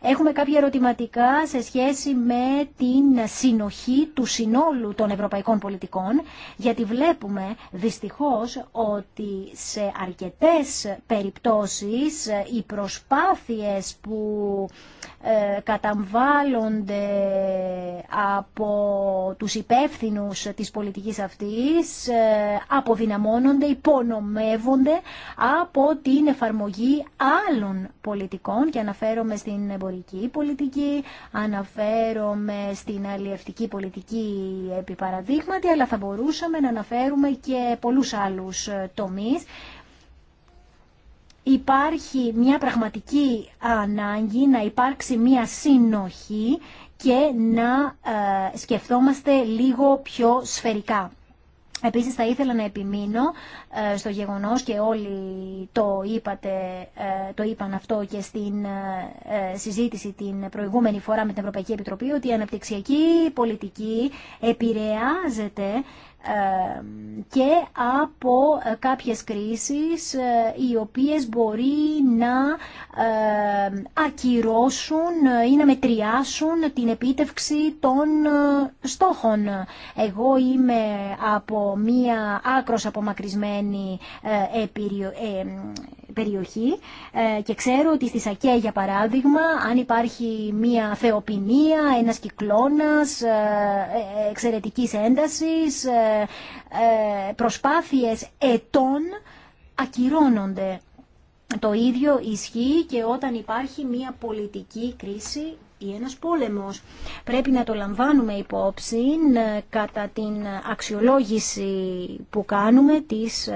Έχουμε κάποια ερωτηματικά σε σχέση με την συνοχή του συνόλου των ευρωπαϊκών πολιτικών, γιατί βλέπουμε δυστυχώς ότι σε αρκετές περιπτώσεις οι προσπάθειες που καταμβάλλονται από τους υπεύθυνους της πολιτικής αυτής ε, αποδυναμώνονται, υπονομεύονται από την εφαρμογή άλλων πολιτικών και αναφέρομαι στην εμπορική πολιτική, αναφέρομαι στην αλλιευτική πολιτική επί αλλά θα μπορούσαμε να αναφέρουμε και πολλούς άλλους ε, τομείς υπάρχει μια πραγματική ανάγκη να υπάρξει μια συνοχή και να ε, σκεφτόμαστε λίγο πιο σφαιρικά. Επίσης θα ήθελα να επιμείνω ε, στο γεγονός και όλοι το, είπατε, ε, το είπαν αυτό και στην συζήτηση την προηγούμενη φορά με την Ευρωπαϊκή Επιτροπή ότι η αναπτυξιακή πολιτική επηρεάζεται ε, και από ε, κάποιες κρίσεις ε, οι οποίες μπορεί να ακυρώσουν ή να μετριάσουν την επίτευξη των στόχων. Εγώ είμαι από μία άκρος απομακρυσμένη περιοχή ε, και ξέρω ότι στη Σακέ για παράδειγμα αν υπάρχει μια θεοπινία, ένας κυκλώνας ε, ε, εξαιρετικής έντασης, προσπάθειες ετών ακυρώνονται. Το ίδιο ισχύει και όταν υπάρχει μια πολιτική κρίση ή ένας πόλεμος. Πρέπει να το λαμβάνουμε υπόψη κατά την αξιολόγηση που κάνουμε της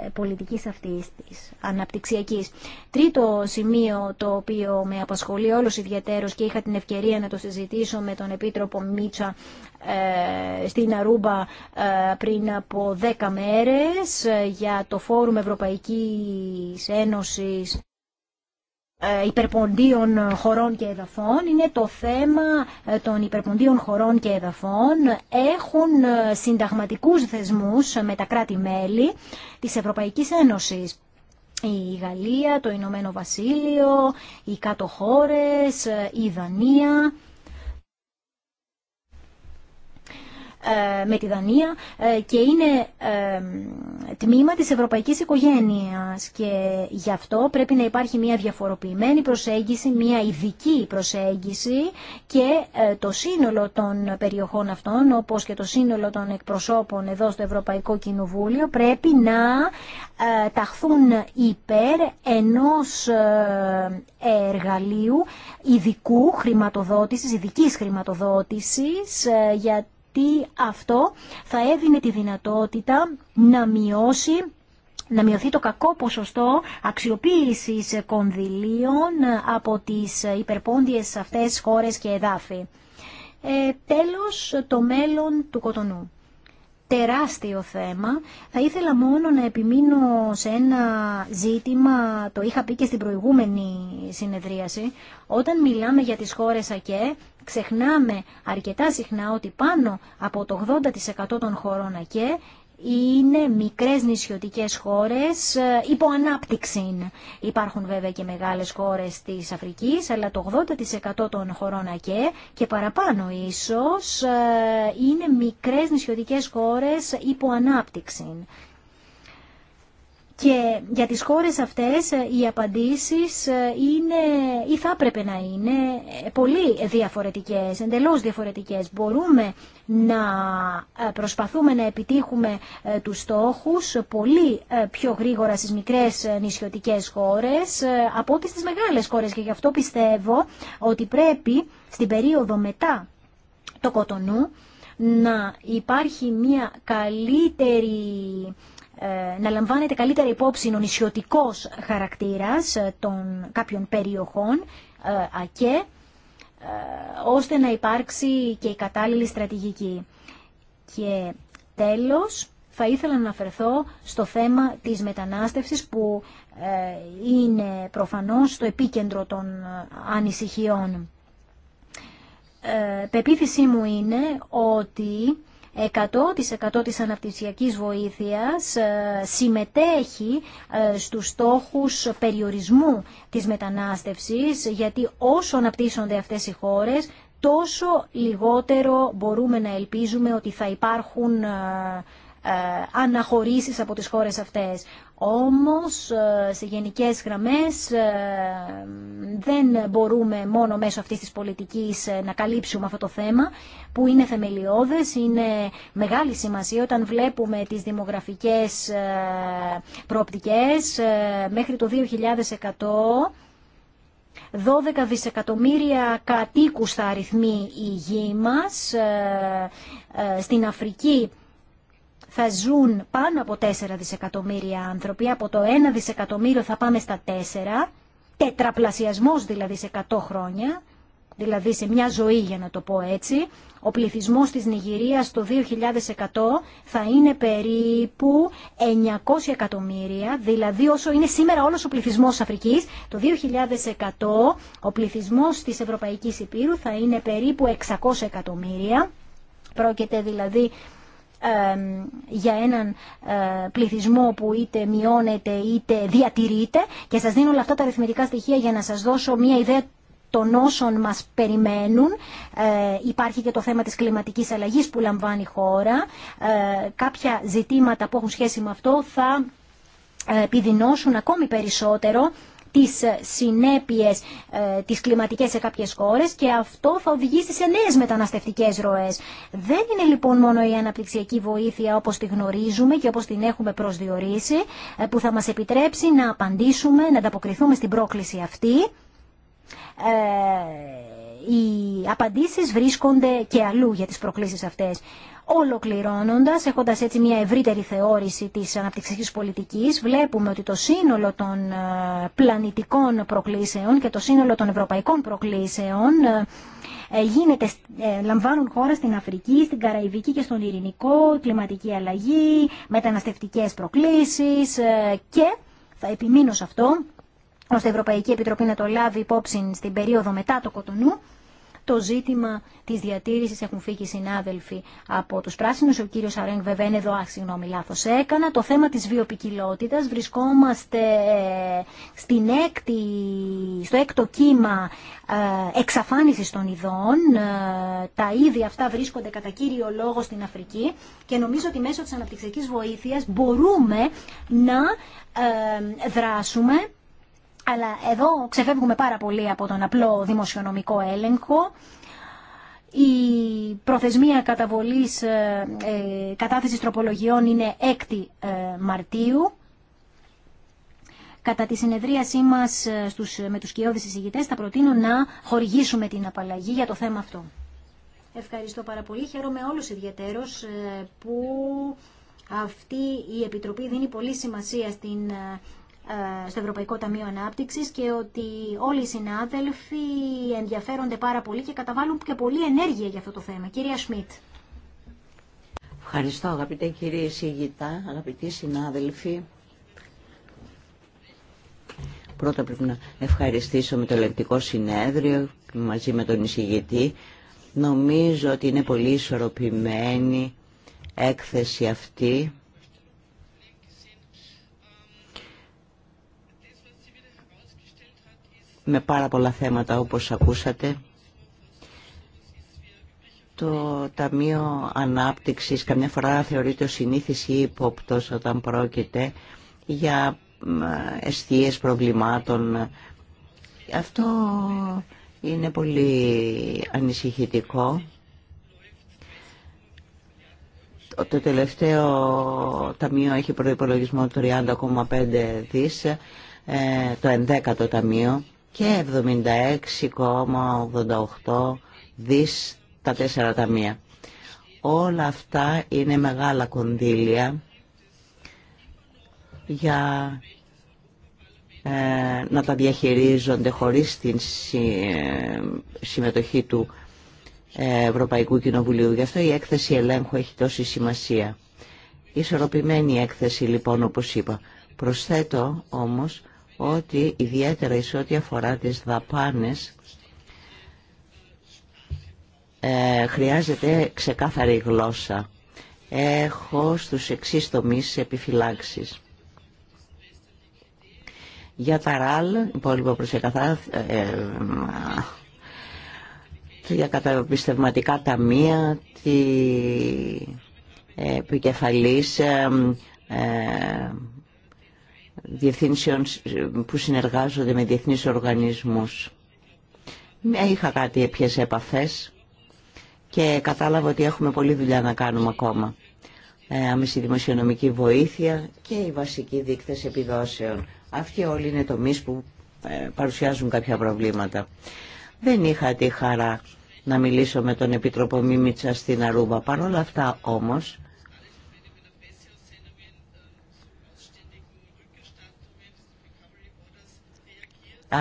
ε, πολιτικής αυτής της αναπτυξιακής. Τρίτο σημείο το οποίο με απασχολεί όλος ιδιαίτερος και είχα την ευκαιρία να το συζητήσω με τον Επίτροπο Μίτσα ε, στην Αρούμπα ε, πριν από 10 μέρες για το Φόρουμ Ευρωπαϊκής Ένωσης ε, υπερποντίων χωρών και εδαφών είναι το θέμα ε, των υπερποντίων χωρών και εδαφών έχουν ε, συνταγματικούς θεσμούς με τα κράτη-μέλη της Ευρωπαϊκής Ένωσης. Η Γαλλία, το Ηνωμένο Βασίλειο, οι κάτω χώρες, η Δανία Ε, με τη Δανία ε, και είναι ε, τμήμα της ευρωπαϊκής οικογένειας και γι' αυτό πρέπει να υπάρχει μια διαφοροποιημένη προσέγγιση, μια ειδική προσέγγιση και το σύνολο των περιοχών αυτών όπως και το σύνολο των εκπροσώπων εδώ στο Ευρωπαϊκό Κοινοβούλιο πρέπει να ταχθούν υπέρ ενός εργαλείου ειδικού χρηματοδότησης, ειδικής χρηματοδότησης για γιατί αυτό θα έδινε τη δυνατότητα να μειώσει να μειωθεί το κακό ποσοστό αξιοποίησης κονδυλίων από τις υπερπόντιες αυτές χώρες και εδάφη. Ε, τέλος, το μέλλον του κοτονού τεράστιο θέμα. Θα ήθελα μόνο να επιμείνω σε ένα ζήτημα, το είχα πει και στην προηγούμενη συνεδρίαση. Όταν μιλάμε για τις χώρες ΑΚΕ, ξεχνάμε αρκετά συχνά ότι πάνω από το 80% των χωρών ΑΚΕ είναι μικρές νησιωτικές χώρες ε, υπό ανάπτυξη. Υπάρχουν βέβαια και μεγάλες χώρες της Αφρικής, αλλά το 80% των χωρών ΑΚΕ και παραπάνω ίσως ε, είναι μικρές νησιωτικές χώρες υπό ανάπτυξη. Και για τις χώρες αυτές ε, οι απαντήσεις ε, είναι ή θα έπρεπε να είναι ε, πολύ διαφορετικές, εντελώς διαφορετικές. Μπορούμε να προσπαθούμε να επιτύχουμε τους στόχους πολύ πιο γρήγορα στις μικρές νησιωτικές χώρες από ό,τι στις μεγάλες χώρες και γι' αυτό πιστεύω ότι πρέπει στην περίοδο μετά το κοτονού να υπάρχει μια καλύτερη ε, να λαμβάνεται καλύτερα υπόψη ο νησιωτικός χαρακτήρας ε, των κάποιων περιοχών ε, και ώστε να υπάρξει και η κατάλληλη στρατηγική. Και τέλος, θα ήθελα να αναφερθώ στο θέμα της μετανάστευσης που είναι προφανώς στο επίκεντρο των ανησυχιών. Πεποίθησή μου είναι ότι 100% της αναπτυξιακής βοήθειας ε, συμμετέχει ε, στους στόχους περιορισμού της μετανάστευσης γιατί όσο αναπτύσσονται αυτές οι χώρες τόσο λιγότερο μπορούμε να ελπίζουμε ότι θα υπάρχουν ε, αναχωρήσεις από τις χώρες αυτές. Όμως ε, σε γενικές γραμμές ε, δεν μπορούμε μόνο μέσω αυτής της πολιτικής ε, να καλύψουμε αυτό το θέμα που είναι θεμελιώδες, είναι μεγάλη σημασία όταν βλέπουμε τις δημογραφικές προοπτικές μέχρι το 2100 12 δισεκατομμύρια κατοίκους θα αριθμεί η γη μας. Στην Αφρική θα ζουν πάνω από 4 δισεκατομμύρια άνθρωποι. Από το 1 δισεκατομμύριο θα πάμε στα 4, τετραπλασιασμός δηλαδή σε 100 χρόνια, δηλαδή σε μια ζωή για να το πω έτσι. Ο πληθυσμός της Νιγηρίας το 2100 θα είναι περίπου 900 εκατομμύρια, δηλαδή όσο είναι σήμερα όλος ο πληθυσμός Αφρικής. Το 2100 ο πληθυσμός της Ευρωπαϊκής Υπήρου θα είναι περίπου 600 εκατομμύρια. Πρόκειται δηλαδή για έναν ε, πληθυσμό που είτε μειώνεται είτε διατηρείται και σας δίνω όλα αυτά τα αριθμητικά στοιχεία για να σας δώσω μια ιδέα των όσων μας περιμένουν. Ε, υπάρχει και το θέμα της κλιματικής αλλαγής που λαμβάνει η χώρα. Ε, κάποια ζητήματα που έχουν σχέση με αυτό θα ε, επιδεινώσουν ακόμη περισσότερο τις ε, συνέπειες ε, τις κλιματικές σε κάποιες χώρες και αυτό θα οδηγήσει σε νέες μεταναστευτικές ροές. Δεν είναι λοιπόν μόνο η αναπτυξιακή βοήθεια όπως τη γνωρίζουμε και όπως την έχουμε προσδιορίσει ε, που θα μας επιτρέψει να απαντήσουμε, να ανταποκριθούμε στην πρόκληση αυτή ε, οι απαντήσεις βρίσκονται και αλλού για τις προκλήσεις αυτές. Ολοκληρώνοντας, έχοντας έτσι μια ευρύτερη θεώρηση της αναπτυξιακής πολιτικής, βλέπουμε ότι το σύνολο των ε, πλανητικών προκλήσεων και το σύνολο των ευρωπαϊκών προκλήσεων ε, ε, γίνεται, λαμβάνουν χώρα στην Αφρική, στην Καραϊβική και στον Ειρηνικό, κλιματική αλλαγή, μεταναστευτικές προκλήσεις και, θα επιμείνω σε αυτό, ώστε η Ευρωπαϊκή Επιτροπή να το λάβει υπόψη στην περίοδο μετά το Κοτονού, το ζήτημα της διατήρησης έχουν φύγει συνάδελφοι από τους πράσινους. Ο κύριο Αρέγκ βέβαια είναι εδώ, αχ, συγγνώμη, λάθο έκανα. Το θέμα της βιοπικιλότητα. βρισκόμαστε ε, στην έκτη, στο έκτο κύμα ε, εξαφάνισης των ειδών. Ε, τα είδη αυτά βρίσκονται κατά κύριο λόγο στην Αφρική και νομίζω ότι μέσω της αναπτυξιακής βοήθεια μπορούμε να δράσουμε αλλά εδώ ξεφεύγουμε πάρα πολύ από τον απλό δημοσιονομικό έλεγχο. Η προθεσμία καταβολής ε, ε κατάθεσης τροπολογιών είναι 6η ε, Μαρτίου. Κατά τη συνεδρίασή μας ε, με τους κοιόδης εισηγητές θα προτείνω να χορηγήσουμε την απαλλαγή για το θέμα αυτό. Ευχαριστώ πάρα πολύ. Χαίρομαι όλους ιδιαίτερος που αυτή η Επιτροπή δίνει πολύ σημασία στην ε, στο Ευρωπαϊκό Ταμείο Ανάπτυξης και ότι όλοι οι συνάδελφοι ενδιαφέρονται πάρα πολύ και καταβάλουν και πολλή ενέργεια για αυτό το θέμα. Κυρία Σμιτ. Ευχαριστώ αγαπητέ κύριε Σίγητα, αγαπητοί συνάδελφοι. Πρώτα πρέπει να ευχαριστήσω με το ελεκτικό συνέδριο μαζί με τον εισηγητή. Νομίζω ότι είναι πολύ ισορροπημένη έκθεση αυτή με πάρα πολλά θέματα όπως ακούσατε. Το Ταμείο Ανάπτυξης καμιά φορά θεωρείται ο συνήθις ή όταν πρόκειται για αισθίε προβλημάτων. Αυτό είναι πολύ ανησυχητικό. Το τελευταίο ταμείο έχει προϋπολογισμό 30,5 δις, ε, το ενδέκατο ταμείο και 76,88 δις τα τέσσερα ταμεία. Όλα αυτά είναι μεγάλα κονδύλια για ε, να τα διαχειρίζονται χωρίς την ε, συμμετοχή του ε, Ευρωπαϊκού Κοινοβουλίου. Γι' αυτό η έκθεση ελέγχου έχει τόση σημασία. Ισορροπημένη έκθεση λοιπόν όπως είπα. Προσθέτω όμως ότι ιδιαίτερα σε ό,τι αφορά τις δαπάνες ε, χρειάζεται ξεκάθαρη γλώσσα. Έχω στους εξής τομείς επιφυλάξεις. Για τα ραλ, υπόλοιπο προσεκαθά, ε, ε, για καταπιστευματικά ταμεία, τη ε, επικεφαλής, διευθύνσεων που συνεργάζονται με διεθνείς οργανισμούς. Ε, είχα κάτι έπιες επαφές και κατάλαβα ότι έχουμε πολλή δουλειά να κάνουμε ακόμα. Ε, άμεση δημοσιονομική βοήθεια και οι βασική δείκτες επιδόσεων. Αυτοί όλοι είναι τομείς που ε, παρουσιάζουν κάποια προβλήματα. Δεν είχα τη χαρά να μιλήσω με τον Επίτροπο Μίμητσα στην Αρούβα. Παρ' όλα αυτά όμως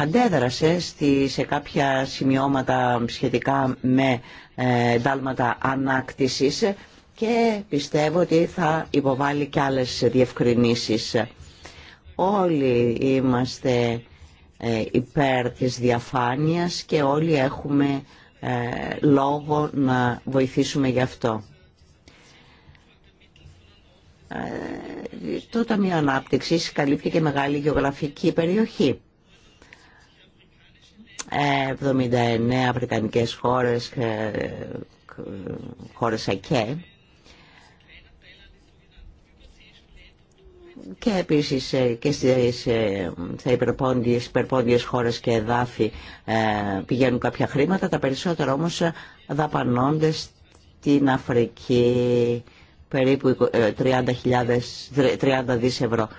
αντέδρασε σε κάποια σημειώματα σχετικά με ε, εντάλματα ανάκτησης και πιστεύω ότι θα υποβάλει και άλλες διευκρινήσεις. Όλοι είμαστε ε, υπέρ της διαφάνειας και όλοι έχουμε ε, λόγο να βοηθήσουμε γι' αυτό. Το Ταμείο Ανάπτυξης καλύπτει και μεγάλη γεωγραφική περιοχή. 79 αφρικανικές χώρες, ε, χώρες ΑΚΕ και επίσης ε, και στις ε, υπερπόντιες, υπερπόντιες χώρες και εδάφη πηγαίνουν κάποια χρήματα, τα περισσότερα όμως δαπανώνται στην Αφρική περίπου 30, 30 δις ευρώ.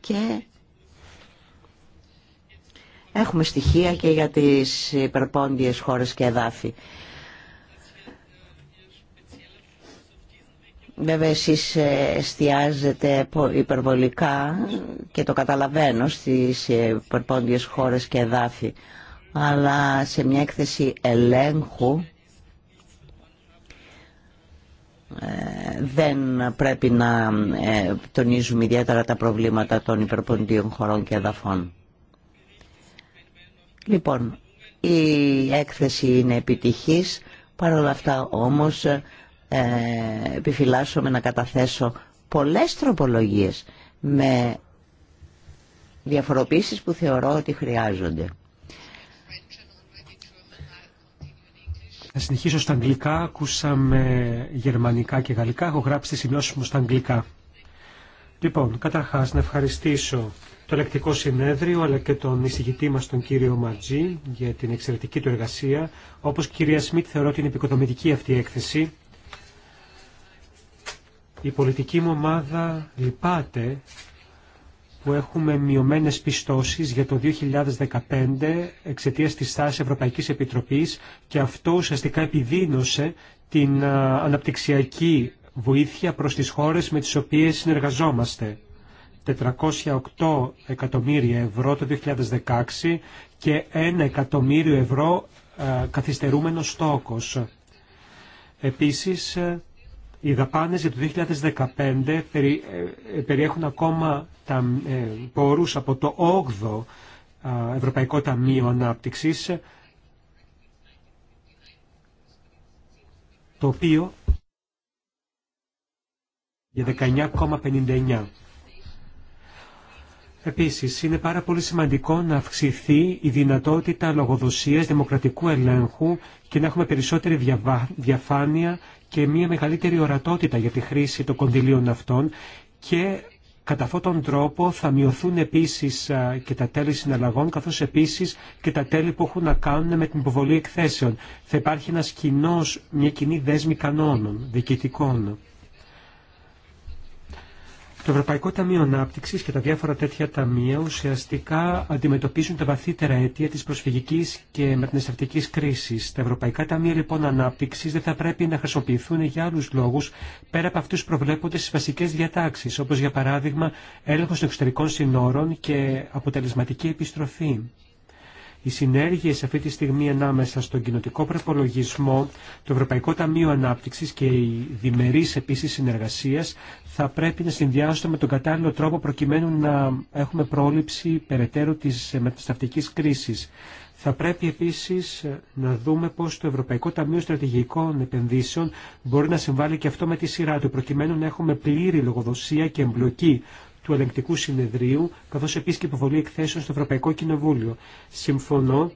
Και Έχουμε στοιχεία και για τις υπερπόντιες χώρες και εδάφη. Βέβαια εσείς ε, εστιάζετε υπερβολικά και το καταλαβαίνω στις ε, υπερπόντιες χώρες και εδάφη. Αλλά σε μια έκθεση ελέγχου ε, δεν πρέπει να τονίζουμε ιδιαίτερα τα προβλήματα των υπερποντίων χωρών και εδαφών. Λοιπόν, η έκθεση είναι επιτυχής, παρόλα αυτά όμως ε, επιφυλάσσομαι να καταθέσω πολλές τροπολογίες με διαφοροποίησεις που θεωρώ ότι χρειάζονται. Θα συνεχίσω στα αγγλικά, ακούσαμε γερμανικά και γαλλικά, έχω γράψει τις σημειώσεις μου στα αγγλικά. Λοιπόν, καταρχάς να ευχαριστήσω το ελεκτικό συνέδριο αλλά και τον εισηγητή μας τον κύριο Ματζή για την εξαιρετική του εργασία. Όπως κυρία Σμιτ θεωρώ ότι είναι επικοδομητική αυτή η έκθεση. Η πολιτική μου ομάδα λυπάται που έχουμε μειωμένε πιστώσεις για το 2015 εξαιτίας της στάση Ευρωπαϊκής Επιτροπής και αυτό ουσιαστικά επιδίνωσε την αναπτυξιακή βοήθεια προς τις χώρες με τις οποίες συνεργαζόμαστε. 408 εκατομμύρια ευρώ το 2016 και 1 εκατομμύριο ευρώ ε, καθυστερούμενος στόκος. Επίσης, οι δαπάνες για το 2015 ε, περιέχουν ακόμα τα ε, πόρους από το 8ο Ευρωπαϊκό Ταμείο Ανάπτυξης, το οποίο για 19,59. Επίσης, είναι πάρα πολύ σημαντικό να αυξηθεί η δυνατότητα λογοδοσίας, δημοκρατικού ελέγχου και να έχουμε περισσότερη διαφάνεια και μια μεγαλύτερη ορατότητα για τη χρήση των κονδυλίων αυτών και κατά αυτόν τον τρόπο θα μειωθούν επίσης και τα τέλη συναλλαγών καθώς επίσης και τα τέλη που έχουν να κάνουν με την υποβολή εκθέσεων. Θα υπάρχει ένας κοινός, μια κοινή δέσμη κανόνων, διοικητικών. Το Ευρωπαϊκό Ταμείο Ανάπτυξη και τα διάφορα τέτοια ταμεία ουσιαστικά αντιμετωπίζουν τα βαθύτερα αίτια τη προσφυγική και μεταναστευτική κρίση. Τα Ευρωπαϊκά Ταμεία λοιπόν Ανάπτυξη δεν θα πρέπει να χρησιμοποιηθούν για άλλου λόγου πέρα από αυτού προβλέπονται στι βασικέ διατάξει, όπω για παράδειγμα έλεγχο των εξωτερικών συνόρων και αποτελεσματική επιστροφή. Οι συνέργειες αυτή τη στιγμή ανάμεσα στον κοινοτικό προπολογισμό, το Ευρωπαϊκό Ταμείο Ανάπτυξης και οι διμερείς επίσης συνεργασίες θα πρέπει να συνδυάζονται με τον κατάλληλο τρόπο προκειμένου να έχουμε πρόληψη περαιτέρω της μετασταυτικής κρίσης. Θα πρέπει επίσης να δούμε πώς το Ευρωπαϊκό Ταμείο Στρατηγικών Επενδύσεων μπορεί να συμβάλλει και αυτό με τη σειρά του, προκειμένου να έχουμε πλήρη λογοδοσία και εμπλοκή του Ελεγκτικού Συνεδρίου, καθώς επίσης και υποβολή εκθέσεων στο Ευρωπαϊκό Κοινοβούλιο. Συμφωνώ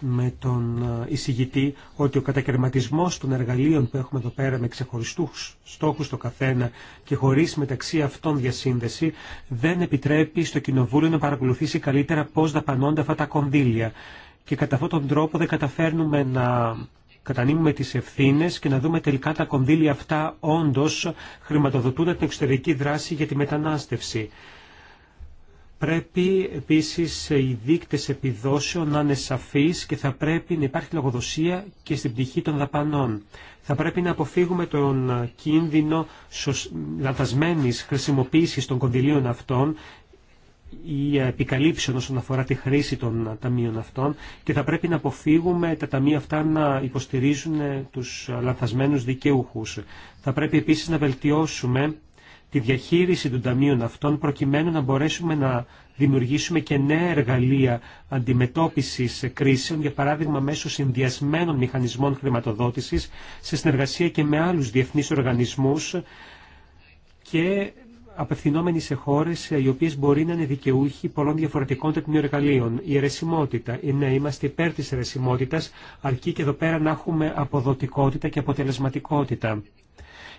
με τον ε, εισηγητή ότι ο κατακαιρματισμός των εργαλείων που έχουμε εδώ πέρα με ξεχωριστούς στόχους το καθένα και χωρίς μεταξύ αυτών διασύνδεση δεν επιτρέπει στο Κοινοβούλιο να παρακολουθήσει καλύτερα πώς δαπανώνται αυτά τα κονδύλια. Και κατά αυτόν τον τρόπο δεν καταφέρνουμε να κατανείμουμε τις ευθύνες και να δούμε τελικά τα κονδύλια αυτά όντως χρηματοδοτούν την εξωτερική δράση για τη μετανάστευση. Πρέπει επίσης οι δείκτες επιδόσεων να είναι σαφείς και θα πρέπει να υπάρχει λογοδοσία και στην πτυχή των δαπανών. Θα πρέπει να αποφύγουμε τον κίνδυνο λανθασμένης χρησιμοποίησης των κονδυλίων αυτών ή επικαλύψεων όσον αφορά τη χρήση των ταμείων αυτών και θα πρέπει να αποφύγουμε τα ταμεία αυτά να υποστηρίζουν τους λανθασμένους δικαιούχους. Θα πρέπει επίσης να βελτιώσουμε τη διαχείριση των ταμείων αυτών προκειμένου να μπορέσουμε να δημιουργήσουμε και νέα εργαλεία αντιμετώπισης κρίσεων, για παράδειγμα μέσω συνδυασμένων μηχανισμών χρηματοδότησης σε συνεργασία και με άλλους διεθνείς οργανισμούς απευθυνόμενοι σε χώρε ε, οι οποίε μπορεί να είναι δικαιούχοι πολλών διαφορετικών εργαλείων. Η αιρεσιμότητα. Ε, ναι, είμαστε υπέρ τη αιρεσιμότητα, αρκεί και εδώ πέρα να έχουμε αποδοτικότητα και αποτελεσματικότητα.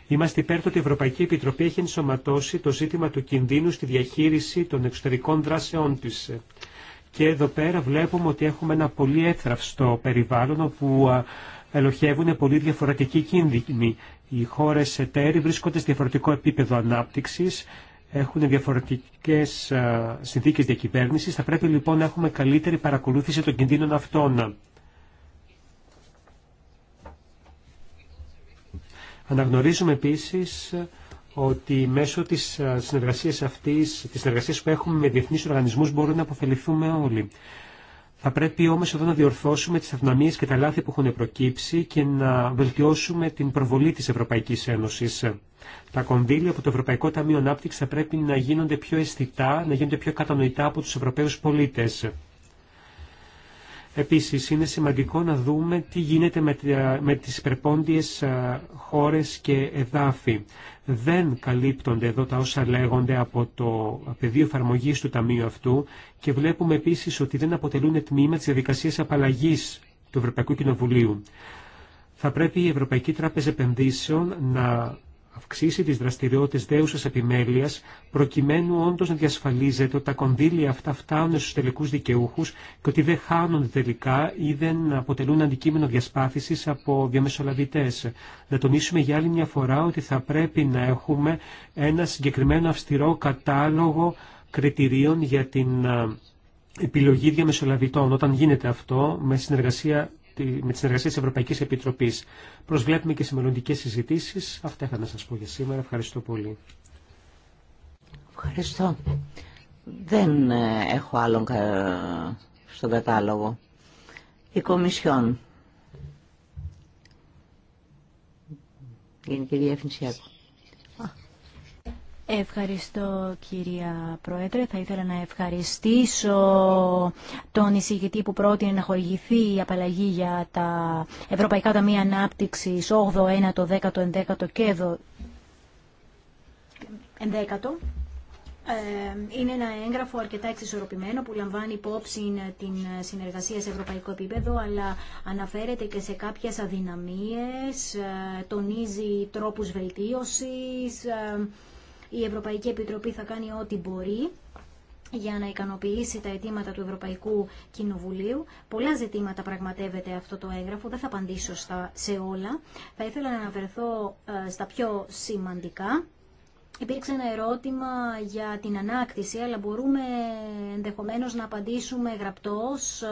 Είμαστε υπέρ του ότι η Ευρωπαϊκή Επιτροπή έχει ενσωματώσει το ζήτημα του κινδύνου στη διαχείριση των εξωτερικών δράσεών τη. Και εδώ πέρα βλέπουμε ότι έχουμε ένα πολύ έθραυστο περιβάλλον όπου ελοχεύουν πολύ διαφορετικοί κίνδυνοι. Οι χώρες εταίροι βρίσκονται σε διαφορετικό επίπεδο ανάπτυξης, έχουν διαφορετικές συνθήκες διακυβέρνησης. Θα πρέπει λοιπόν να έχουμε καλύτερη παρακολούθηση των κινδύνων αυτών. Αναγνωρίζουμε επίσης ότι μέσω της συνεργασίας αυτής, της συνεργασίας που έχουμε με διεθνείς οργανισμούς μπορούμε να αποφεληθούμε όλοι. Θα πρέπει όμως εδώ να διορθώσουμε τις αυναμίες και τα λάθη που έχουν προκύψει και να βελτιώσουμε την προβολή της Ευρωπαϊκής Ένωσης. Τα κονδύλια από το Ευρωπαϊκό Ταμείο Ανάπτυξη θα πρέπει να γίνονται πιο αισθητά, να γίνονται πιο κατανοητά από τους Ευρωπαίους πολίτες. Επίσης, είναι σημαντικό να δούμε τι γίνεται με, με τις υπερπόντιες χώρες και εδάφη. Δεν καλύπτονται εδώ τα όσα λέγονται από το πεδίο εφαρμογή του Ταμείου αυτού και βλέπουμε επίσης ότι δεν αποτελούν τμήμα της διαδικασία απαλλαγής του Ευρωπαϊκού Κοινοβουλίου. Θα πρέπει η Ευρωπαϊκή Τράπεζα Επενδύσεων να αυξήσει τις δραστηριότητες δέουσας επιμέλειας, προκειμένου όντως να διασφαλίζεται ότι τα κονδύλια αυτά φτάνουν στους τελικούς δικαιούχους και ότι δεν χάνονται τελικά ή δεν αποτελούν αντικείμενο διασπάθησης από διαμεσολαβητές. Να τονίσουμε για άλλη μια φορά ότι θα πρέπει να έχουμε ένα συγκεκριμένο αυστηρό κατάλογο κριτηρίων για την ε, επιλογή διαμεσολαβητών. Όταν γίνεται αυτό, με συνεργασία με τη συνεργασία της Ευρωπαϊκής Επιτροπής. Προσβλέπουμε και σε μελλοντικές συζητήσεις. Αυτά είχα να σας πω για σήμερα. Ευχαριστώ πολύ. Ευχαριστώ. Δεν ε, έχω άλλον στον κατάλογο. Η Κομισιόν. Γενική Διεύθυνση Ευχαριστώ κυρία Πρόεδρε. Θα ήθελα να ευχαριστήσω τον εισηγητή που πρότεινε να χορηγηθεί η απαλλαγή για τα Ευρωπαϊκά ανάπτυξη 8 1 9ο, 10ο, 11ο και 11 ε, Είναι ένα έγγραφο αρκετά εξισορροπημένο που λαμβάνει υπόψη την συνεργασία σε ευρωπαϊκό επίπεδο αλλά αναφέρεται και σε κάποιες αδυναμίες, ε, τονίζει τρόπους βελτίωσης, ε, η Ευρωπαϊκή Επιτροπή θα κάνει ό,τι μπορεί για να ικανοποιήσει τα αιτήματα του Ευρωπαϊκού Κοινοβουλίου. Πολλά ζητήματα πραγματεύεται αυτό το έγγραφο, δεν θα απαντήσω σε όλα. Θα ήθελα να αναφερθώ ε, στα πιο σημαντικά. Υπήρξε ένα ερώτημα για την ανάκτηση, αλλά μπορούμε ενδεχομένως να απαντήσουμε γραπτός, ε,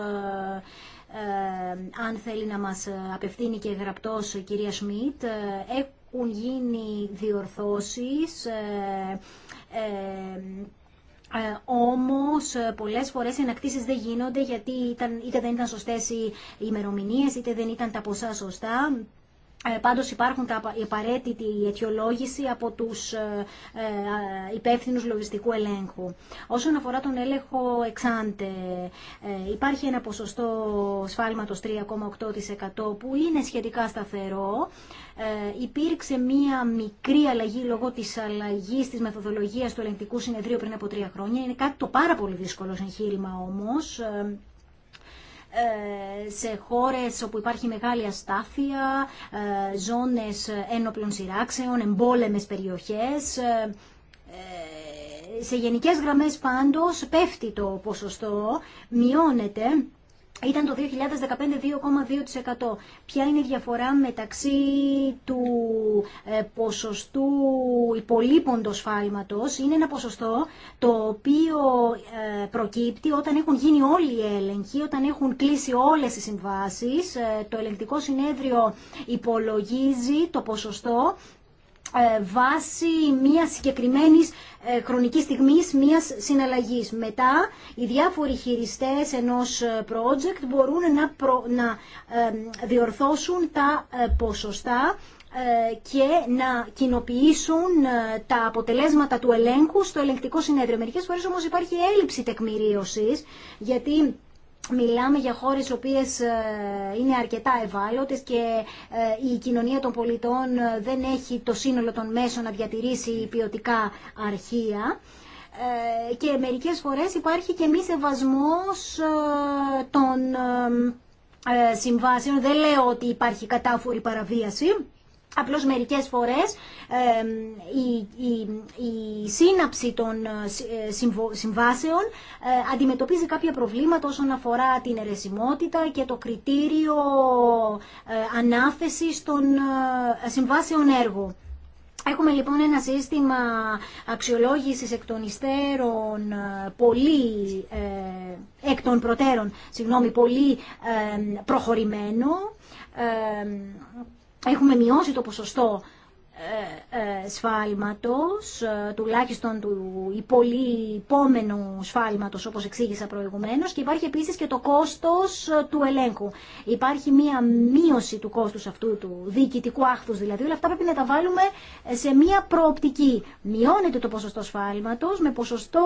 ε, αν θέλει να μας απευθύνει και γραπτός η κυρία Σμιτ έχουν γίνει διορθώσεις, ε, ε, ε όμως ε, πολλές φορές οι ανακτήσεις δεν γίνονται γιατί ήταν, είτε δεν ήταν σωστές οι ημερομηνίες είτε δεν ήταν τα ποσά σωστά ε, πάντως υπάρχουν τα απαραίτητη αιτιολόγηση από τους ε, ε, υπεύθυνους λογιστικού ελέγχου. Όσον αφορά τον έλεγχο εξάντε, υπάρχει ένα ποσοστό σφάλματος 3,8% που είναι σχετικά σταθερό. Υπήρξε μία μικρή αλλαγή λόγω της αλλαγής της μεθοδολογίας του ελεγκτικού συνεδρίου πριν από τρία χρόνια. Είναι κάτι το πάρα πολύ δύσκολο εγχείρημα όμως ε, σε χώρες όπου υπάρχει μεγάλη αστάθεια, ε, ζώνες ένοπλων σειράξεων, εμπόλεμες περιοχές. Ε, σε γενικές γραμμές πάντως πέφτει το ποσοστό, μειώνεται ήταν το 2015 2,2%. Ποια είναι η διαφορά μεταξύ του ε, ποσοστού υπολείποντος φάλματος. Είναι ένα ποσοστό το οποίο ε, προκύπτει όταν έχουν γίνει όλοι οι έλεγχοι, όταν έχουν κλείσει όλες οι συμβάσεις. Ε, το ελεγκτικό συνέδριο υπολογίζει το ποσοστό ε, βάση μια συγκεκριμένης ε, χρονικής στιγμής μιας συναλλαγή. Μετά, οι διάφοροι χειριστέ ενός ε, project μπορούν να, να διορθώσουν τα ποσοστά και να κοινοποιήσουν τα αποτελέσματα του ελέγχου στο ελεγκτικό συνέδριο. Μερικές φορές όμως υπάρχει έλλειψη τεκμηρίωσης, γιατί Μιλάμε για χώρες οποίες ε, είναι αρκετά ευάλωτες και ε, η κοινωνία των πολιτών ε, δεν έχει το σύνολο των μέσων να διατηρήσει ποιοτικά αρχεία και μερικές φορές υπάρχει και μη σεβασμός των συμβάσεων. Δεν λέω ότι υπάρχει κατάφορη παραβίαση. Απλώς μερικές φορές η, σύναψη των ε, συμβάσεων ε, αντιμετωπίζει κάποια προβλήματα όσον αφορά την ερεσιμότητα και το κριτήριο ε, ανάθεσης των συμβάσεων έργου. Έχουμε λοιπόν ένα σύστημα αξιολόγησης εκ των πολύ, εκ των προτέρων, πολύ προχωρημένο έχουμε μειώσει το ποσοστό ε, ε, σφάλματος, ε, τουλάχιστον του υπολοιπόμενου σφάλματος όπως εξήγησα προηγουμένως και υπάρχει επίσης και το κόστος του ελέγχου. Υπάρχει μία μείωση του κόστους αυτού του διοικητικού άχθους δηλαδή, όλα αυτά πρέπει να τα βάλουμε σε μία προοπτική. Μειώνεται το ποσοστό σφάλματος με ποσοστό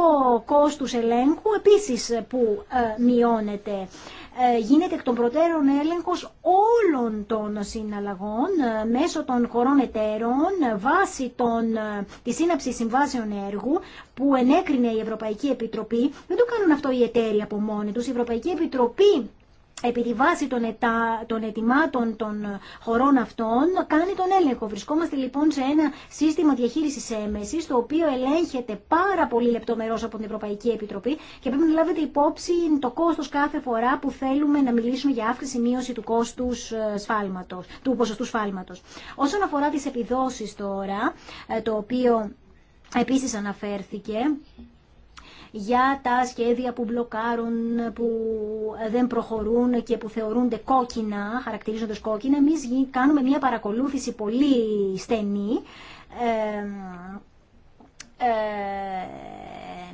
κόστους ελέγχου επίσης που μειώνεται. Ε, γίνεται εκ των προτέρων έλεγχος όλων των συναλλαγών ε, μέσω των χωρών εταίρων ε, βάσει των, της σύναψης συμβάσεων έργου που ενέκρινε η Ευρωπαϊκή Επιτροπή. Δεν το κάνουν αυτό οι εταίροι από μόνοι τους. Η Ευρωπαϊκή Επιτροπή επί τη βάση των, ετα... των ετοιμάτων των χωρών αυτών κάνει τον έλεγχο. Βρισκόμαστε λοιπόν σε ένα σύστημα διαχείριση έμεση, το οποίο ελέγχεται πάρα πολύ λεπτομερώς από την Ευρωπαϊκή Επιτροπή και πρέπει να λάβετε υπόψη το κόστος κάθε φορά που θέλουμε να μιλήσουμε για αύξηση μείωση του κόστου ε, σφάλματος, του ποσοστού σφάλματος. Όσον αφορά τι επιδόσει τώρα, ε, το οποίο επίση αναφέρθηκε, για τα σχέδια που μπλοκάρουν, που δεν προχωρούν και που θεωρούνται κόκκινα, χαρακτηρίζονται κόκκινα. Εμείς κάνουμε μια παρακολούθηση πολύ στενή ε, ε,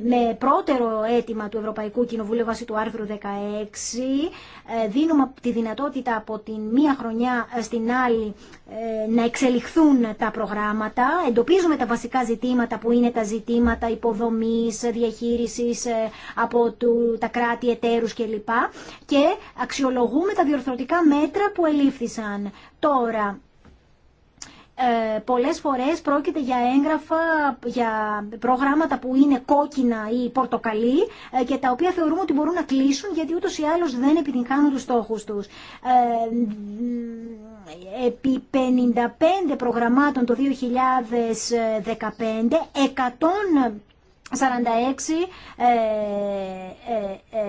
με πρώτερο αίτημα του Ευρωπαϊκού Κοινοβουλίου βάσει του άρθρου 16 ε, δίνουμε τη δυνατότητα από τη μία χρονιά ε, στην άλλη ε, να εξελιχθούν τα προγράμματα. Εντοπίζουμε τα βασικά ζητήματα που είναι τα ζητήματα υποδομής, διαχείρισης από τα κράτη, εταίρους κλπ. Και αξιολογούμε τα διορθωτικά μέτρα που ελήφθησαν. Τώρα, ε, πολλές φορές πρόκειται για έγγραφα, για προγράμματα που είναι κόκκινα ή πορτοκαλί ε, και τα οποία θεωρούμε ότι μπορούν να κλείσουν γιατί ούτως ή άλλως δεν επιτυγχάνουν τους στόχους τους. Ε, επί 55 προγραμμάτων το 2015, 100 46 ε, ε, ε,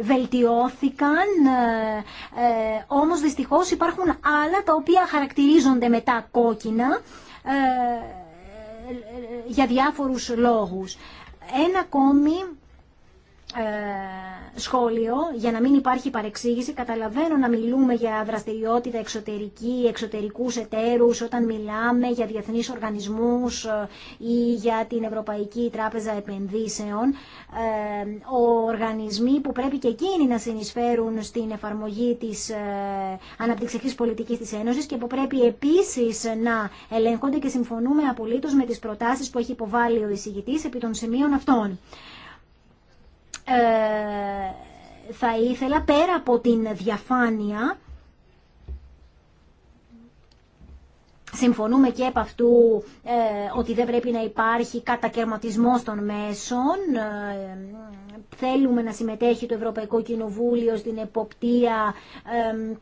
βελτιώθηκαν, ε, ε, όμως δυστυχώς υπάρχουν άλλα τα οποία χαρακτηρίζονται μετά κόκκινα ε, για διάφορους λόγους. Ένα ακόμη ε, σχόλιο για να μην υπάρχει παρεξήγηση. Καταλαβαίνω να μιλούμε για δραστηριότητα εξωτερική, εξωτερικούς εταίρους όταν μιλάμε για διεθνείς οργανισμούς ε, ή για την Ευρωπαϊκή Τράπεζα Επενδύσεων. Ε, ο οργανισμοί που πρέπει και εκείνοι να συνεισφέρουν στην εφαρμογή της ε, αναπτυξιακής πολιτικής της Ένωσης και που πρέπει επίσης να ελέγχονται και συμφωνούμε απολύτως με τις προτάσεις που έχει υποβάλει ο εισηγητής επί των σημείων αυτών. Ε, θα ήθελα πέρα από την διαφάνεια Συμφωνούμε και από αυτού ε, ότι δεν πρέπει να υπάρχει κατακαιρματισμός των μέσων. Ε, θέλουμε να συμμετέχει το Ευρωπαϊκό Κοινοβούλιο στην εποπτεία. Ε,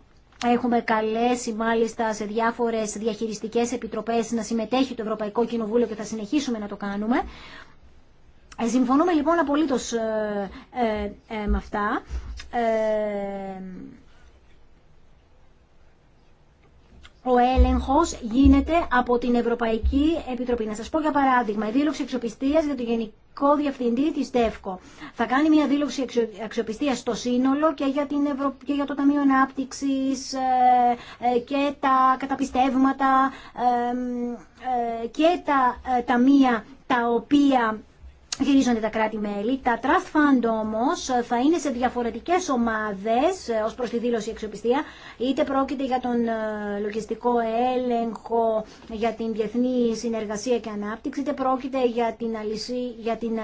έχουμε καλέσει μάλιστα σε διάφορες διαχειριστικές επιτροπές να συμμετέχει το Ευρωπαϊκό Κοινοβούλιο και θα συνεχίσουμε να το κάνουμε. Ε, συμφωνούμε λοιπόν απολύτως ε, ε, ε με αυτά. Ε, ο έλεγχο γίνεται από την Ευρωπαϊκή Επιτροπή. Να σα πω για παράδειγμα, η δήλωση αξιοπιστία για το Γενικό Διευθυντή τη ΔΕΦΚΟ. Θα κάνει μια δήλωση αξιοπιστία στο σύνολο και για, την και για το Ταμείο Ανάπτυξη και τα καταπιστεύματα και τα ταμεία τα οποία γυρίζονται τα κράτη-μέλη. Τα trust fund όμως θα είναι σε διαφορετικές ομάδες ε, ως προς τη δήλωση αξιοπιστία. Είτε πρόκειται για τον ε, λογιστικό έλεγχο, για την διεθνή συνεργασία και ανάπτυξη, είτε πρόκειται για την, αλυσί, για την ε,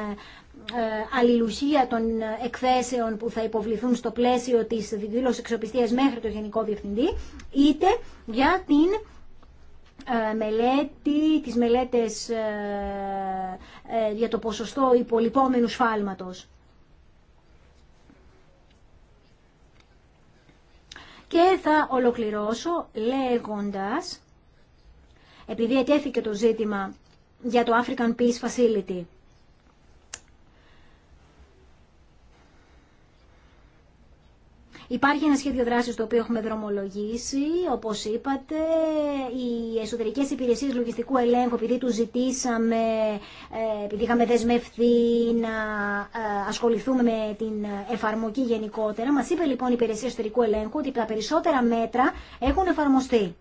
αλληλουχία των εκθέσεων που θα υποβληθούν στο πλαίσιο της δήλωσης αξιοπιστίας μέχρι το Γενικό Διευθυντή, είτε για την ε, μελέτη, τις μελέτες ε, ε, για το ποσοστό υπολοιπόμενου σφάλματος. Και θα ολοκληρώσω λέγοντας, επειδή ετέθηκε το ζήτημα για το African Peace Facility, Υπάρχει ένα σχέδιο δράση το οποίο έχουμε δρομολογήσει. Όπω είπατε, οι εσωτερικέ υπηρεσίε λογιστικού ελέγχου, επειδή του ζητήσαμε, ε, επειδή είχαμε δεσμευθεί να ε, ασχοληθούμε με την εφαρμογή γενικότερα, μα είπε λοιπόν η υπηρεσία εσωτερικού ελέγχου ότι τα περισσότερα μέτρα έχουν εφαρμοστεί.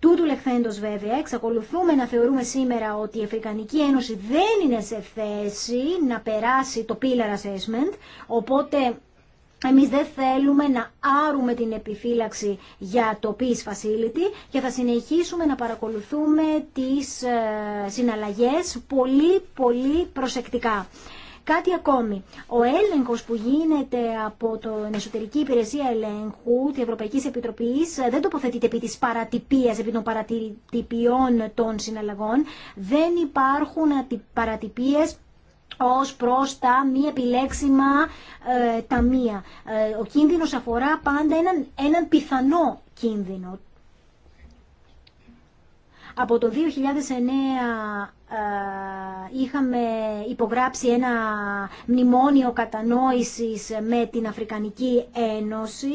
Τούτου λεχθέντος βέβαια, εξακολουθούμε να θεωρούμε σήμερα ότι η Αφρικανική Ένωση δεν είναι σε θέση να περάσει το pillar assessment, οπότε εμείς δεν θέλουμε να άρουμε την επιφύλαξη για το Peace Facility και θα συνεχίσουμε να παρακολουθούμε τις ε, συναλλαγές πολύ πολύ προσεκτικά. Κάτι ακόμη. Ο έλεγχο που γίνεται από την Εσωτερική Υπηρεσία Ελέγχου τη Ευρωπαϊκή Επιτροπή ε, δεν τοποθετείται επί τη παρατυπία, επί των παρατυπιών των συναλλαγών. Δεν υπάρχουν παρατυπίε ως προς τα μη επιλέξιμα ε, ταμεία. Ε, ο κίνδυνος αφορά πάντα έναν, έναν πιθανό κίνδυνο. Από το 2009 ε, είχαμε υπογράψει ένα μνημόνιο κατανόησης με την Αφρικανική Ένωση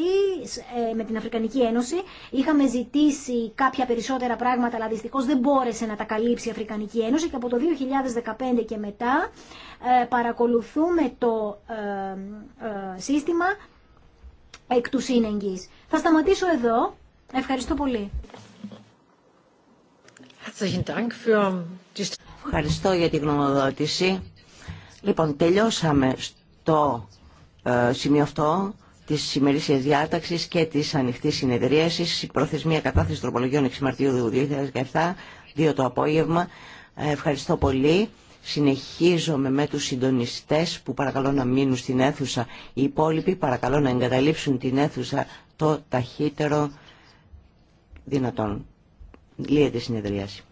ε, με την Αφρικανική Ένωση είχαμε ζητήσει κάποια περισσότερα πράγματα αλλά δυστυχώς δεν μπόρεσε να τα καλύψει η Αφρικανική Ένωση και από το 2015 και μετά ε, παρακολουθούμε το ε, ε, σύστημα εκ του σύνεγγυς. Θα σταματήσω εδώ. Ευχαριστώ πολύ. Ευχαριστώ για την γνωμοδότηση. Λοιπόν, τελειώσαμε στο σημείο αυτό της ημερήσιας διάταξης και της ανοιχτής συνεδρίασης. Η προθεσμία κατάθεση τροπολογιών 6 Μαρτίου 2017, 2 το απόγευμα. Ευχαριστώ πολύ. Συνεχίζομαι με τους συντονιστές που παρακαλώ να μείνουν στην αίθουσα. Οι υπόλοιποι παρακαλώ να εγκαταλείψουν την αίθουσα το ταχύτερο δυνατόν. Λύεται η συνεδρίαση.